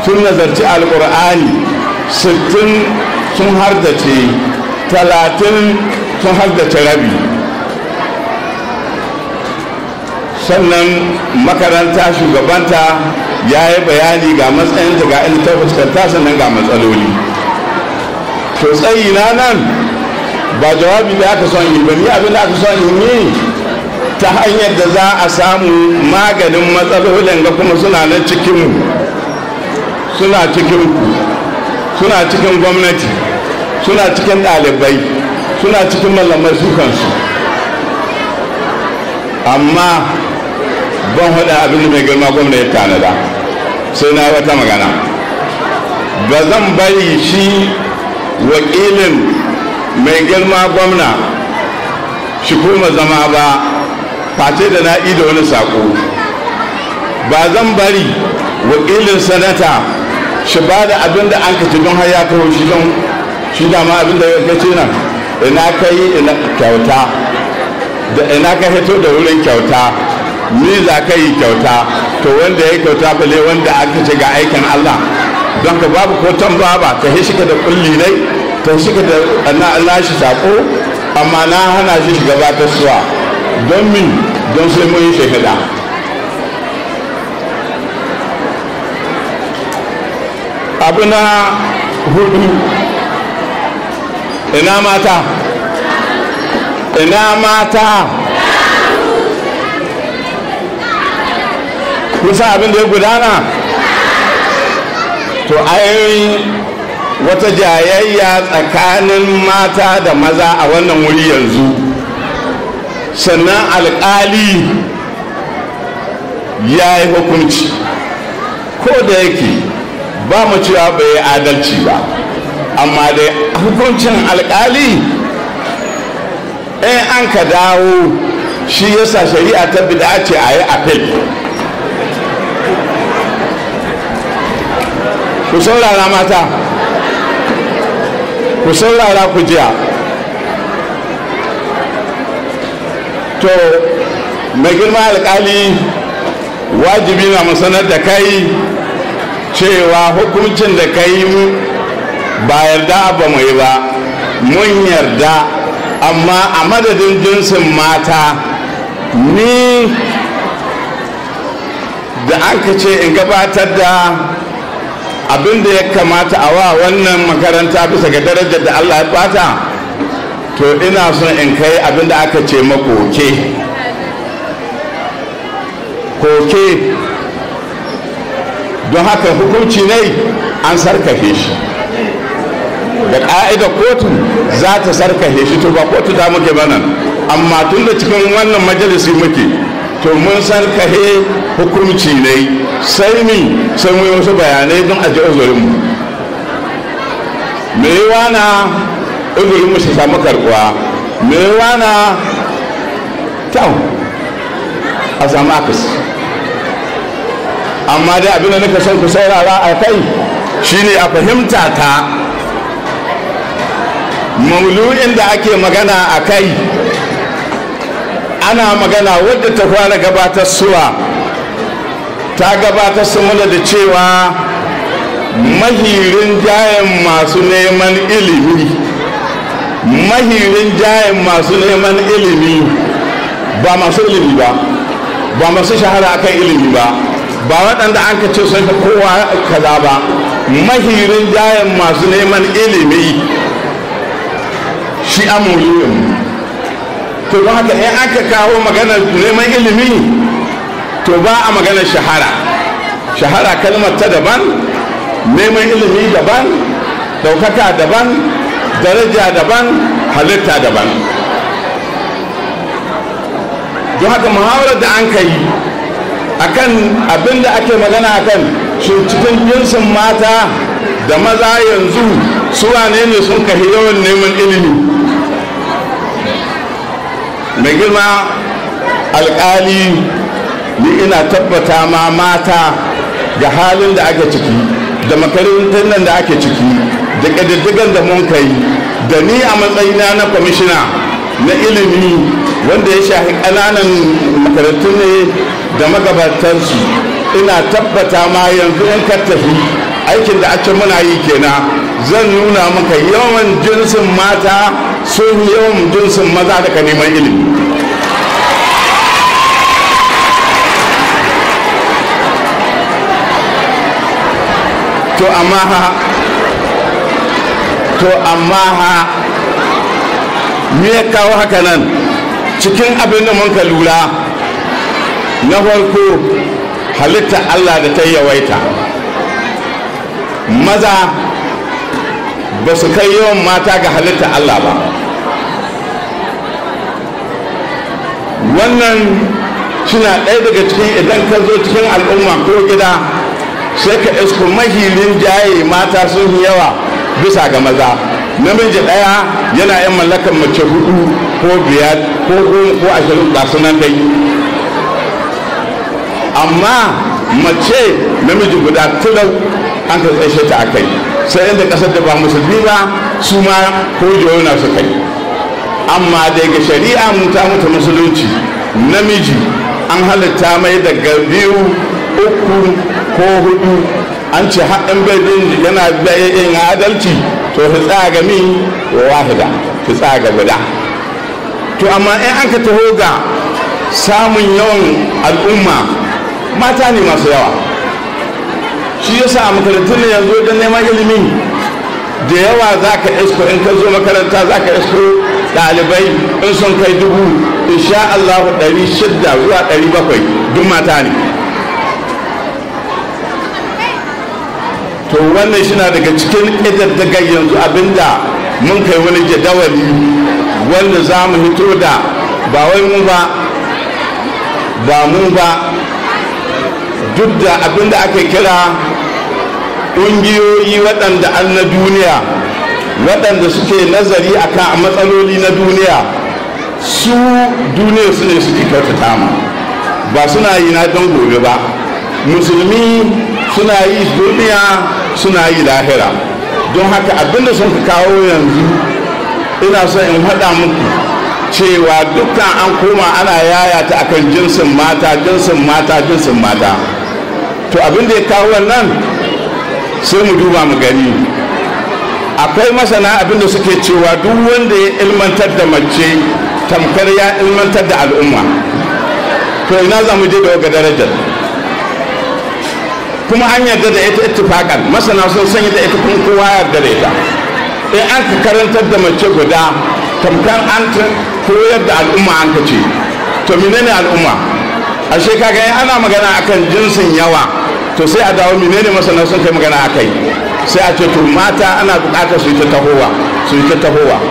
sun nazarci alkur'ani 60 sun hardace 30 sun hardace rabi sannan makaranta shugabanta ya yi bayani ga matsayinta ga inda ta fuskanta sannan ga matsaloli to tsayi na nan ba jawabi da aka son yi ba ni abin da aka son yi ta hanyar da za a samu maganin matsalolin ga kuma suna na cikinmu suna cikin suna cikin gwamnati suna cikin ɗalibai suna cikin malamai su amma ban hada abin da mai girma gwamna ya tanada sai na wata magana ba zan bari shi wakilin mai girma gwamna shi kuma zama ba face da na da wani sako ba zan bari wakilin sanata shi ba da abin da an kaci don har ya kawo shi don shi dama abin da ya ce nan ina kai ina kyauta da ina ka hito da wurin kyauta miza ka yi kyauta to wanda ya kyauta bale wanda aka ce ga aikin Allah don ka babu ko tamba ba ta shi shiga da kulli nai ta shi shiga da na shi sako amma na hana shi shiga ba ta suwa don min don sai mun yi shahada abu na hudu ina mata ina mata kusa abin da ya gudana to yi wata jayayya tsakanin mata da maza a wannan wuri yanzu sannan alkali ya yi hukunci ko da yake ba mu cewa bai yi adalci ba amma dai hukuncin alkali in an ka dawo shi yasa shari'a ta bida ce a yi apel ku saurara mata ku saurara ku jiya to mai girma alkali wajibi na musanar da kai cewa hukuncin da ka yi ba yarda ba mu ba mun yarda amma a madadin jinsin mata ni da aka ce in gabatar da abin da ya kamata a wa wannan makaranta bisa ga darajar da Allah ya bata to ina son in kai abin da aka ce makoke koke don haka hukunci ne an sarkafe shi da ƙa'ida kotu za ta sarkafe shi to ba kotu ta muke ba amma tun da cikin wannan majalisi muke to mun sarkafe hukunci ne sai ni sai mu yi wasu bayanai don a ji uzurinmu me wana na uzurinmu shi samu karkuwa me yiwa na kyau a samu akis amma dai abinda nika son ku saurara a kai shine a fahimta ta maulu'in da ake magana a kai ana magana wadda ta fara gabatar suwa ta gabatar su mana da cewa mahirin jayen masu neman ilimi mahirin jayen masu neman ilimi ba masu ilimi ba ba masu shahara akan ilimi ba ba waɗanda an ka ce sun kowa kaza ba mahirin jayen masu neman ilimi shi amuriyin to ba haka in aka kawo maganar neman ilimi to ba a maganar shahara shahara kalmar ta daban neman ilimi daban daukaka daban daraja daban halitta daban don haka muhawarar da an kai akan abin da ake magana akan shin cikin jinsin mata da maza yanzu su ne ne sun kahi yawan neman ilimi mai girma alkali ni ina tabbata ma mata ga halin da ake ciki da makarantar nan da ake ciki da ƙididdigan da mun kai da ni a matsayina na kwamishina na ilimi wanda ya shafi ƙananan makarantu ne da magabatansu ina tabbata ma yanzu in ka tafi aikin da ake muna yi kenan zan nuna maka yawan jinsin mata sun yawan jinsin maza daga neman ilimi to amma ha to amma ha me kawo haka nan cikin abin da mun ka lura na farko halitta Allah da ta yawaita maza ba su kai yawan mata ga halitta Allah ba wannan suna ɗaya daga cikin idan ka zo cikin al'umma ko gida sai ka isko mahilin jaye mata sun yi yawa bisa ga maza namiji ɗaya yana yan mallakar mace hudu ko biyar ko ko ashirin ga sunan dai amma mace namiji guda tulau an ka tsaye ta a kai sai inda kasar da ba musulmi ba su ma ko na su kai amma dai ga shari'a mun ta mutu musulunci namiji an halitta mai daga biyu uku ko hudu an ce haɗin bai yana yin adalci to fi tsaga min wahida fi tsaga guda to amma in an ka taho ga samun yawan al'umma mata ne masu yawa shi yasa a makarantun ne yanzu don neman ilimin da yawa za ka isko in ka zo makaranta za ka isko ɗalibai in sun kai dubu sha Allah ɗari shidda zuwa ɗari bakwai duk mata ne to wannan shina daga cikin ƙididdiga yanzu abinda mun kai wani jadawali wanda za mu hito da ba wai mu ba ba mu ba duk da abinda aka kira ƙungiyoyi waɗanda an na duniya waɗanda suke nazari akan matsaloli na duniya su duniya su ne suke kyautata mu ba suna yi na don gobe ba musulmi suna yi duniya suna yi lahira don haka abinda sun ka kawo yanzu ina son in haɗa muku cewa dukkan an koma ana yayata akan jinsin mata jinsin mata jinsin mata to abinda ya kawo wannan sai mu duba mu gani akwai masana abinda suke cewa duk wanda ya ilmantar da mace tamkar ya ilmantar da al'umma to ina za mu je da darajar kuma an yarda da ita ittifaqan masana sun sanya da ita kun kowa yarda da ita in an ka karantar da mace guda tamkan an ta koyar da al'umma an ka ce to menene al'umma ashe shekaga in ana magana akan jinsin yawa to sai a dawo menene masana sun kai magana a kai, sai a ce to mata ana bukatar su yi ta tahowa su yi ta tahowa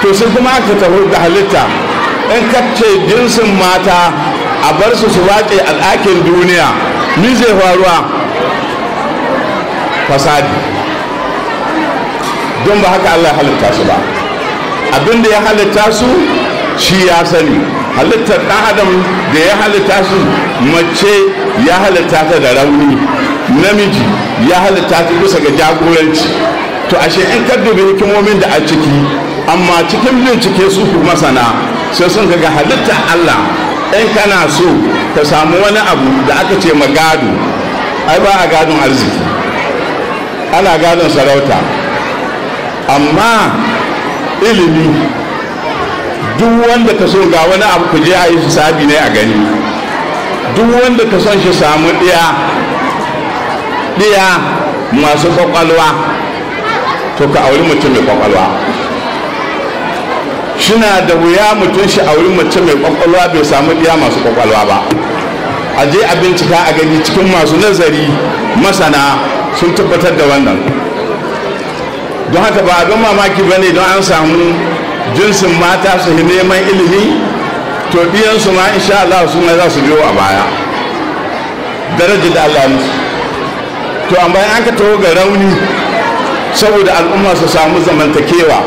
to sai kuma aka taho da halitta in ka ce jinsin mata a bar su su wace al'akin duniya ni zai faruwa fasadi don ba haka Allah halitta su ba abinda ya halitta su shi ya sani halittar ɗan adam da ya halitta su mace ya halitta ta da rauni namiji ya halitta ta bisa ga jagoranci to ashe in ka dubi hikimomin da a ciki amma cikin bincike su ku masana sai sun ga halittar Allah in kana so ka samu wani abu da aka ce magado ai ba a gadon arziki ana gadon sarauta amma ilimi duk wanda ka so ga wani abu ku je a yi hisabi ne a gani duk wanda ka son shi samu ɗiya ɗiya masu kwakwalwa to ka auri mutum mai kwakwalwa shina da wuya mutum shi auri mutum mai kwakwalwa bai samu ɗiya masu kwakwalwa ba a je a bincika a gani cikin masu nazari masana sun tabbatar da wannan don haka ba abin mamaki ba ne don an samu jinsin mata su neman ilimi to su ma insha Allah su mai za su biyo a baya daraja da Allah musu to amma an ka taho ga rauni saboda al'umma su samu zamantakewa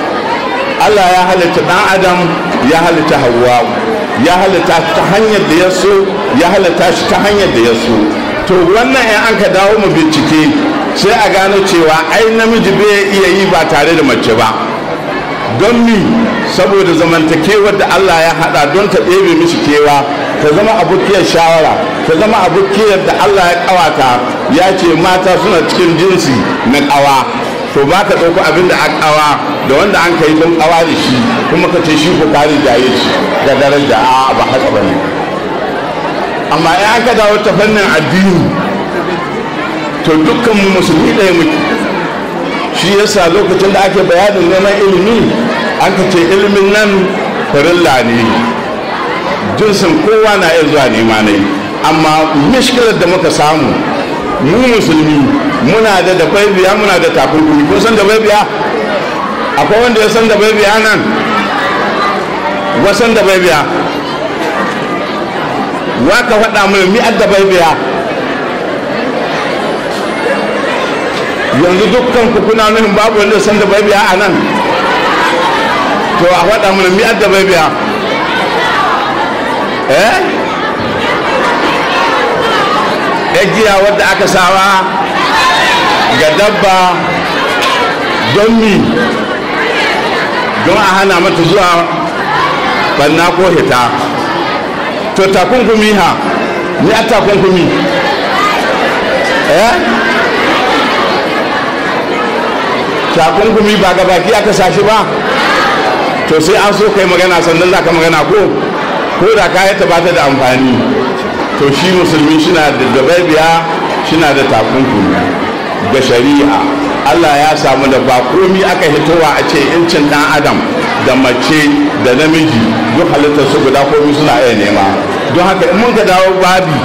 Allah ya halitta ɗan adam ya halitta hawa ya halitta ta hanyar da ya ya halitta shi ta hanyar da ya so to wannan ya an ka dawo mu bincike sai a gano cewa ai namiji bai iya yi ba tare da mace ba don mi saboda zamantakewar da Allah ya hada don ta ɗebe mishi kewa ta zama abokiyar shawara ta zama abokiyar da Allah ya kawata ya ce mata suna cikin jinsi na kawa to ba ka ɗauko abin da aka kawa da wanda an ka yi don kawa da shi kuma ka ce shi ku kare jaye shi da daraja a ba haka ba ne amma ya aka ka dawo ta fannin addini to dukkan mu musulmi ɗaya muke shi yasa lokacin da ake bayanin neman ilimi an ka ce ilimin nan farilla ne jinsin kowa na iya zuwa nema ne amma mishkilar da muka samu mu musulmi muna da da baibiya muna da takunkumi ko san da baibiya akwai wanda ya san da baibiya nan wasan da baibiya wa ka faɗa min mi da bai yanzu dukkan ku kuna nuhin babu wanda san da baibiya a nan to a faɗa mai mi da bai eh ajiya wadda aka sawa ga dabba don mi don a hana mata zuwa banna ko hita to takunkumi ha ni a takunkumi eh takunkumi ba ga baki aka sashi ba to sai an so kai magana sannan za ka magana ko ko da ka ta ba ta da amfani to shi musulmi shina da dabarbiya shina da takunkumi ga shari'a Allah ya samu da ba komi aka hitowa a ce incin dan adam da mace da namiji duk halittar su guda komi suna iya nema don haka in mun ka dawo babi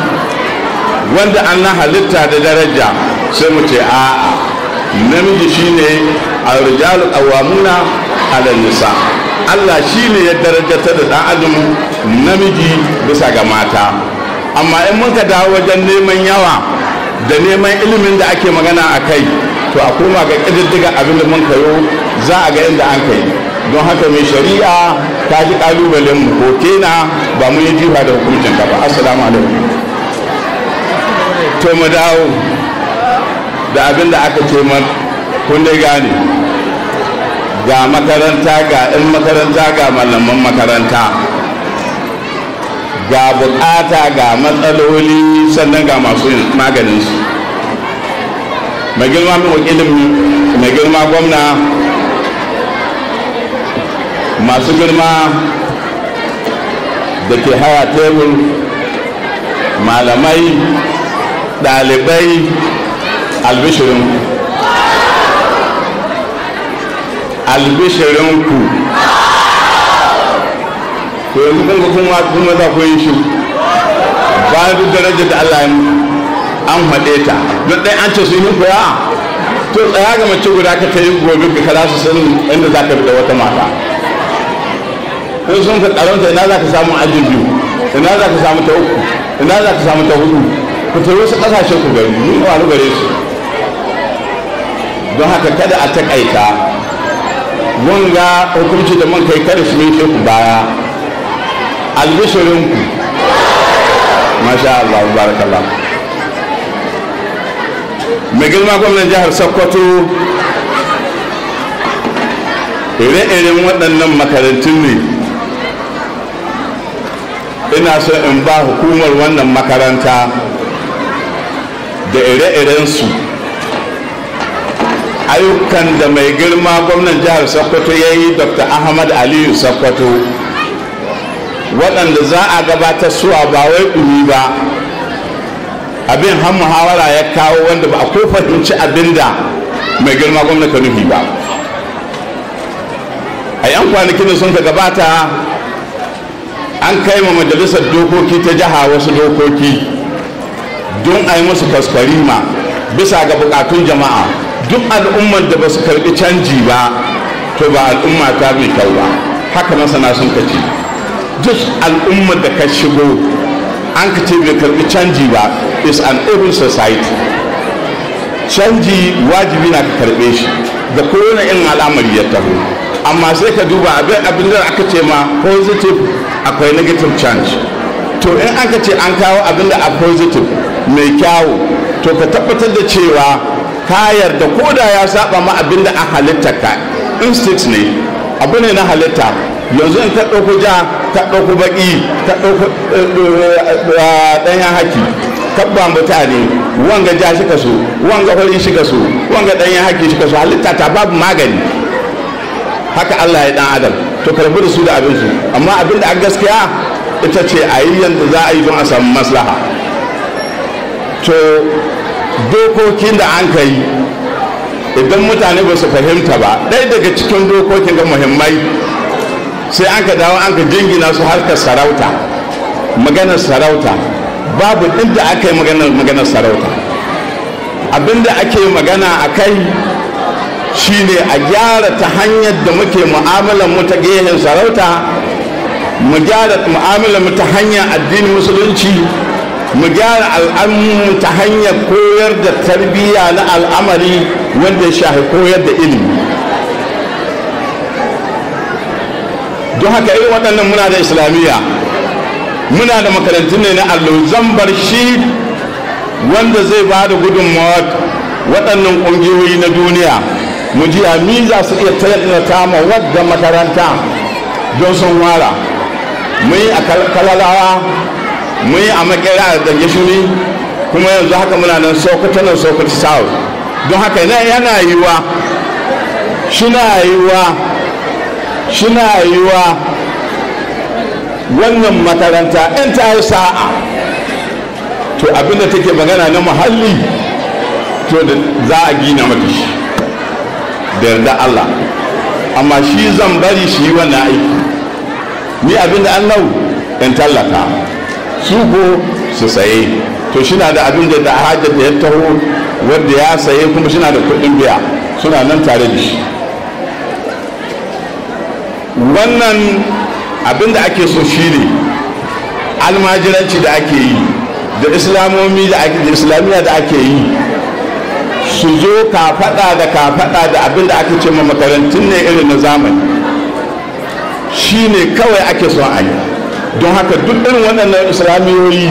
wanda an na halitta da daraja sai mu ce a namiji shine a rijalu qawwamuna 'ala nisa Allah shine ya darajatar da dan adam namiji bisa ga mata amma in mun ka dawo wajen neman yawa da neman ilimin da ake magana a kai to a koma ga ƙididdiga abin da mun kayo za a ga inda an kai don haka mai shari'a ta ji kalubalen mu ko kena ba mu yi jifa da hukuncin ka ba assalamu alaikum to mu dawo da abin da aka ce man kun dai gane ga makaranta ga 'yan makaranta ga malaman makaranta ga bukata ga matsaloli sannan ga masu maganin mai girma mai wakilin mai girma gwamna masu girma da ke haya tebur malamai ɗalibai albishirinku albishirinku Ko yanzu kun kuma kuma za ku yi shi ba duk darajar da Allah an faɗe ta don ɗaya an ce su yi koya to tsaya ga mace guda ka ta yi gobe ka kada su sani inda za ka bi da wata mata ko sun ka karanta ina za ka samu ajin biyu ina za ka samu ta uku ina za ka samu ta hudu ku tare wasu ƙasashe ku gari mun ƙwaru gare su don haka kada a taƙaita mun ga hukunci da mun kai kada su yi ku baya albishirinku masha Allah barakallah mai girma gwamnan jihar sokoto ire-iren waɗannan makarantun ne ina so in ba hukumar wannan makaranta da ire-irensu ayyukan da mai girma gwamnan jihar sokoto ya yi dr ahmad aliyu sokoto waɗanda za a gabatar suwa ba wai ɗumi ba abin Hamuhawara ya kawo wanda ba a ko fahimci abin da mai girma gwamnati nufi ba a 'yan kwanakin da sun ka gabata an kai ma majalisar dokoki ta jiha wasu dokoki don a yi musu ma bisa ga bukatun jama'a duk al'ummar da ba su karbi canji ba to ba al'umma ta bi kyau ba haka masana sun kace duk al'ummar da ka shigo an ka ce bai karbi canji ba is an open society canji wajibi na ka karbe shi da kowane irin al'amari ya taho amma sai ka duba abin da aka ce ma positive akwai negative change to in aka ce an kawo abin da a positive mai kyawu to ka tabbatar da cewa ka yarda ko da ya saba ma abin da a halitta ka instinct ne abu ne na halitta yanzu in ka ɗauko ja ka ɗauko baƙi ka ɗauko eh, eh, eh, ɗanyen haki kabba mutane wanga ja shi ka so wanga hori shi ka so wanga ɗanyen haki shi ka so halitta ta babu magani haka Allah ya dan adam to karbi da su da abinsu amma abin da a gaskiya ita ce a yi yadda za a yi don a samu maslaha to dokokin da an ka yi idan mutane ba su fahimta ba ɗaya daga cikin dokokin ga muhimmai sai an ka dawo an ka jingina su harkar sarauta maganar sarauta babu inda aka yi maganar sarauta abinda ake magana a kai shine a gyara ta hanyar da muke mu'amalar mu ta gehen sarauta mu gyara mu'amalar mu ta hanyar addinin musulunci mu gyara al'ammu ta hanyar koyar da tarbiyya na al'amari wanda ya shafi koyar da ilimi don haka irin waɗannan muna da islamiyya muna da makarantun ne na allo zambar shi wanda zai ba da gudunmawa waɗannan ƙungiyoyi na duniya mu ji a mi za su iya tallata ma wadda makaranta don sun wara mu yi a kalalawa mu yi a makera a dange shuni kuma yanzu haka muna nan sokoto nan sokoto south don haka yana yiwa shina yiwa shina yiwa wannan makaranta in ta yi sa'a to abinda take magana na muhalli to da za a gina mata shi da yarda Allah amma shi zan bari shi yi wannan aiki ni abin da Allah in tallata su ko su saye to shi na da abin da da da ya taho wanda ya saye kuma shi na da kuɗin biya suna nan tare da shi wannan abin da ake so shi ne almajiranci da ake yi da islamomi da ake da islamiyya da ake yi su zo kafaɗa da kafaɗa da abin da aka ce ma makarantun ne irin na zamani shi ne kawai ake so a yi don haka duk irin waɗannan islamiyoyi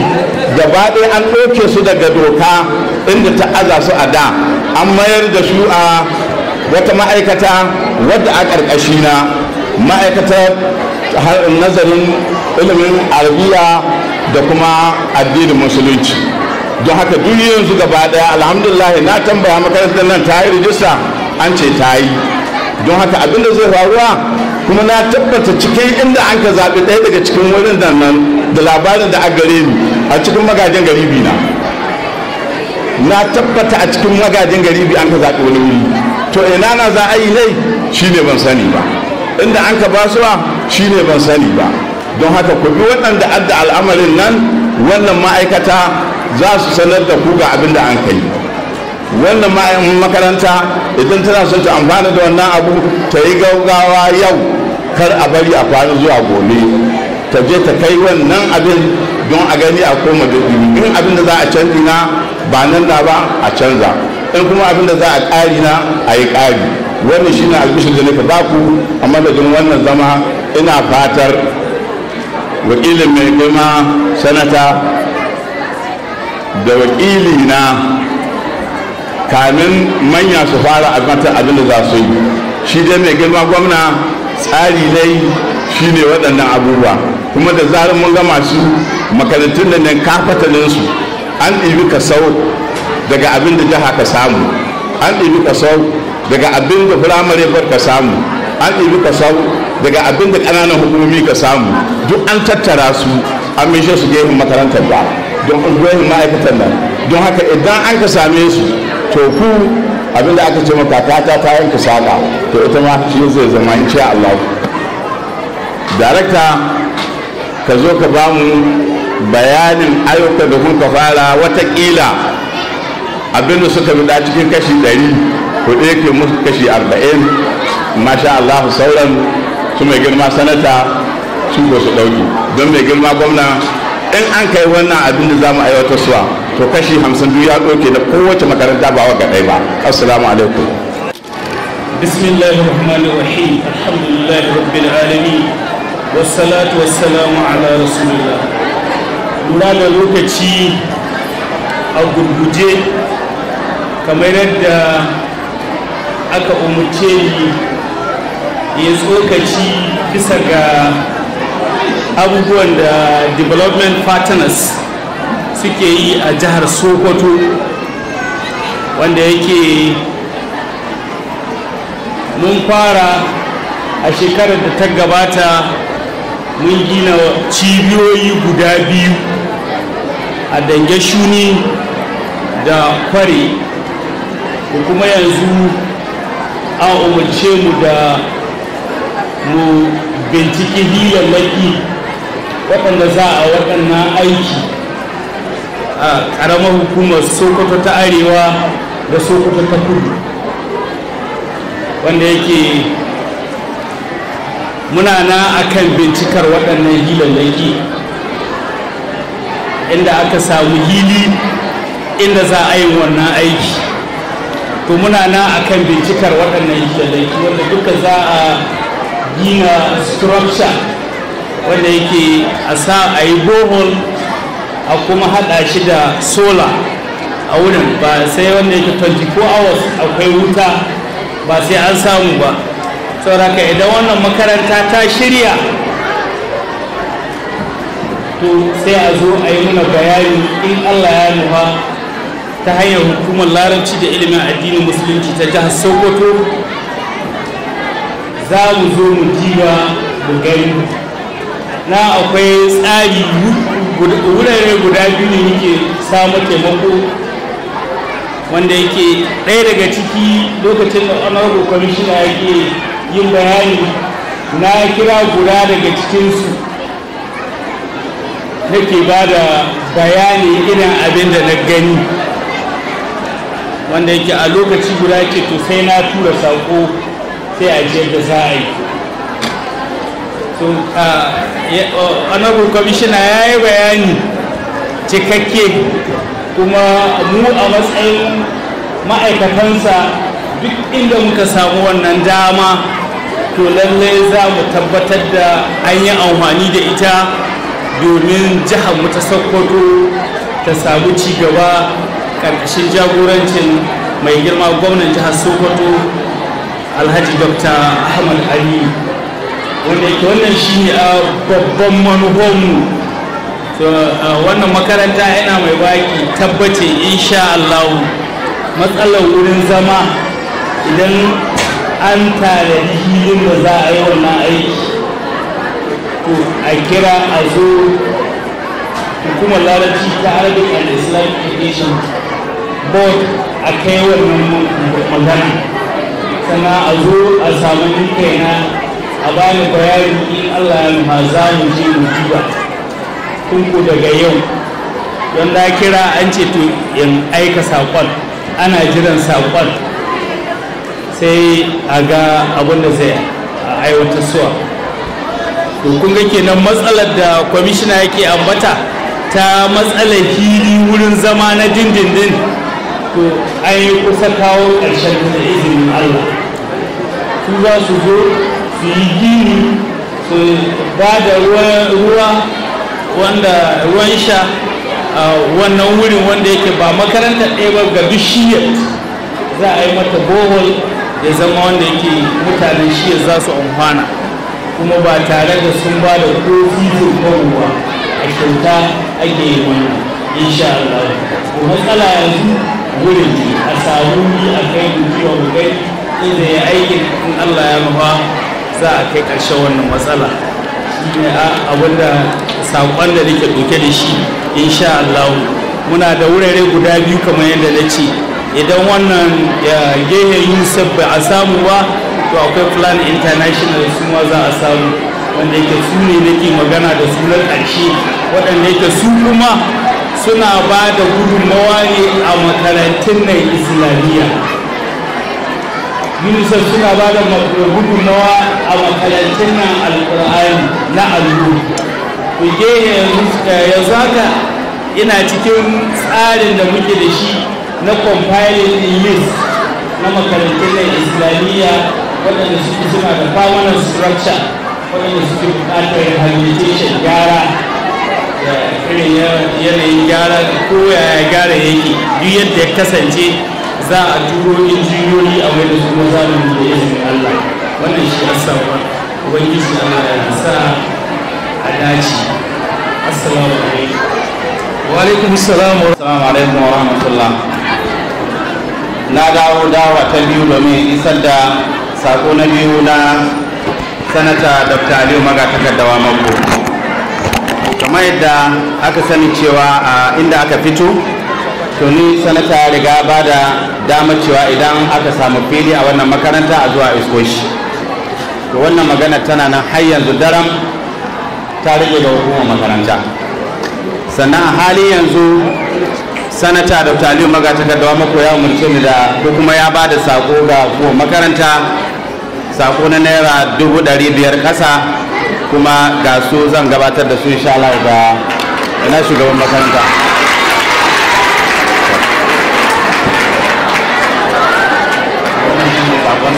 gaba ɗaya an ɗauke su daga doka inda ta aza su a da an mayar da su a wata ma'aikata wadda a ƙarƙashi na ma'aikatar nazarin ilimin arabiya da kuma addinin musulunci don haka duniyoyin yanzu gaba daya alhamdulillah na tambaya makarantar nan ta yi rijista an ce ta yi don haka abin da zai faruwa kuma na tabbata cikin inda an ka zaɓi ɗaya daga cikin wurin nan nan da labarin da aka gare ni a cikin magajin garibi na na tabbata a cikin magajin garibi an ka zaɓi wani wuri to ina na za a yi nai shine ban sani ba inda an ka basuwa shine ban sani ba don haka ku bi waɗanda adda al'amarin nan wannan ma'aikata za su sanar da ku ga abin da an kai wannan ma'ayin makaranta idan tana son ta amfana da wannan abu ta yi gaugawa yau kar a bari a kwana zuwa gobe ta je ta kai wannan abin don a gani a koma da in abin da za a canji na ba nan da ba a canza in kuma abin da za a ƙari na a yi ƙari wannan shine albishin da nake baku a madadin wannan zama ina fatar wakilin mai girma sanata da wakili na kamin manya su fara akantar abin da za su yi shi dai mai girma gwamna tsari dai shi ne waɗannan abubuwa kuma da zarar mun gama su makarantun da kafatanin su, an ɗibi kasau daga abin da jiha ka samu an ɗibi kasau daga abin da firamare bar ka samu an ɗibi kasau daga abin da ƙananan hukumomi ka samu duk an tattara su an mishe su gefen makarantar ba don unguwanin ma'aikatan nan don haka idan an ka same su to ku abinda aka ce maka ta ta yanka saka to ita ma shi zai zama in ce Allah darakta ka zo ka ba mu bayanin ayyuka da kun ka fara watakila abinda suka bi cikin kashi 100 ko ɗaya ke musu kashi 40 masha Allah sauran su mai girma sanata su ko su ɗauki don mai girma gwamna in an kai wannan abin da za mu aiwatar suwa to kashi hamsin duk ya ɗauke da kowace makaranta ba wa gaɗai ba assalamu alaikum بسم الله الرحمن الرحيم الحمد لله رب العالمين والصلاة والسلام على رسول الله lura da lokaci a gurguje kamar yadda aka umarce ni ya tsokaci bisa ga abubuwan da development partners suke yi a jihar sokoto wanda yake mun fara a shekarar da ta gabata mun gina cibiyoyi guda biyu a dange shuni da kware kuma yanzu an umarce mu da mu bincike binciki hiyammaki waɗanda za a waɗannan aiki a ƙaramar hukumar sokoto ta arewa da sokoto ta kudu wanda yake muna na akan bincikar waɗannan hilallaki inda aka samu hili inda za a yi wannan aiki to muna na akan bincikar waɗannan hilallaki wanda duka za a gina structure wanda yake a sa a yi bohol a kuma hada shi da sola a wurin ba sai wanda yake 24 hours akwai wuta ba sai an samu ba sauraka idan wannan makaranta ta shirya to sai a zo a yi muna bayani in allah ya nufa ta hanyar hukumar larabci da ilimin addinin musulunci ta jihar sokoto za mu zo mu diba mu gani na akwai tsari wurare guda biyu ne yake samu taimako wanda yake ɗaya daga ciki lokacin da honorable commissioner yake yin bayani na kira guda daga cikinsu nake ba da bayani irin abin da na gani wanda yake a lokaci guda ke to sai na tura sako sai a da za a yi to honorable commissioner ya yi bayani cikakke kuma mu a matsayin ma'aikatansa duk inda muka samu wannan dama to lallai za mu tabbatar da an yi amfani da ita domin jihar ta sokoto ta samu cigaba ƙarƙashin jagorancin mai girma gwamnan jihar sokoto alhaji dr ahmad aliyu wanda wannan shi ne a ah, babban manuhomu ah, wannan makaranta yana mai baki tabbace insha Allah matsalar wurin zama idan an tare hilin da za a yi wannan aiki to a kira a zo hukumar larabci ta arabic and islamic education board a kai wannan magana sannan a zo a samu kaina a bani bayani in Allah ya nufa za mu je mu duba tunku daga yau don da kira an ce to in aika saƙon ana jiran saƙon sai a ga abin da zai aiwatar suwa to kun ga kenan matsalar da kwamishina yake ambata ta matsalar hiri wurin zama na dindindin to an kusa kawo ƙarshen da izinin Allah su za su zo su yi gini su ba da ruwa ruwan sha a wannan wurin wanda yake ba makaranta ɗaya ba ga duk za a yi mata bohol ya zama wanda yake mutanen shiya za su amfana kuma ba tare da sun ba da kofi ko ruwa a kyauta ake yi wannan insha Allah ko matsala yanzu wurin a samu a kai dukiwa kiwon kai inda ya aikin in Allah ya mafa za a kai ƙarshen wannan matsala shi ne saƙon da nake doke da shi insha Allah muna da wurare guda biyu kamar yadda na ce idan wannan gehe yusuf ba a samu ba to akwai plan international su ma za a samu wanda yake su ne nake magana da su ƙarshe waɗanda yake su kuma suna ba da gudunmawa ne a makarantun nan islamiyya unicef suna ba da gudunmawa a makarantun nan alkur'ani na allo ku je eh, yanzu haka ina cikin tsarin da muke da shi na compiling list na makarantun nan islamiyya waɗanda suke suna da permanent structure waɗanda suke buƙatar rehabilitation gyara da eh, irin yanayin gyara ko ya gyara yake duk yadda ya kasance za a turo injiniyoyi a wani su kuma za mu yi da izinin Allah wannan shi ya samu ubangiji Allah ya sa a dace assalamu alaikum wa alaikum assalam wa alaikum wa rahmatullah na dawo dawa ta biyu domin isar da sako na biyu na sanata dr aliyu magatakardawa mako kamar yadda aka sani cewa a inda aka fito ni sanata riga ba da damar cewa idan aka samu fili a wannan makaranta a zuwa iskoshi to wannan magana tana nan har yanzu daram ta rike da hukumar makaranta sannan a hali yanzu sanata da aliyu maga takardawa mako ya umarce ni da ko kuma ya ba da sako ga hukumar makaranta sako na naira dubu ɗari biyar ƙasa kuma ga su zan gabatar da su insha Allah ga na shugaban makaranta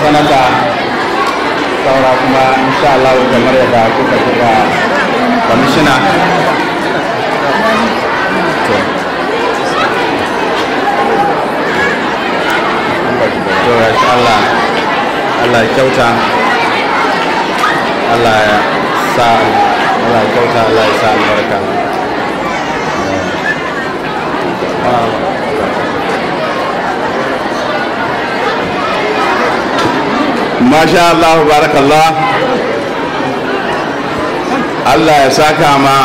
sanata saura kuma insha Allah kamar yadda kuka kuka kwamishina to Allah Allah kyauta Allah ya sa Allah kyauta Allah ya sa albarka masha Allah barakallah Allah ya saka ma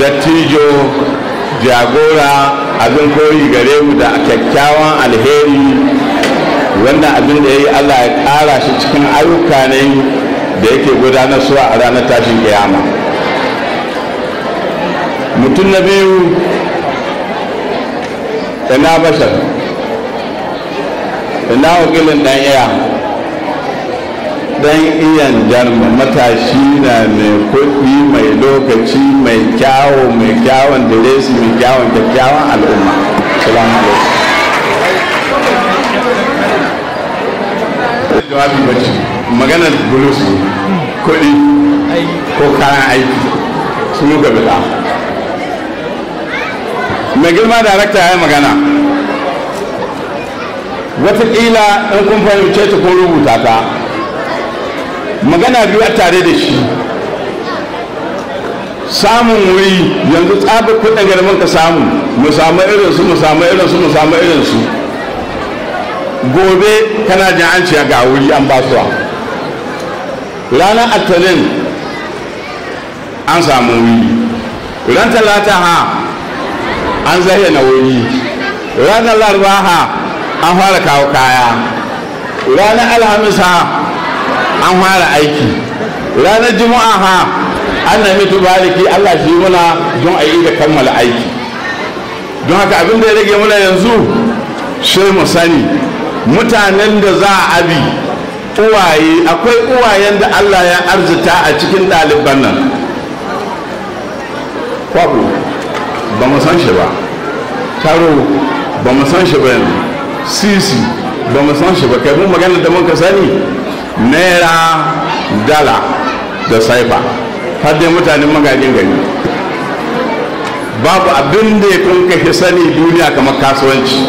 dattijo jagora abin koyi gare mu da kyakkyawan alheri wannan abin da ya yi Allah ya ƙara shi cikin ayyuka ne da yake gudanar su a ranar tashin kiyama mutum na biyu ina bashar ina wakilin dan iya dan iyan jarma matashi na mai kuɗi mai lokaci mai kyawo mai kyawon diresi mai kyawon kyakkyawan al'umma salamu alaikum jawabi bacci maganar bulus kuɗi ko kayan aiki su muka bida mai girma da rakta ya yi magana wataƙila in kun fahimce ta ko rubuta ta magana biyu a tare da shi samun wuri yanzu tsaba kudin garman ka samu mu samu irinsu mu samu irinsu mu samu irinsu gobe kana jin an ciya ga wuri an ba suwa ranar atalin an samu wuri ran talata ha an zayyana wuri ranar larba ha an fara kawo kaya ranar alhamis ha an fara aiki ranar juma'a ha an na mitu bariki allah shi muna don a yi da kammala aiki don haka abin da ya rage muna yanzu sai mu sani mutanen da za a abi uwaye akwai uwayen da allah ya arzita a cikin ɗaliban nan kwabo ba mu san shi ba taro ba mu san shi ba yanzu sisi ba mu san shi ba kai mun magana da mun ka sani naira dala da saifa har dai mutanen magajin gari babu abin da ya kun kashe sani duniya kamar kasuwanci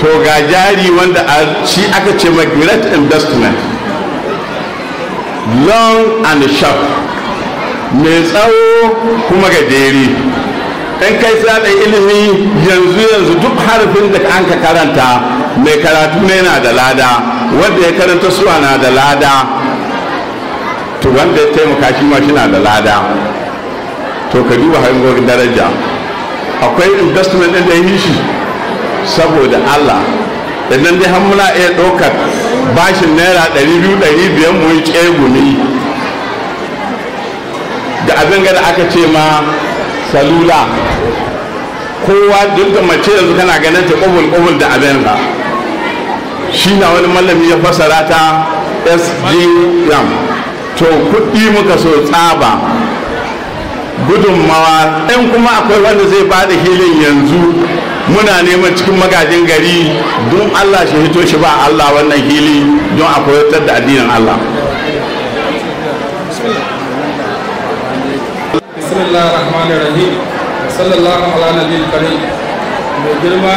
to ga jari wanda a shi aka ce ma great investment long and sharp mai tsawo kuma ga jeri. ɗan kai tsada ilimi yanzu yanzu duk harfin da an ka karanta mai karatu ne yana da lada wanda ya karanta suwa na da lada to wanda ya taimaka shi ma shi na da lada to ka duba hanyoyin daraja akwai investment ɗin da yi shi saboda allah idan dai har muna iya ɗaukar bashin naira ɗari biyu ɗari biyar mu yi tsegumi da abin da aka ce ma salula kowa duk da mace yanzu kana ganin ta ƙubul da abin shi na wani malami ya fasara ta sgm to kuɗi muka so tsaba gudunmawa ɗan kuma akwai wanda zai ba da hilin yanzu muna neman cikin magajin gari don allah shi hito shi ba allah wannan hili don a koyatar da addinin allah sallallahu ala karim mai girma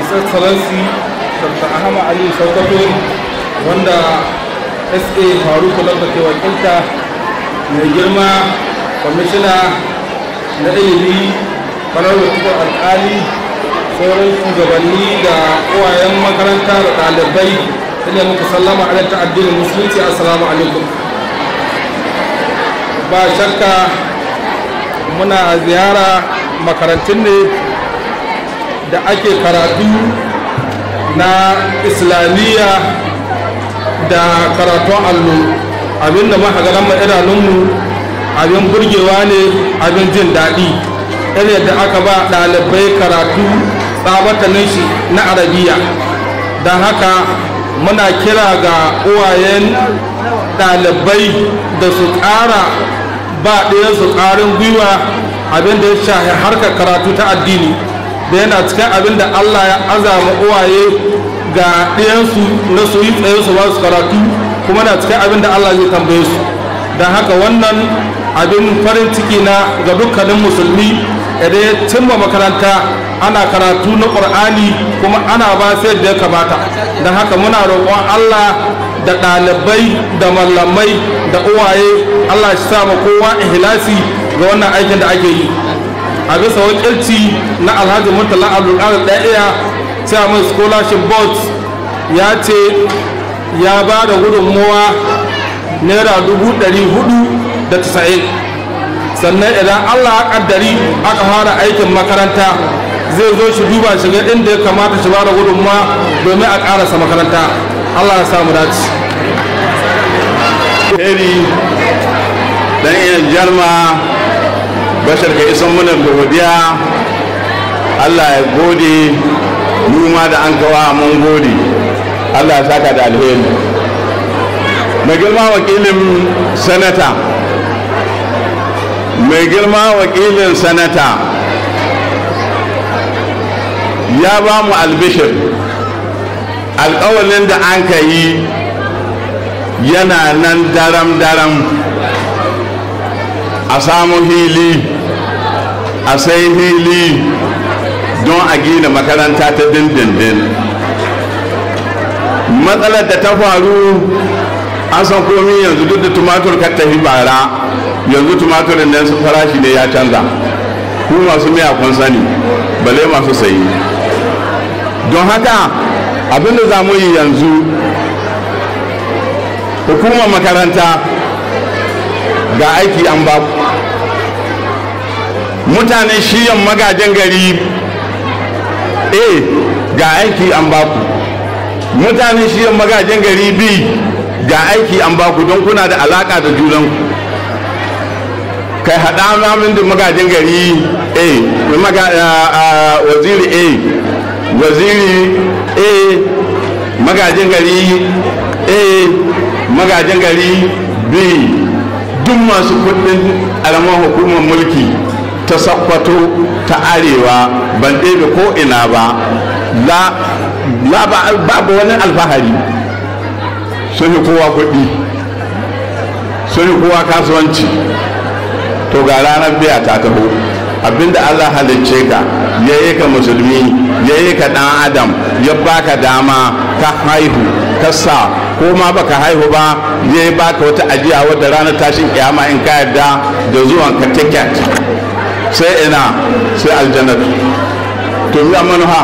isa dr Ahama ali Sautato wanda sa faruk lamba ke wakilta mai girma kwamishina na ilimi farar wakiltar alkali sauran shugabanni da kowayen makaranta da ɗalibai ina muku sallama a ta addinin musulunci assalamu alaikum ba shakka muna ziyara makarantun ne da ake karatu na islamiyya da karatun allo abin da muka ga idanunmu abin burgewa ne abin jin daɗi irin da aka ba ɗalibai karatu tsabatanin shi na arabiya don haka muna kira ga uwayen ɗalibai da su ƙara ba ɗaya su ƙarin gwiwa abin da ya shahi harkar karatu ta addini da yana cikin abin da allah ya azama uwaye ga ɗiyansu na su yi tsaye su ba su karatu kuma na cikin abin da allah zai tambaye su don haka wannan abin farin ciki na ga dukkanin musulmi idan ya cimma makaranta ana karatu na ƙur'ani kuma ana ba sai da ya kamata da haka muna roƙon allah da ɗalibai da mallamai da uwaye allah shi sa ma kowa ihlasi ga wannan aikin da ake yi a bisa wakilci na alhaji murtala abdulkadir ɗaya chairman scholarship board ya ce ya ba da gudunmuwa naira dubu ɗari hudu da tisa'in sannan idan allah ya ƙaddari aka fara aikin makaranta zai zo shi duba shiga inda ya kamata shi ba da gudunmuwa domin a ƙarasa makaranta allah ya samu dace dan iya jarma bashar ka isan muna godiya allah ya gode numa da an kawa mun gode allah ya saka da alheri mai girma wakilin sanata mai girma wakilin sanata ya ba mu albishir alkawalin da an ka yi yana nan daram-daram a samu hili a sai hili don a gina makaranta ta dindindin matsalar da ta faru an san komi yanzu duk da tumatur ka ta bara yanzu tumaturin nan su farashi ne ya canza ku masu miya kun sani bale masu sayi don haka abinda za mu yi yanzu hukumar makaranta ga aiki an ba shi shiyan magajen gari a eh, ga aiki an baku mutane shiyan magajen gari b ga aiki an baku don kuna da alaka da junanku kai haɗa namun da magajin gari eh, a waziri a eh, waziri a magajin gari a magajin gari b duk masu kudin alamar hukumar mulki ta sakwato ta arewa ban ɗebe ko ina ba babu wani alfahari sun yi kowa kuɗi sun yi kowa kasuwanci to ga ranar biya ta taho abinda allah halicce ka ya yi ka musulmi ya yi ka ɗan adam ya baka dama ka haihu ka sa ko ma baka haihu ba ya yi baka wata ajiya wadda ranar tashin kiyama in ka yarda da zuwan ka tiket sai ina sai aljanna to mi ha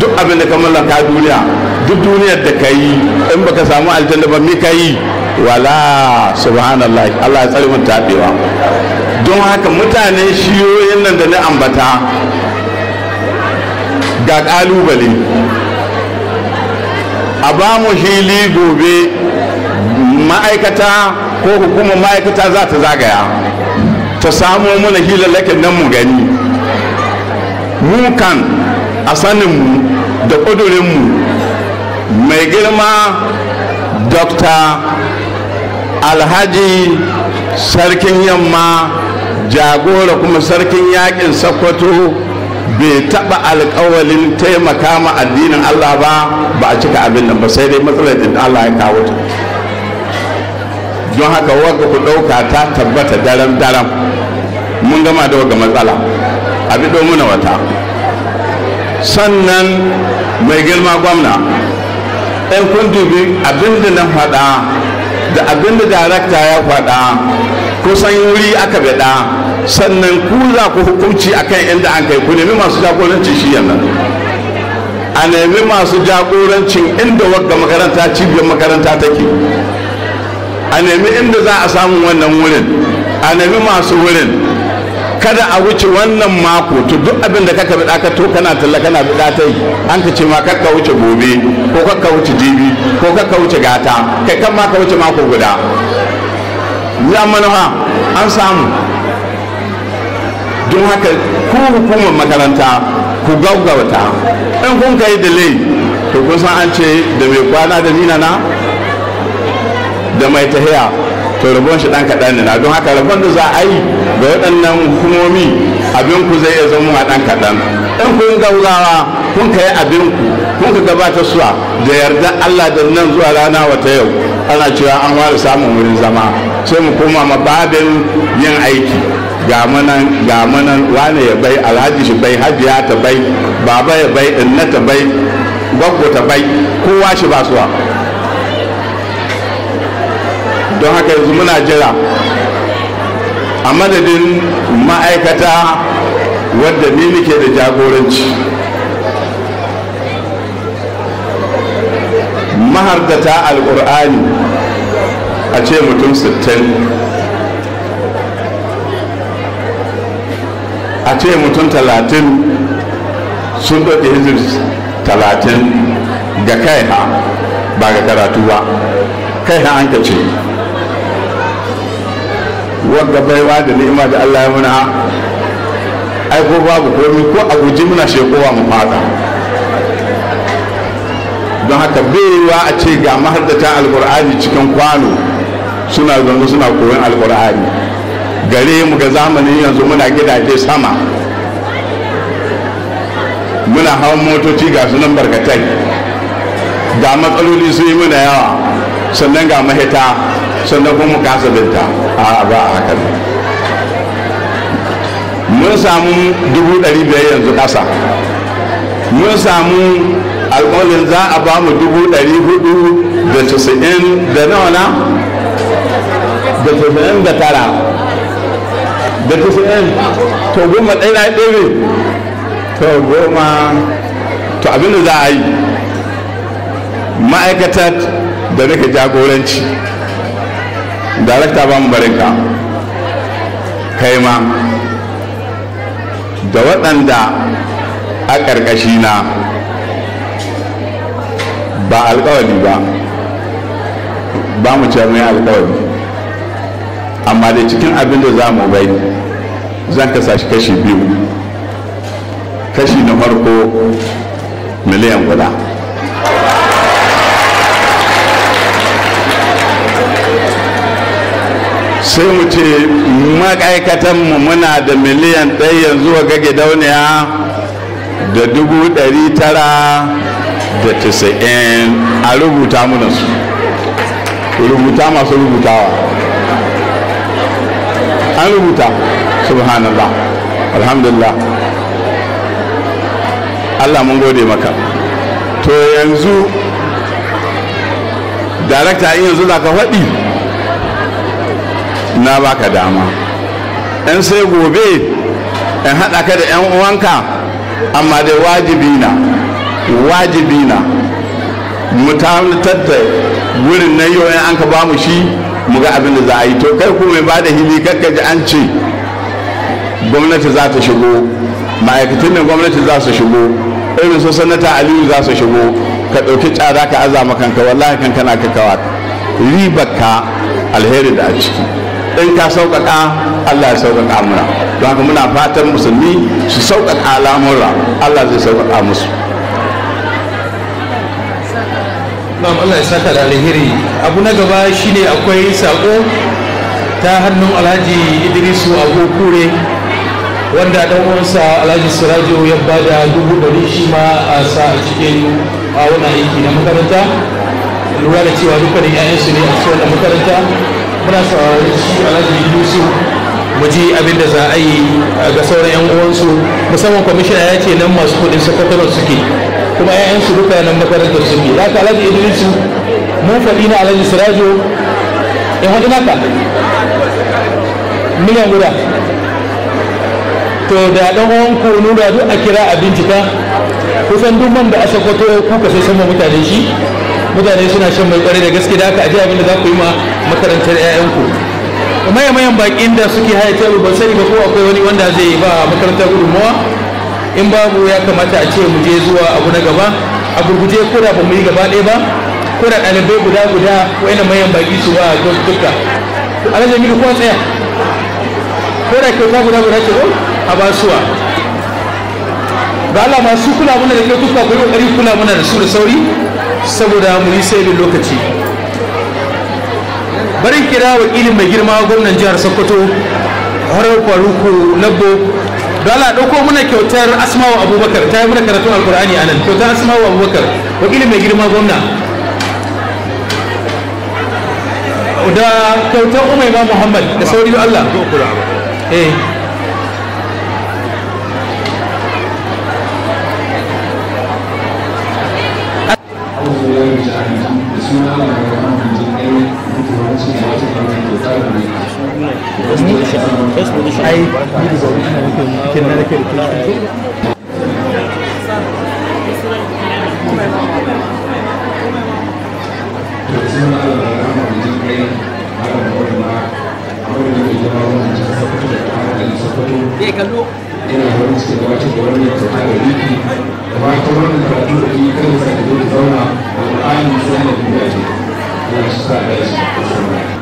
duk abin da ka mallaka duniya duk duniyar da ka yi in baka samu aljanna ba me ka yi wala subhanallah Allah ya tsare mu tabewa don haka mutane shiyoyin nan da na ambata ga kalubale a ba mu hili gobe ma'aikata ko hukumar ma'aikata za ta zagaya ta samo mana hilalakin nan mu gani mu kan a saninmu da ƙudurinmu mai girma dr alhaji sarkin yamma jagora kuma sarkin yakin sakwato bai taɓa alkawalin taimaka ma addinin allah ba ba a cika abin nan ba sai dai matsalar da allah ya kawo ta don haka wadda ku ɗauka ta tabbata daren daren mun gama da waga matsala a bi muna wata sannan mai girma gwamna ɗan kun dubi abinda na faɗa da abinda darakta ya faɗa kusan wuri aka bada sannan ku za ku hukunci akan inda an kai ku nemi masu jagorancin shi yanzu a nemi masu jagorancin inda wagga makaranta cibiyar makaranta take a nemi inda za a samu wannan wurin a nemi masu wurin kada a wuce wannan mako to duk abin da kaka bida ka to kana talla kana bida ta yi an ka ce ma kakka wuce gobe ko kakka wuce jibi ko kakka wuce gata kai kan ma ka wuce mako guda ya manuwa an samu don haka ku hukumar makaranta ku gaugauta in kun kai yi dalai to kun san an ce da mai kwana da nina na da mai tahiya to rabon shi dan kaɗan ne na don haka rabon da za a yi ga waɗannan hukumomi abin ku zai iya zama a dan kaɗan ku kun gaurawa kun kai abin ku kun ka gabata suwa da yarda Allah da nan zuwa rana wata yau ana cewa an ware samun wurin zama sai mu koma ma babin yin aiki ga manan ga manan wane ya bai alhaji shi bai hajiya ta bai baba ya bai inna ta bai gwaggo ta bai kowa shi ba suwa don haka yanzu muna jira a madadin ma'aikata wadda ni nake da jagoranci mahardata alkur'ani a ce mutum sittin a ce mutum talatin sun ɗauki hizir talatin ga kai ha ba ga karatu ba kai ha an ka ce wadda baiwa da ni'ima da Allah ya muna ai ko babu komi ko a guji muna shekowa mu fada don haka baiwa a ce ga mahaddata alkur'ani cikin kwano suna zango suna koyon alkur'ani gare mu ga zamanin yanzu muna gidaje sama muna hawan motoci ga sunan barkatai ga matsaloli su yi muna yawa sannan ga mahita sannan kuma kasa binta a ba a hakan mun samu dubu ɗari biyar yanzu ƙasa mun samu alƙalin za a ba mu dubu ɗari hudu da casa'in da nawa na da casa'in da tara da casa'in to goma ɗaya ɗaya to goma to abinda za a yi ma'aikatar da nake jagoranci darakta ba mu barinka kai ma da waɗanda a ƙarƙashi na ba alƙawari ba ba mu ce mai alƙawari amma da cikin abin da za mu bai zan kasa shi kashi biyu kashi na farko miliyan guda sai mu ce ma'aikatanmu muna da miliyan ɗaya yanzu wa gage dauniya da dubu ɗari tara da tisa'in a rubuta muna su rubuta masu rubutawa an rubuta subhanallah alhamdulillah allah mun gode maka to yanzu darakta yanzu za ka faɗi na baka dama in sai gobe in haɗa ka da 'yan uwanka amma dai wajibi na wajibi na mu tattatta wurin nan yau an ka bamu shi mu ga abin da za a yi to kai kuma ba da hili kakka ji an ce gwamnati za ta shigo ma'aikatan nan gwamnati za su shigo irin su sanata aliyu za su shigo ka ɗauki tsada ka azama kanka wallahi kankana ka kawa ribar ka alheri da a ciki in ka sauƙaƙa Allah ya sauƙaƙa muna don haka muna fatan musulmi su sauƙaƙa al'amura Allah zai sauƙaƙa musu Na'am Allah ya saka da alheri abu na gaba shine akwai saƙo ta hannun Alhaji Idrisu Abu Kure wanda dan uwansa Alhaji Sirajo ya ba da dubu ɗari shi ma a sa a cikin a wani aiki na makaranta lura da cewa dukkanin 'ya'yansu ne a cikin makaranta muna sauraron shi alhaji yusuf mu ji abin da za a yi ga sauran yan uwansu musamman kwamishina ya ce nan masu kudin sakataren suke kuma yayan su duka nan makarantar suke za ka alhaji idrisu mun faɗi na alhaji sirajo in eh, wani naka miliyan guda to da ɗan uwanku nuna duk a kira a bincika kusan duk man da a sakwato kuka sai sama mutane shi mutane suna shan mai kwarai da gaske da haka aji abin da za ku yi ma makarantar 'ya'yanku mayan bakin da suke haya ba ban sani ba ko akwai wani wanda zai ba makarantar gudunmawa in babu ya kamata a ce mu je zuwa abu na gaba a gurguje ko da ba mu yi gaba ɗaya ba ko da ɗalibai guda guda ko ina mayan baki su ba duka alhaji miki kuma tsaya ko da kyauta guda guda ce ko a basuwa ga Allah masu kula muna da kyautuka ko yi ƙari kula muna da su da sauri saboda mu yi sai lokaci barin kira wakilin mai girma gwamnan jihar sokoto horar faruku labbo dala ɗauko muna kyautar asmawa abubakar ta yi muna karatun alkur'ani a nan kyautar asmawa abubakar wakilin mai girma gwamna da kyautar umaima muhammad da sauri allah eh ai ni da wani nake kin na nake da zai kallo yana wani cikin gabatar da wani kyauta da riki da ba ta wani karatu da yi kan sa da zauna da ƙa'ani sai na duniya ce yana shi sa da shi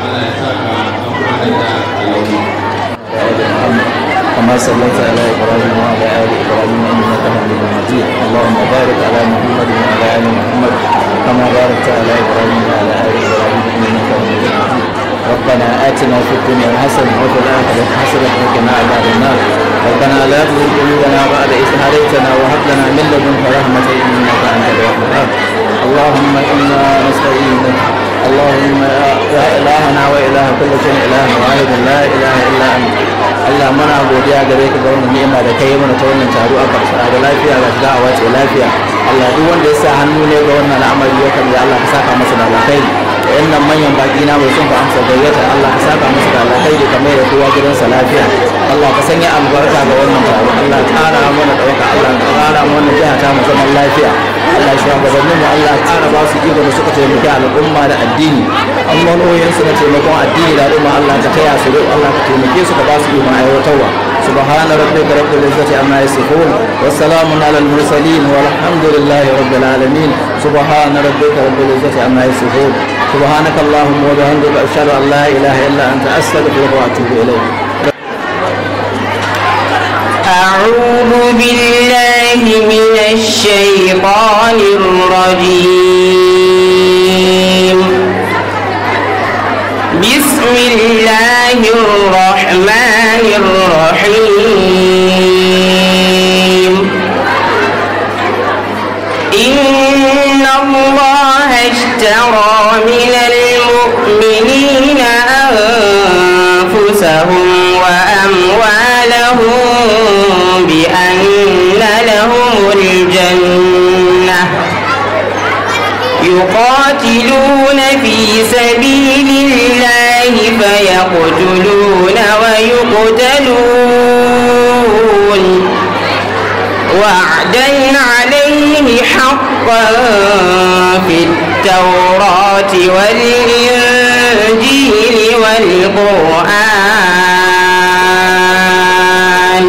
علينا العموم كما صليت على ابراهيم وعلى ال ابراهيم انك حميد مجيد اللهم بارك على محمد وعلى ال محمد كما باركت على ابراهيم وعلى ال ابراهيم انك حميد مجيد ربنا اتنا في الدنيا حسنه وفي الاخره حسنه وقنا عذاب النار ربنا لا تزغ قلوبنا بعد اذ هديتنا وهب لنا من لدنك رحمه انك انت الوهاب اللهم انا نستعينك اللهم يا إلهنا وإله كل شيء إله واحد لا إله إلا أنت Allah muna godiya gare ka ga wannan ni'ima da kai mana ta wannan taro a karshe da lafiya ga shiga a wace lafiya Allah duk wanda ya sa hannu ne ga wannan al'amari ya kan Allah ka saka masa da lafiya da yan nan manyan baki na mai son ka amsa gayyata Allah ka saka masa da alkhairi ka mai da kowa sa lafiya Allah ka sanya albarka ga wannan taro Allah ƙara mana ɗauka Allah ka ƙara mana jiha ta musamman lafiya Allah shugabannin mu Allah ƙara ba su iko da suka taimaki al'umma da addini amanoyin su na taimakon addini da al'umma Allah ka taya su roƙo Allah ka taimake su ka ba su iko aiwatarwa subhana rabbika rabbil izzati amma yasifun wa salamun alal mursalin walhamdulillahi rabbil alamin subhana rabbika rabbil izzati amma yasifun سبحانك اللهم وبحمدك أشهد أن لا إله إلا أنت أستغفرك وأتوب إليك أعوذ بالله بالله من الشيطان الرجيم بسم الله الرحمن الرحيم إن الله اشترى من المؤمنين أنفسهم يقاتلون في سبيل الله فيقتلون ويقتلون وعدا عليه حقا في التوراة والإنجيل والقرآن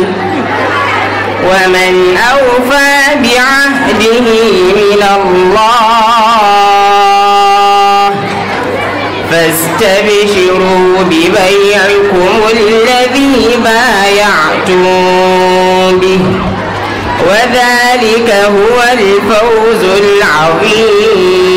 ومن أوفى بعهده من الله فاستبشروا ببيعكم الذي بايعتم به وذلك هو الفوز العظيم